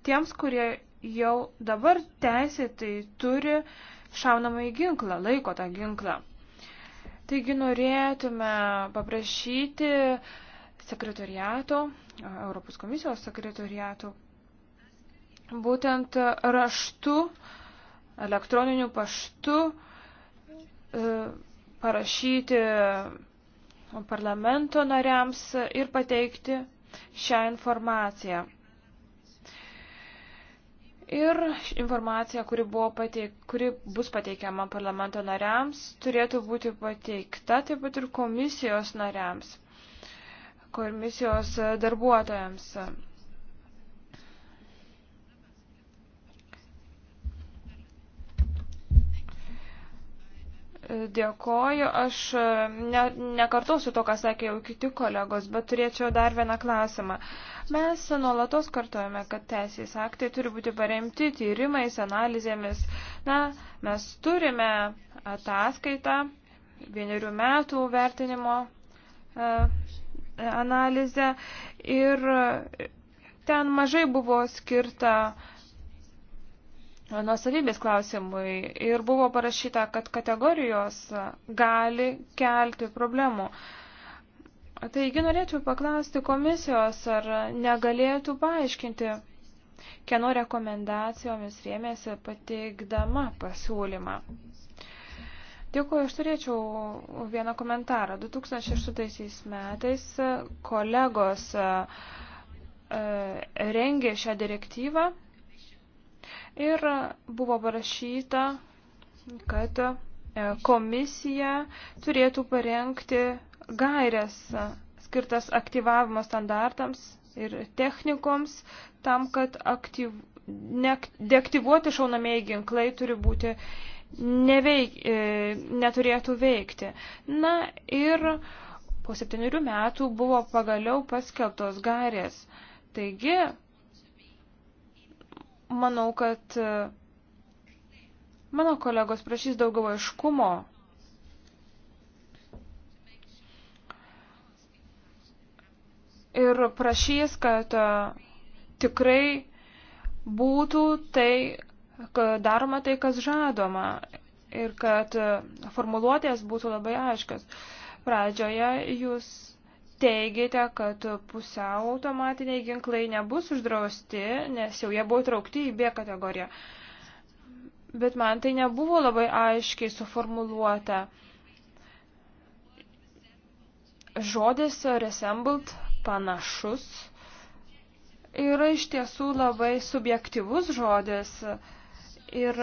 tiems, kurie jau dabar teisėtai turi šaunamą į ginklą, laiko tą ginklą. Taigi norėtume paprašyti sekretoriato, Europos komisijos sekretoriato, būtent raštu, elektroniniu paštu e, parašyti parlamento nariams ir pateikti šią informaciją. Ir informacija, kuri, pateik, kuri bus pateikiama parlamento nariams, turėtų būti pateikta taip pat ir komisijos nariams, komisijos darbuotojams. Dėkoju, aš e, ne, nekartosiu to, ką sakė jau kiti kolegos, bet turėčiau dar vieną klausimą. Mes nuolatos kartojame, kad teisės aktai turi būti paremti tyrimais, analizėmis. Na, mes turime ataskaitą vienerių metų vertinimo e, analizę ir ten mažai buvo skirta e, nuosavybės klausimui ir buvo parašyta, kad kategorijos gali kelti problemų. Taigi norėčiau paklausti komisijos, ar negalėtų paaiškinti, kieno rekomendacijomis rėmėsi pateikdama pasiūlymą. Dėkuoju, aš turėčiau vieną komentarą. 2006 metais kolegos e, rengė šią direktyvą Ir buvo parašyta, kad e, komisija turėtų parengti gairias skirtas aktyvavimo standartams ir technikoms tam, kad aktyv, ne, deaktyvuoti šaunamieji ginklai turi būti neveik, e, neturėtų veikti. Na ir po septyniarių metų buvo pagaliau paskeltos gairės. Taigi manau, kad e, mano kolegos prašys daugiau aiškumo. Ir prašys, kad e, tikrai būtų tai, daroma tai, kas žadoma. Ir kad e, formuluotės būtų labai aiškios. Pradžioje jūs teigėte, kad pusiau automatiniai ginklai nebus uždrausti, nes jau jie buvo traukti į B kategoriją. Bet man tai nebuvo labai aiškiai suformuluota. Žodis resembled panašus yra iš tiesų labai subjektivus žodis ir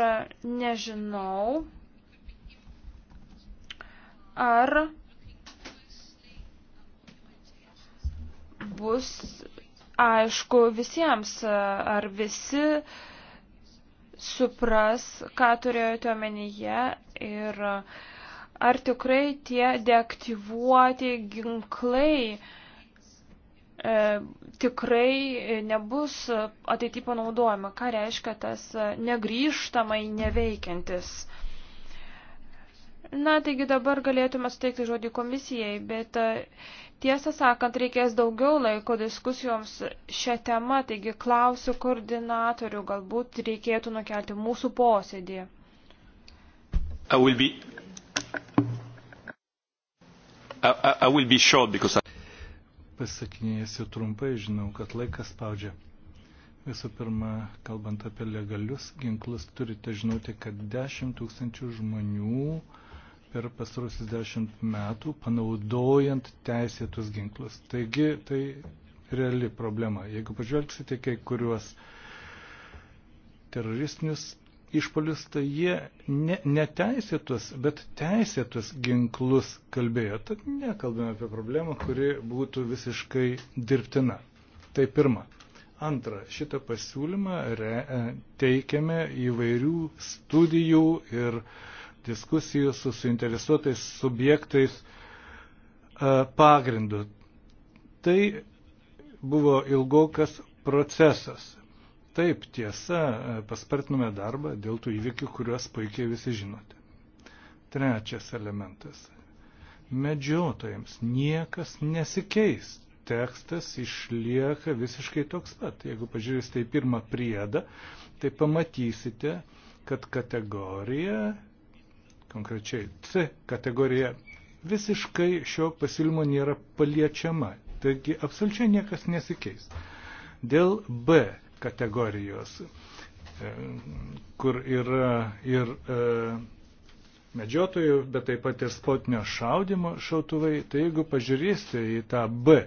nežinau, ar bus aišku visiems, ar visi supras, ką turėjote omenyje ir ar tikrai tie deaktyvuoti ginklai e, tikrai nebus ateity panaudojama. Ką reiškia tas negryžtamai neveikiantis? Na, taigi dabar galėtume suteikti žodį komisijai, bet e, Tiesą sakant, reikės daugiau laiko diskusijoms šią temą, taigi klausiu koordinatorių, galbūt reikėtų nukelti mūsų posėdį. I will be, I, I will be short because I... Pasakinėsiu trumpai, žinau, kad laikas spaudžia. Visų pirma, kalbant apie legalius ginklus, turite žinoti, kad 10 tūkstančių žmonių uh, per pastarusius dešimt metų, panaudojant teisėtus ginklus. Taigi tai reali problema. Jeigu pažvelgsite kai kuriuos teroristinius išpolius, tai jie ne, neteisėtus, bet teisėtus ginklus kalbėjo. Tad nekalbame apie problemą, kuri būtų visiškai dirbtina. Tai pirma. Antra, šitą pasiūlymą re, teikiame įvairių studijų ir uh, diskusijų su suinteresuotais subjektais e, pagrindu. Tai buvo ilgokas procesas. Taip, tiesa, e, paspartinome darbą dėl tų įvykių, kuriuos puikiai visi žinote. Trečias elementas. Medžiotojams niekas nesikeis. Tekstas išlieka visiškai toks pat. Jeigu pažiūrėsite į pirmą priedą, tai pamatysite, kad kategorija konkrečiai C kategorija, visiškai šio pasiūlymo nėra paliečiama. Taigi absoliučiai niekas nesikeis. Dėl B kategorijos, e, kur yra ir e, medžiotojų, bet taip pat ir spotinio šaudimo šautuvai, tai jeigu pažiūrėsite į tą B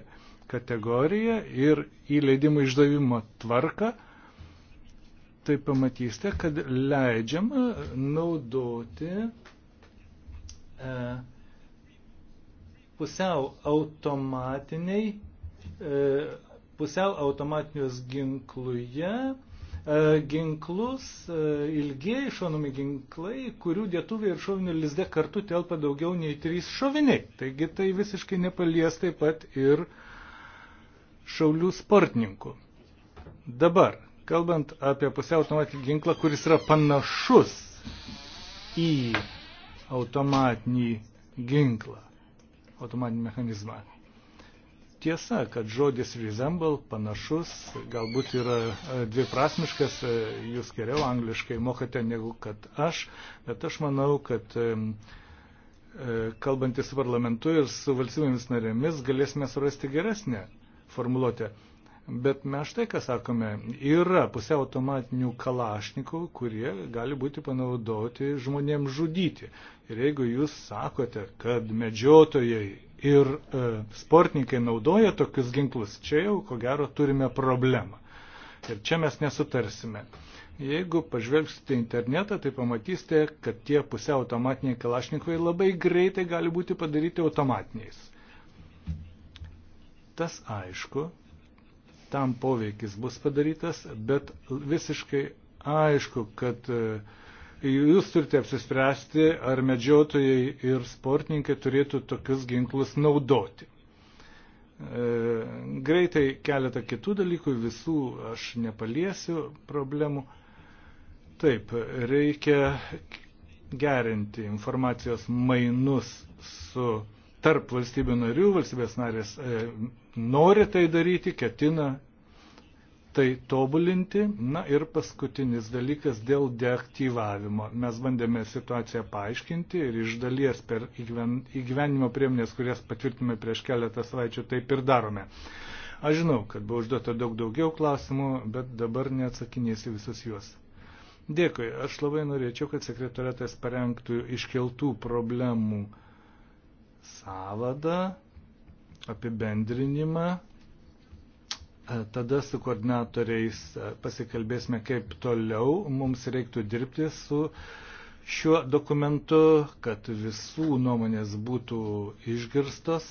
kategoriją ir į leidimų išdavimo tvarką, tai pamatysite, kad leidžiama naudoti E, pusiau automatiniai, e, pusiau automatinius ginkluje, ginklus, e, ilgiai šonami ginklai, kurių dėtuvė ir šovinių lizde kartu telpa daugiau nei trys šoviniai. Taigi tai visiškai nepalies taip pat ir šaulių sportininkų. Dabar, kalbant apie pusiau automatinį ginklą, kuris yra panašus į automatinį ginklą, automatinį mechanizmą. Tiesa, kad žodis resemble panašus, galbūt yra e, dviprasmiškas, e, jūs geriau angliškai mokate negu kad aš, bet aš manau, kad e, kalbantis su parlamentu ir su valstybėmis narėmis galėsime surasti geresnę formuluotę. Bet mes štai ką sakome, yra pusiau automatinių kalašnikų, kurie gali būti panaudoti žmonėms žudyti. Ir jeigu jūs sakote, kad medžiotojai ir e, sportininkai naudoja tokius ginklus, čia jau ko gero turime problemą. Ir čia mes nesutarsime. Jeigu pažvelgsite internetą, tai pamatysite, kad tie pusiau automatiniai kalašnikovai labai greitai gali būti padaryti automatiniais. Tas aišku, tam poveikis bus padarytas, bet visiškai aišku, kad e, jūs turite apsispręsti, ar medžiotojai ir sportininkai turėtų tokius ginklus naudoti. E, greitai keletą kitų dalykų, visų aš nepaliesiu problemų. Taip, reikia gerinti informacijos mainus su tarp valstybių narių, valstybės narės e, nori tai daryti, ketina tai tobulinti. Na ir paskutinis dalykas dėl deaktyvavimo. Mes bandėme situaciją paaiškinti ir iš dalies per įgyvenimo priemonės, kurias patvirtime prieš keletą savaičių, taip ir darome. Aš žinau, kad buvo užduota daug daugiau klausimų, bet dabar neatsakinėsiu visus juos. Dėkui, aš labai norėčiau, kad sekretorėtas parengtų iškeltų problemų savadą apibendrinimą. E, tada su koordinatoriais e, pasikalbėsime, kaip toliau mums reiktų dirbti su šiuo dokumentu, kad visų nuomonės būtų išgirstos.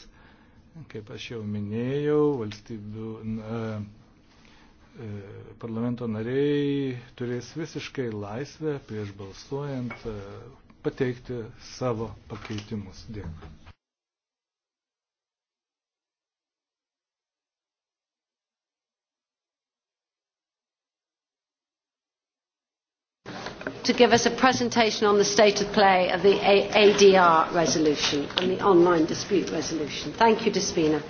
Kaip aš jau minėjau, valstybių e, e, parlamento nariai turės visiškai laisvę prieš balsuojant e, pateikti savo pakeitimus. Dėkui. to give us a presentation on the state of play of the a ADR resolution and the online dispute resolution. Thank you, Despina.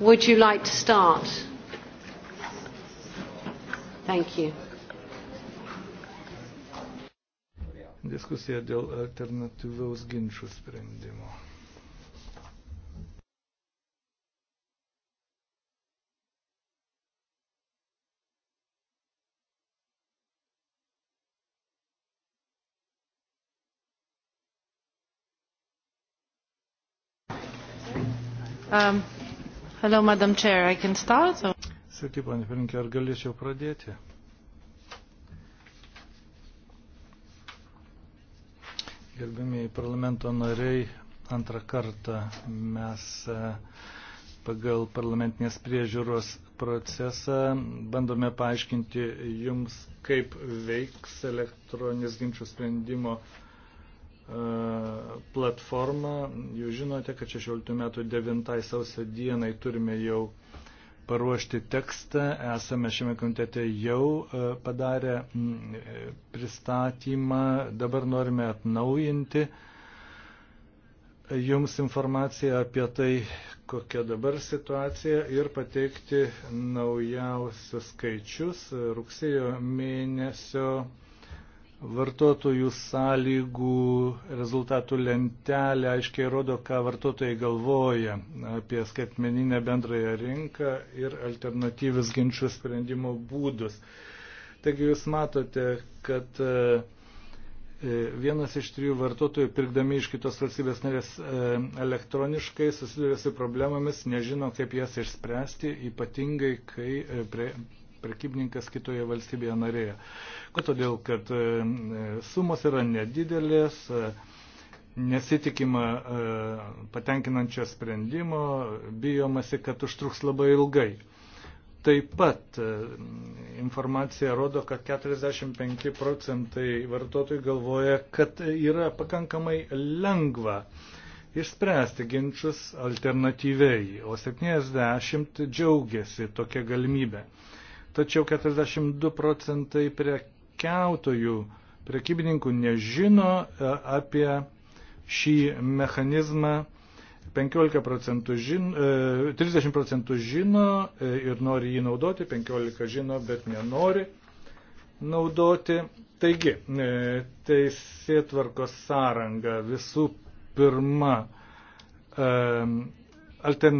Would you like to start? Thank you. diskusiją dėl alternatyvaus ginčių sprendimo. Um, hello, Madam Chair, I can start? Or... Sveiki, panė Pirinkė, ar galėčiau pradėti? Gerbimiai parlamento nariai, antrą kartą mes e, pagal parlamentinės priežiūros procesą bandome paaiškinti jums, kaip veiks elektroninis ginčių sprendimo e, platforma. Jūs žinote, kad 16 metų 9 sausio dienai turime jau paruošti tekstą. Esame šiame komitete jau e, padarę e, pristatymą, dabar norime atnaujinti jums informaciją apie tai, kokia dabar situacija ir pateikti naujausius skaičius rugsėjo mėnesio vartotojų sąlygų rezultatų lentelė aiškiai rodo, ką vartotojai galvoja apie skaitmeninę bendrąją rinką ir alternatyvius ginčių sprendimo būdus. Taigi jūs matote, kad e, e, vienas iš trijų vartotojų, pirkdami iš kitos valstybės narės e, elektroniškai, susiduria su problemomis, nežino, kaip jas išspręsti, ypatingai, kai prie, prekybininkas kitoje valstybėje narėje. Ko todėl, kad e, sumos yra nedidelės, e, nesitikima e, patenkinančio sprendimo, bijomasi, kad užtruks labai ilgai. Taip pat informacija rodo, kad 45 procentai vartotojų galvoja, kad yra pakankamai lengva išspręsti ginčius alternatyviai, o 70 džiaugiasi tokia galimybė tačiau 42 procentai prekiautojų, prekybininkų nežino e, apie šį mechanizmą. 15 e, procentų žino, 30 procentų žino ir nori jį naudoti, 15 žino, bet nenori naudoti. Taigi, e, teisėtvarkos sąranga visų pirma altern,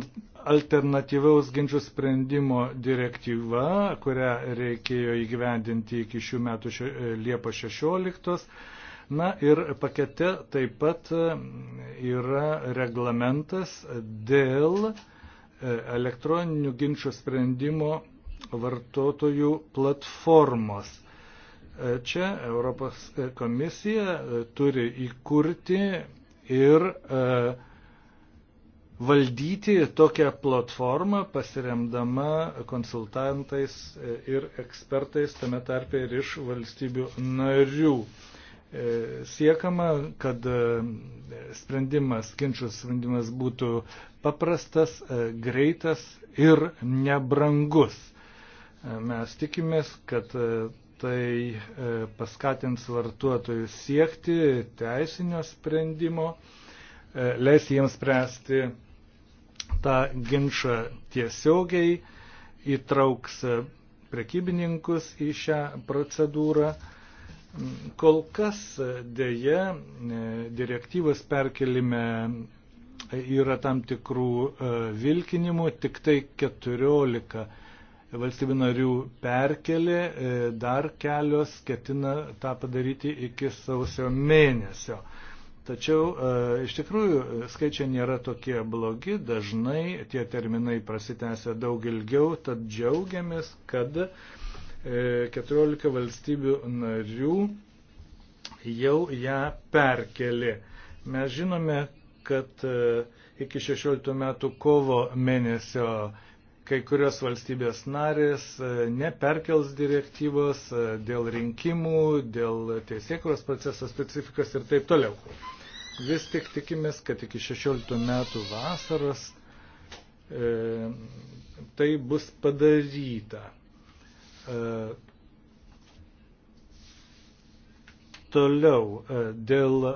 alternatyvaus ginčių sprendimo direktyva, kurią reikėjo įgyvendinti iki šių metų še, Liepo 16. Na ir pakete taip pat e, yra reglamentas dėl e, elektroninių ginčių sprendimo vartotojų platformos. E, čia Europos komisija turi įkurti ir uh, valdyti tokią platformą, pasiremdama konsultantais e, ir ekspertais, tame tarpe ir iš valstybių narių. E, siekama, kad e, sprendimas, ginčių sprendimas būtų paprastas, greitas ir nebrangus. Mes tikimės, kad tai paskatins vartuotojus siekti teisinio sprendimo, leis jiems spręsti tą ginčą tiesiogiai, įtrauks prekybininkus į šią procedūrą. Kol kas dėje e, direktyvos perkelime yra tam tikrų e, vilkinimų, tik tai 14 valstybių narių perkelė, e, dar kelios ketina tą padaryti iki sausio mėnesio. Tačiau e, iš tikrųjų skaičiai nėra tokie blogi, dažnai tie terminai prasitęsia daug ilgiau, tad džiaugiamės, kad 14 e, valstybių narių jau ją perkelė. Mes žinome, kad e, iki 16 metų kovo mėnesio kai kurios valstybės narės neperkels direktyvos dėl rinkimų, dėl teisėkros proceso specifikos ir taip toliau. Vis tik tikimės, kad iki 16 metų vasaros e, tai bus padaryta. E, Toliau e, dėl e,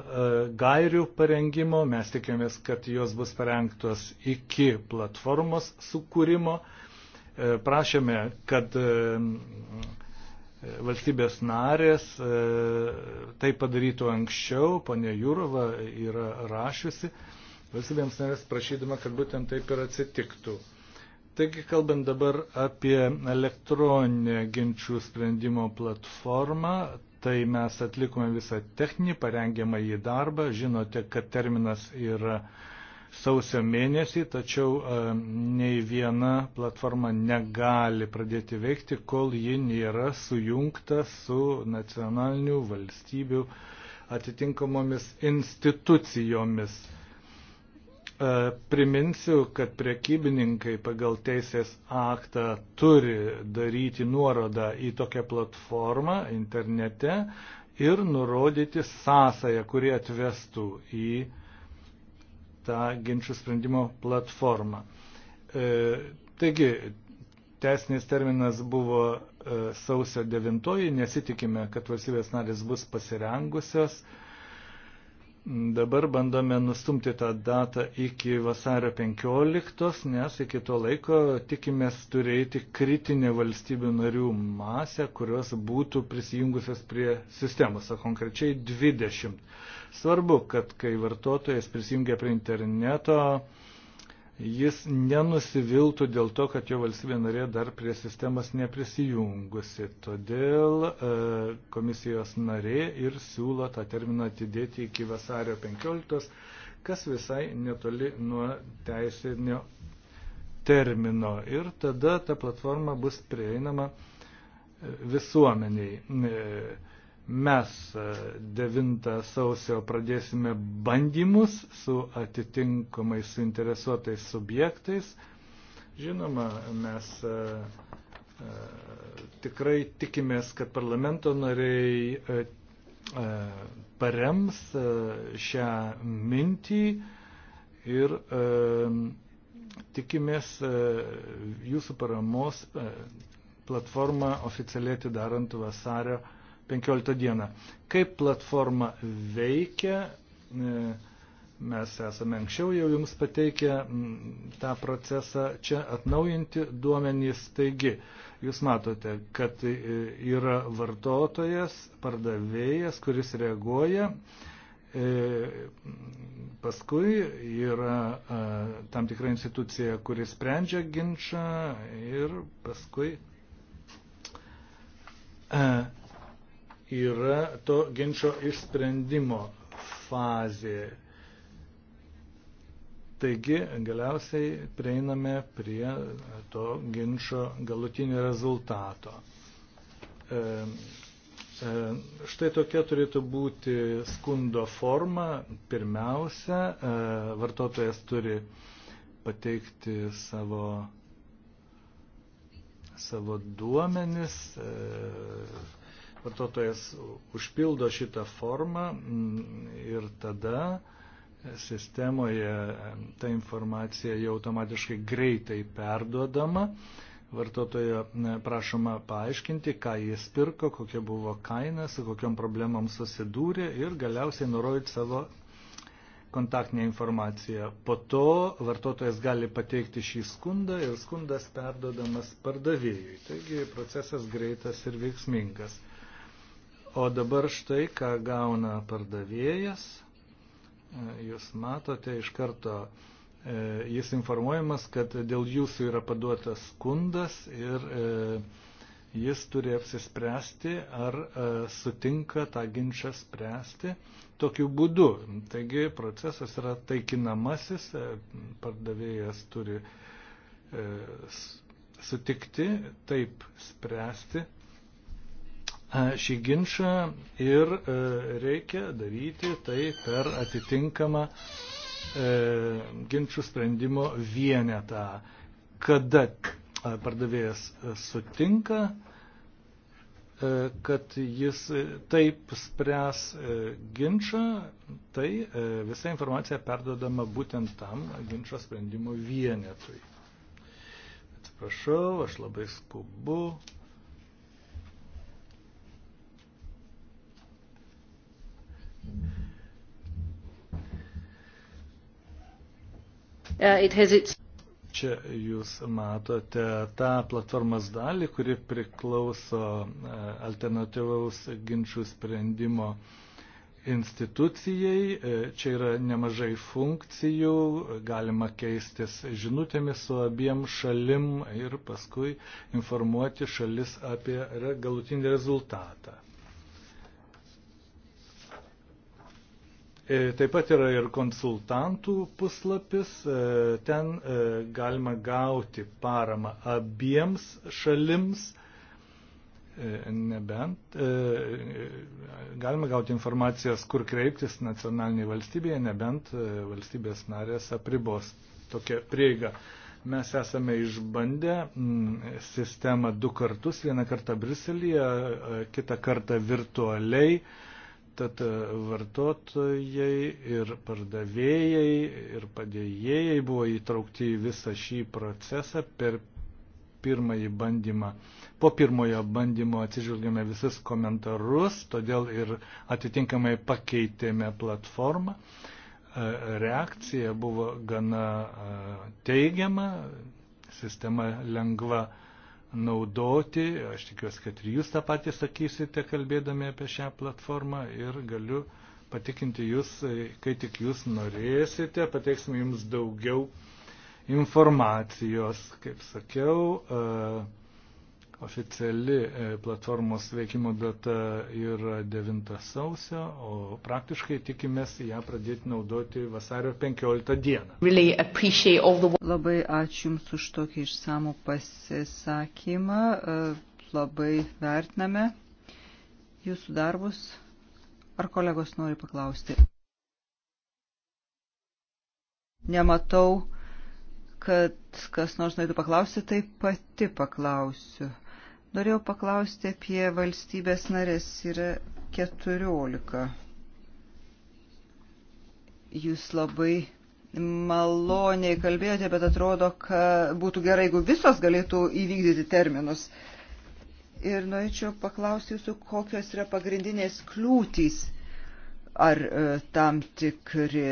gairių parengimo mes tikėmės, kad jos bus parengtos iki platformos sukūrimo. E, prašėme, kad valstybės narės e, tai padarytų anksčiau, ponė Jūrova yra rašiusi valstybėms narės prašydama, kad būtent taip ir atsitiktų. Taigi, kalbant dabar apie elektroninę ginčių sprendimo platformą, tai mes atlikome visą techninį parengiamą į darbą. Žinote, kad terminas yra sausio mėnesį, tačiau e, nei viena platforma negali pradėti veikti, kol ji nėra sujungta su nacionalinių valstybių atitinkamomis institucijomis. E, priminsiu, kad prekybininkai pagal teisės aktą turi daryti nuorodą į tokią platformą internete ir nurodyti sąsąją, kurie atvestų į uh, tą ginčių sprendimo platformą. E, taigi, tesnis terminas buvo e, sausio 9, nesitikime, kad valstybės narės bus pasirengusios. Dabar bandome nustumti tą datą iki vasario 15, nes iki to laiko tikimės turėti kritinę valstybių narių masę, kurios būtų prisijungusios prie sistemos, o konkrečiai 20. Svarbu, kad kai vartotojas prisijungia prie interneto, jis nenusiviltų dėl to, kad jo valstybė narė dar prie sistemas neprisijungusi. Todėl e, komisijos narė ir siūlo tą terminą atidėti iki vasario 15, kas visai netoli nuo teisinio termino. Ir tada ta platforma bus prieinama e, visuomeniai. E, Mes 9 e, sausio pradėsime bandymus su atitinkamais suinteresuotais subjektais. Žinoma, mes e, e, tikrai tikimės, kad parlamento nariai parems šią mintį ir tikimės jūsų paramos platformą oficialiai atidarant vasario 15 dieną. Kaip platforma veikia, e, mes esame anksčiau jau jums pateikę tą procesą čia atnaujinti duomenys. Taigi, jūs matote, kad e, yra vartotojas, pardavėjas, kuris reaguoja. E, paskui yra tam tikra institucija, kuris sprendžia ginčą ir paskui yra to ginčio išsprendimo fazė. Taigi galiausiai prieiname prie to ginčio galutinio rezultato. E, e, štai tokia turėtų būti skundo forma. Pirmiausia, e, vartotojas turi pateikti savo, savo duomenis. E, vartotojas užpildo šitą formą mm, ir tada sistemoje mm, ta informacija jau automatiškai greitai perduodama. Vartotojo mm, prašoma paaiškinti, ką jis pirko, kokia buvo kaina, su kokiam problemam susidūrė ir galiausiai nurodyti savo kontaktinę informaciją. Po to vartotojas gali pateikti šį skundą ir skundas perdodamas pardavėjui. Taigi procesas greitas ir veiksmingas. O dabar štai, ką gauna pardavėjas, e, jūs matote iš karto, e, jis informuojamas, kad dėl jūsų yra paduotas skundas ir e, jis turi apsispręsti, ar sutinka tą ginčą spręsti tokiu būdu. Taigi procesas yra taikinamasis, pardavėjas turi sutikti taip spręsti šį ginčą ir e, reikia daryti tai per atitinkamą e, ginčių sprendimo vienetą, kada pardavėjas sutinka, e, kad jis taip spręs ginčą, tai visa informacija perdodama būtent tam ginčio sprendimo vienetui. Atsiprašau, aš labai skubu. Uh, its... Čia jūs matote tą platformos dalį, kuri priklauso uh, alternatyvaus ginčių sprendimo institucijai. Uh, čia yra nemažai funkcijų, galima keistis žinutėmis su abiem šalim ir paskui informuoti šalis apie galutinį rezultatą. E, taip pat yra ir konsultantų puslapis, e, ten e, galima gauti paramą abiems šalims, nebent galima gauti informacijas, kur kreiptis nacionaliniai valstybėje, nebent valstybės narės apribos tokią prieigą. Mes esame išbandę mm, sistemą du kartus, vieną kartą Briselėje, kitą kartą virtualiai Tad e, vartotojai ir pardavėjai ir padėjėjai buvo įtraukti į visą šį procesą per pirmąjį bandymą. Po pirmojo bandymo atsižvelgėme visus komentarus, todėl ir atitinkamai pakeitėme platformą. E, reakcija buvo gana e, teigiama, sistema lengva naudoti. Aš tikiuosi, kad ir jūs tą patį sakysite, kalbėdami apie šią platformą ir galiu patikinti jūs, kai tik jūs norėsite, pateiksime jums daugiau informacijos, kaip sakiau. Uh, Oficiali e, platformos veikimo data yra 9 sausio, o praktiškai tikimės ją pradėti naudoti vasario 15 dieną. Really the... Labai ačiū Jums už tokį išsamų pasisakymą. E, labai vertiname Jūsų darbus. Ar kolegos nori paklausti? Nematau, kad kas nors norėtų paklausti, tai pati paklausiu. Norėjau paklausti apie valstybės narės. Yra 14. Jūs labai maloniai kalbėjote, bet atrodo, kad būtų gerai, jeigu visos galėtų įvykdyti terminus. Ir norėčiau paklausti jūsų, kokios yra pagrindinės kliūtys ar e, tam tikri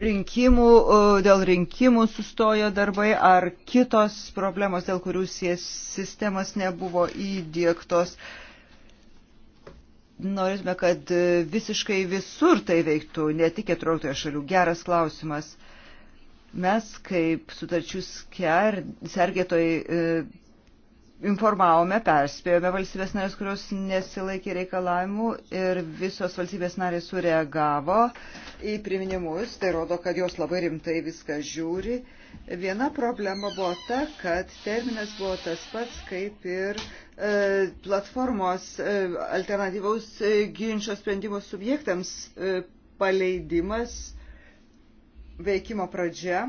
rinkimų, dėl rinkimų sustojo darbai ar kitos problemos, dėl kurių sistemas nebuvo įdėktos. Norėtume, kad e, visiškai visur tai veiktų, ne tik 14 šalių. Geras klausimas. Mes kaip sutarčių sergėtojai e, informavome, perspėjome valstybės narės, kurios nesilaikė reikalavimų ir visos valstybės narės sureagavo į priminimus. Tai rodo, kad jos labai rimtai viską žiūri. Viena problema buvo ta, kad terminas buvo tas pats kaip ir e, platformos e, alternatyvaus e, ginčio sprendimo subjektams e, paleidimas veikimo pradžia.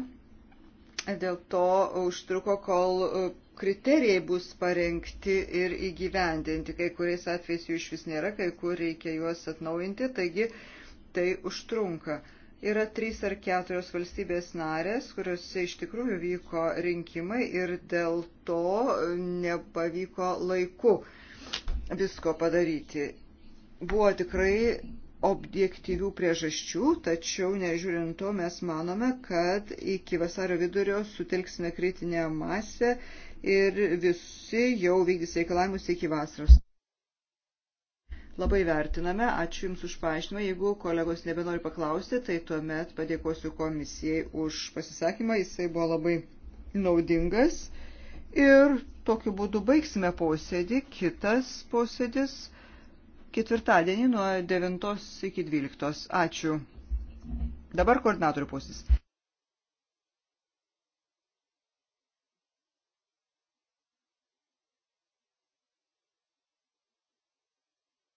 Dėl to užtruko, kol e, kriterijai bus parengti ir įgyvendinti. Kai kuriais atvejais jų iš vis nėra, kai kur reikia juos atnaujinti, taigi tai užtrunka. Yra trys ar keturios valstybės narės, kuriuose iš tikrųjų vyko rinkimai ir dėl to nepavyko laiku visko padaryti. Buvo tikrai objektyvių priežasčių, tačiau nežiūrint to mes manome, kad iki vasario vidurio sutelksime kritinę masę ir visi jau vykdys reikalavimus iki vasaros. Labai vertiname, ačiū Jums už paaiškinimą. Jeigu kolegos nebenori paklausti, tai tuomet padėkosiu komisijai už pasisakymą, jisai buvo labai naudingas. Ir tokiu būdu baigsime posėdį. Kitas posėdis ketvirtadienį nuo 9 iki 12. Ačiū. Dabar koordinatorių posėdis.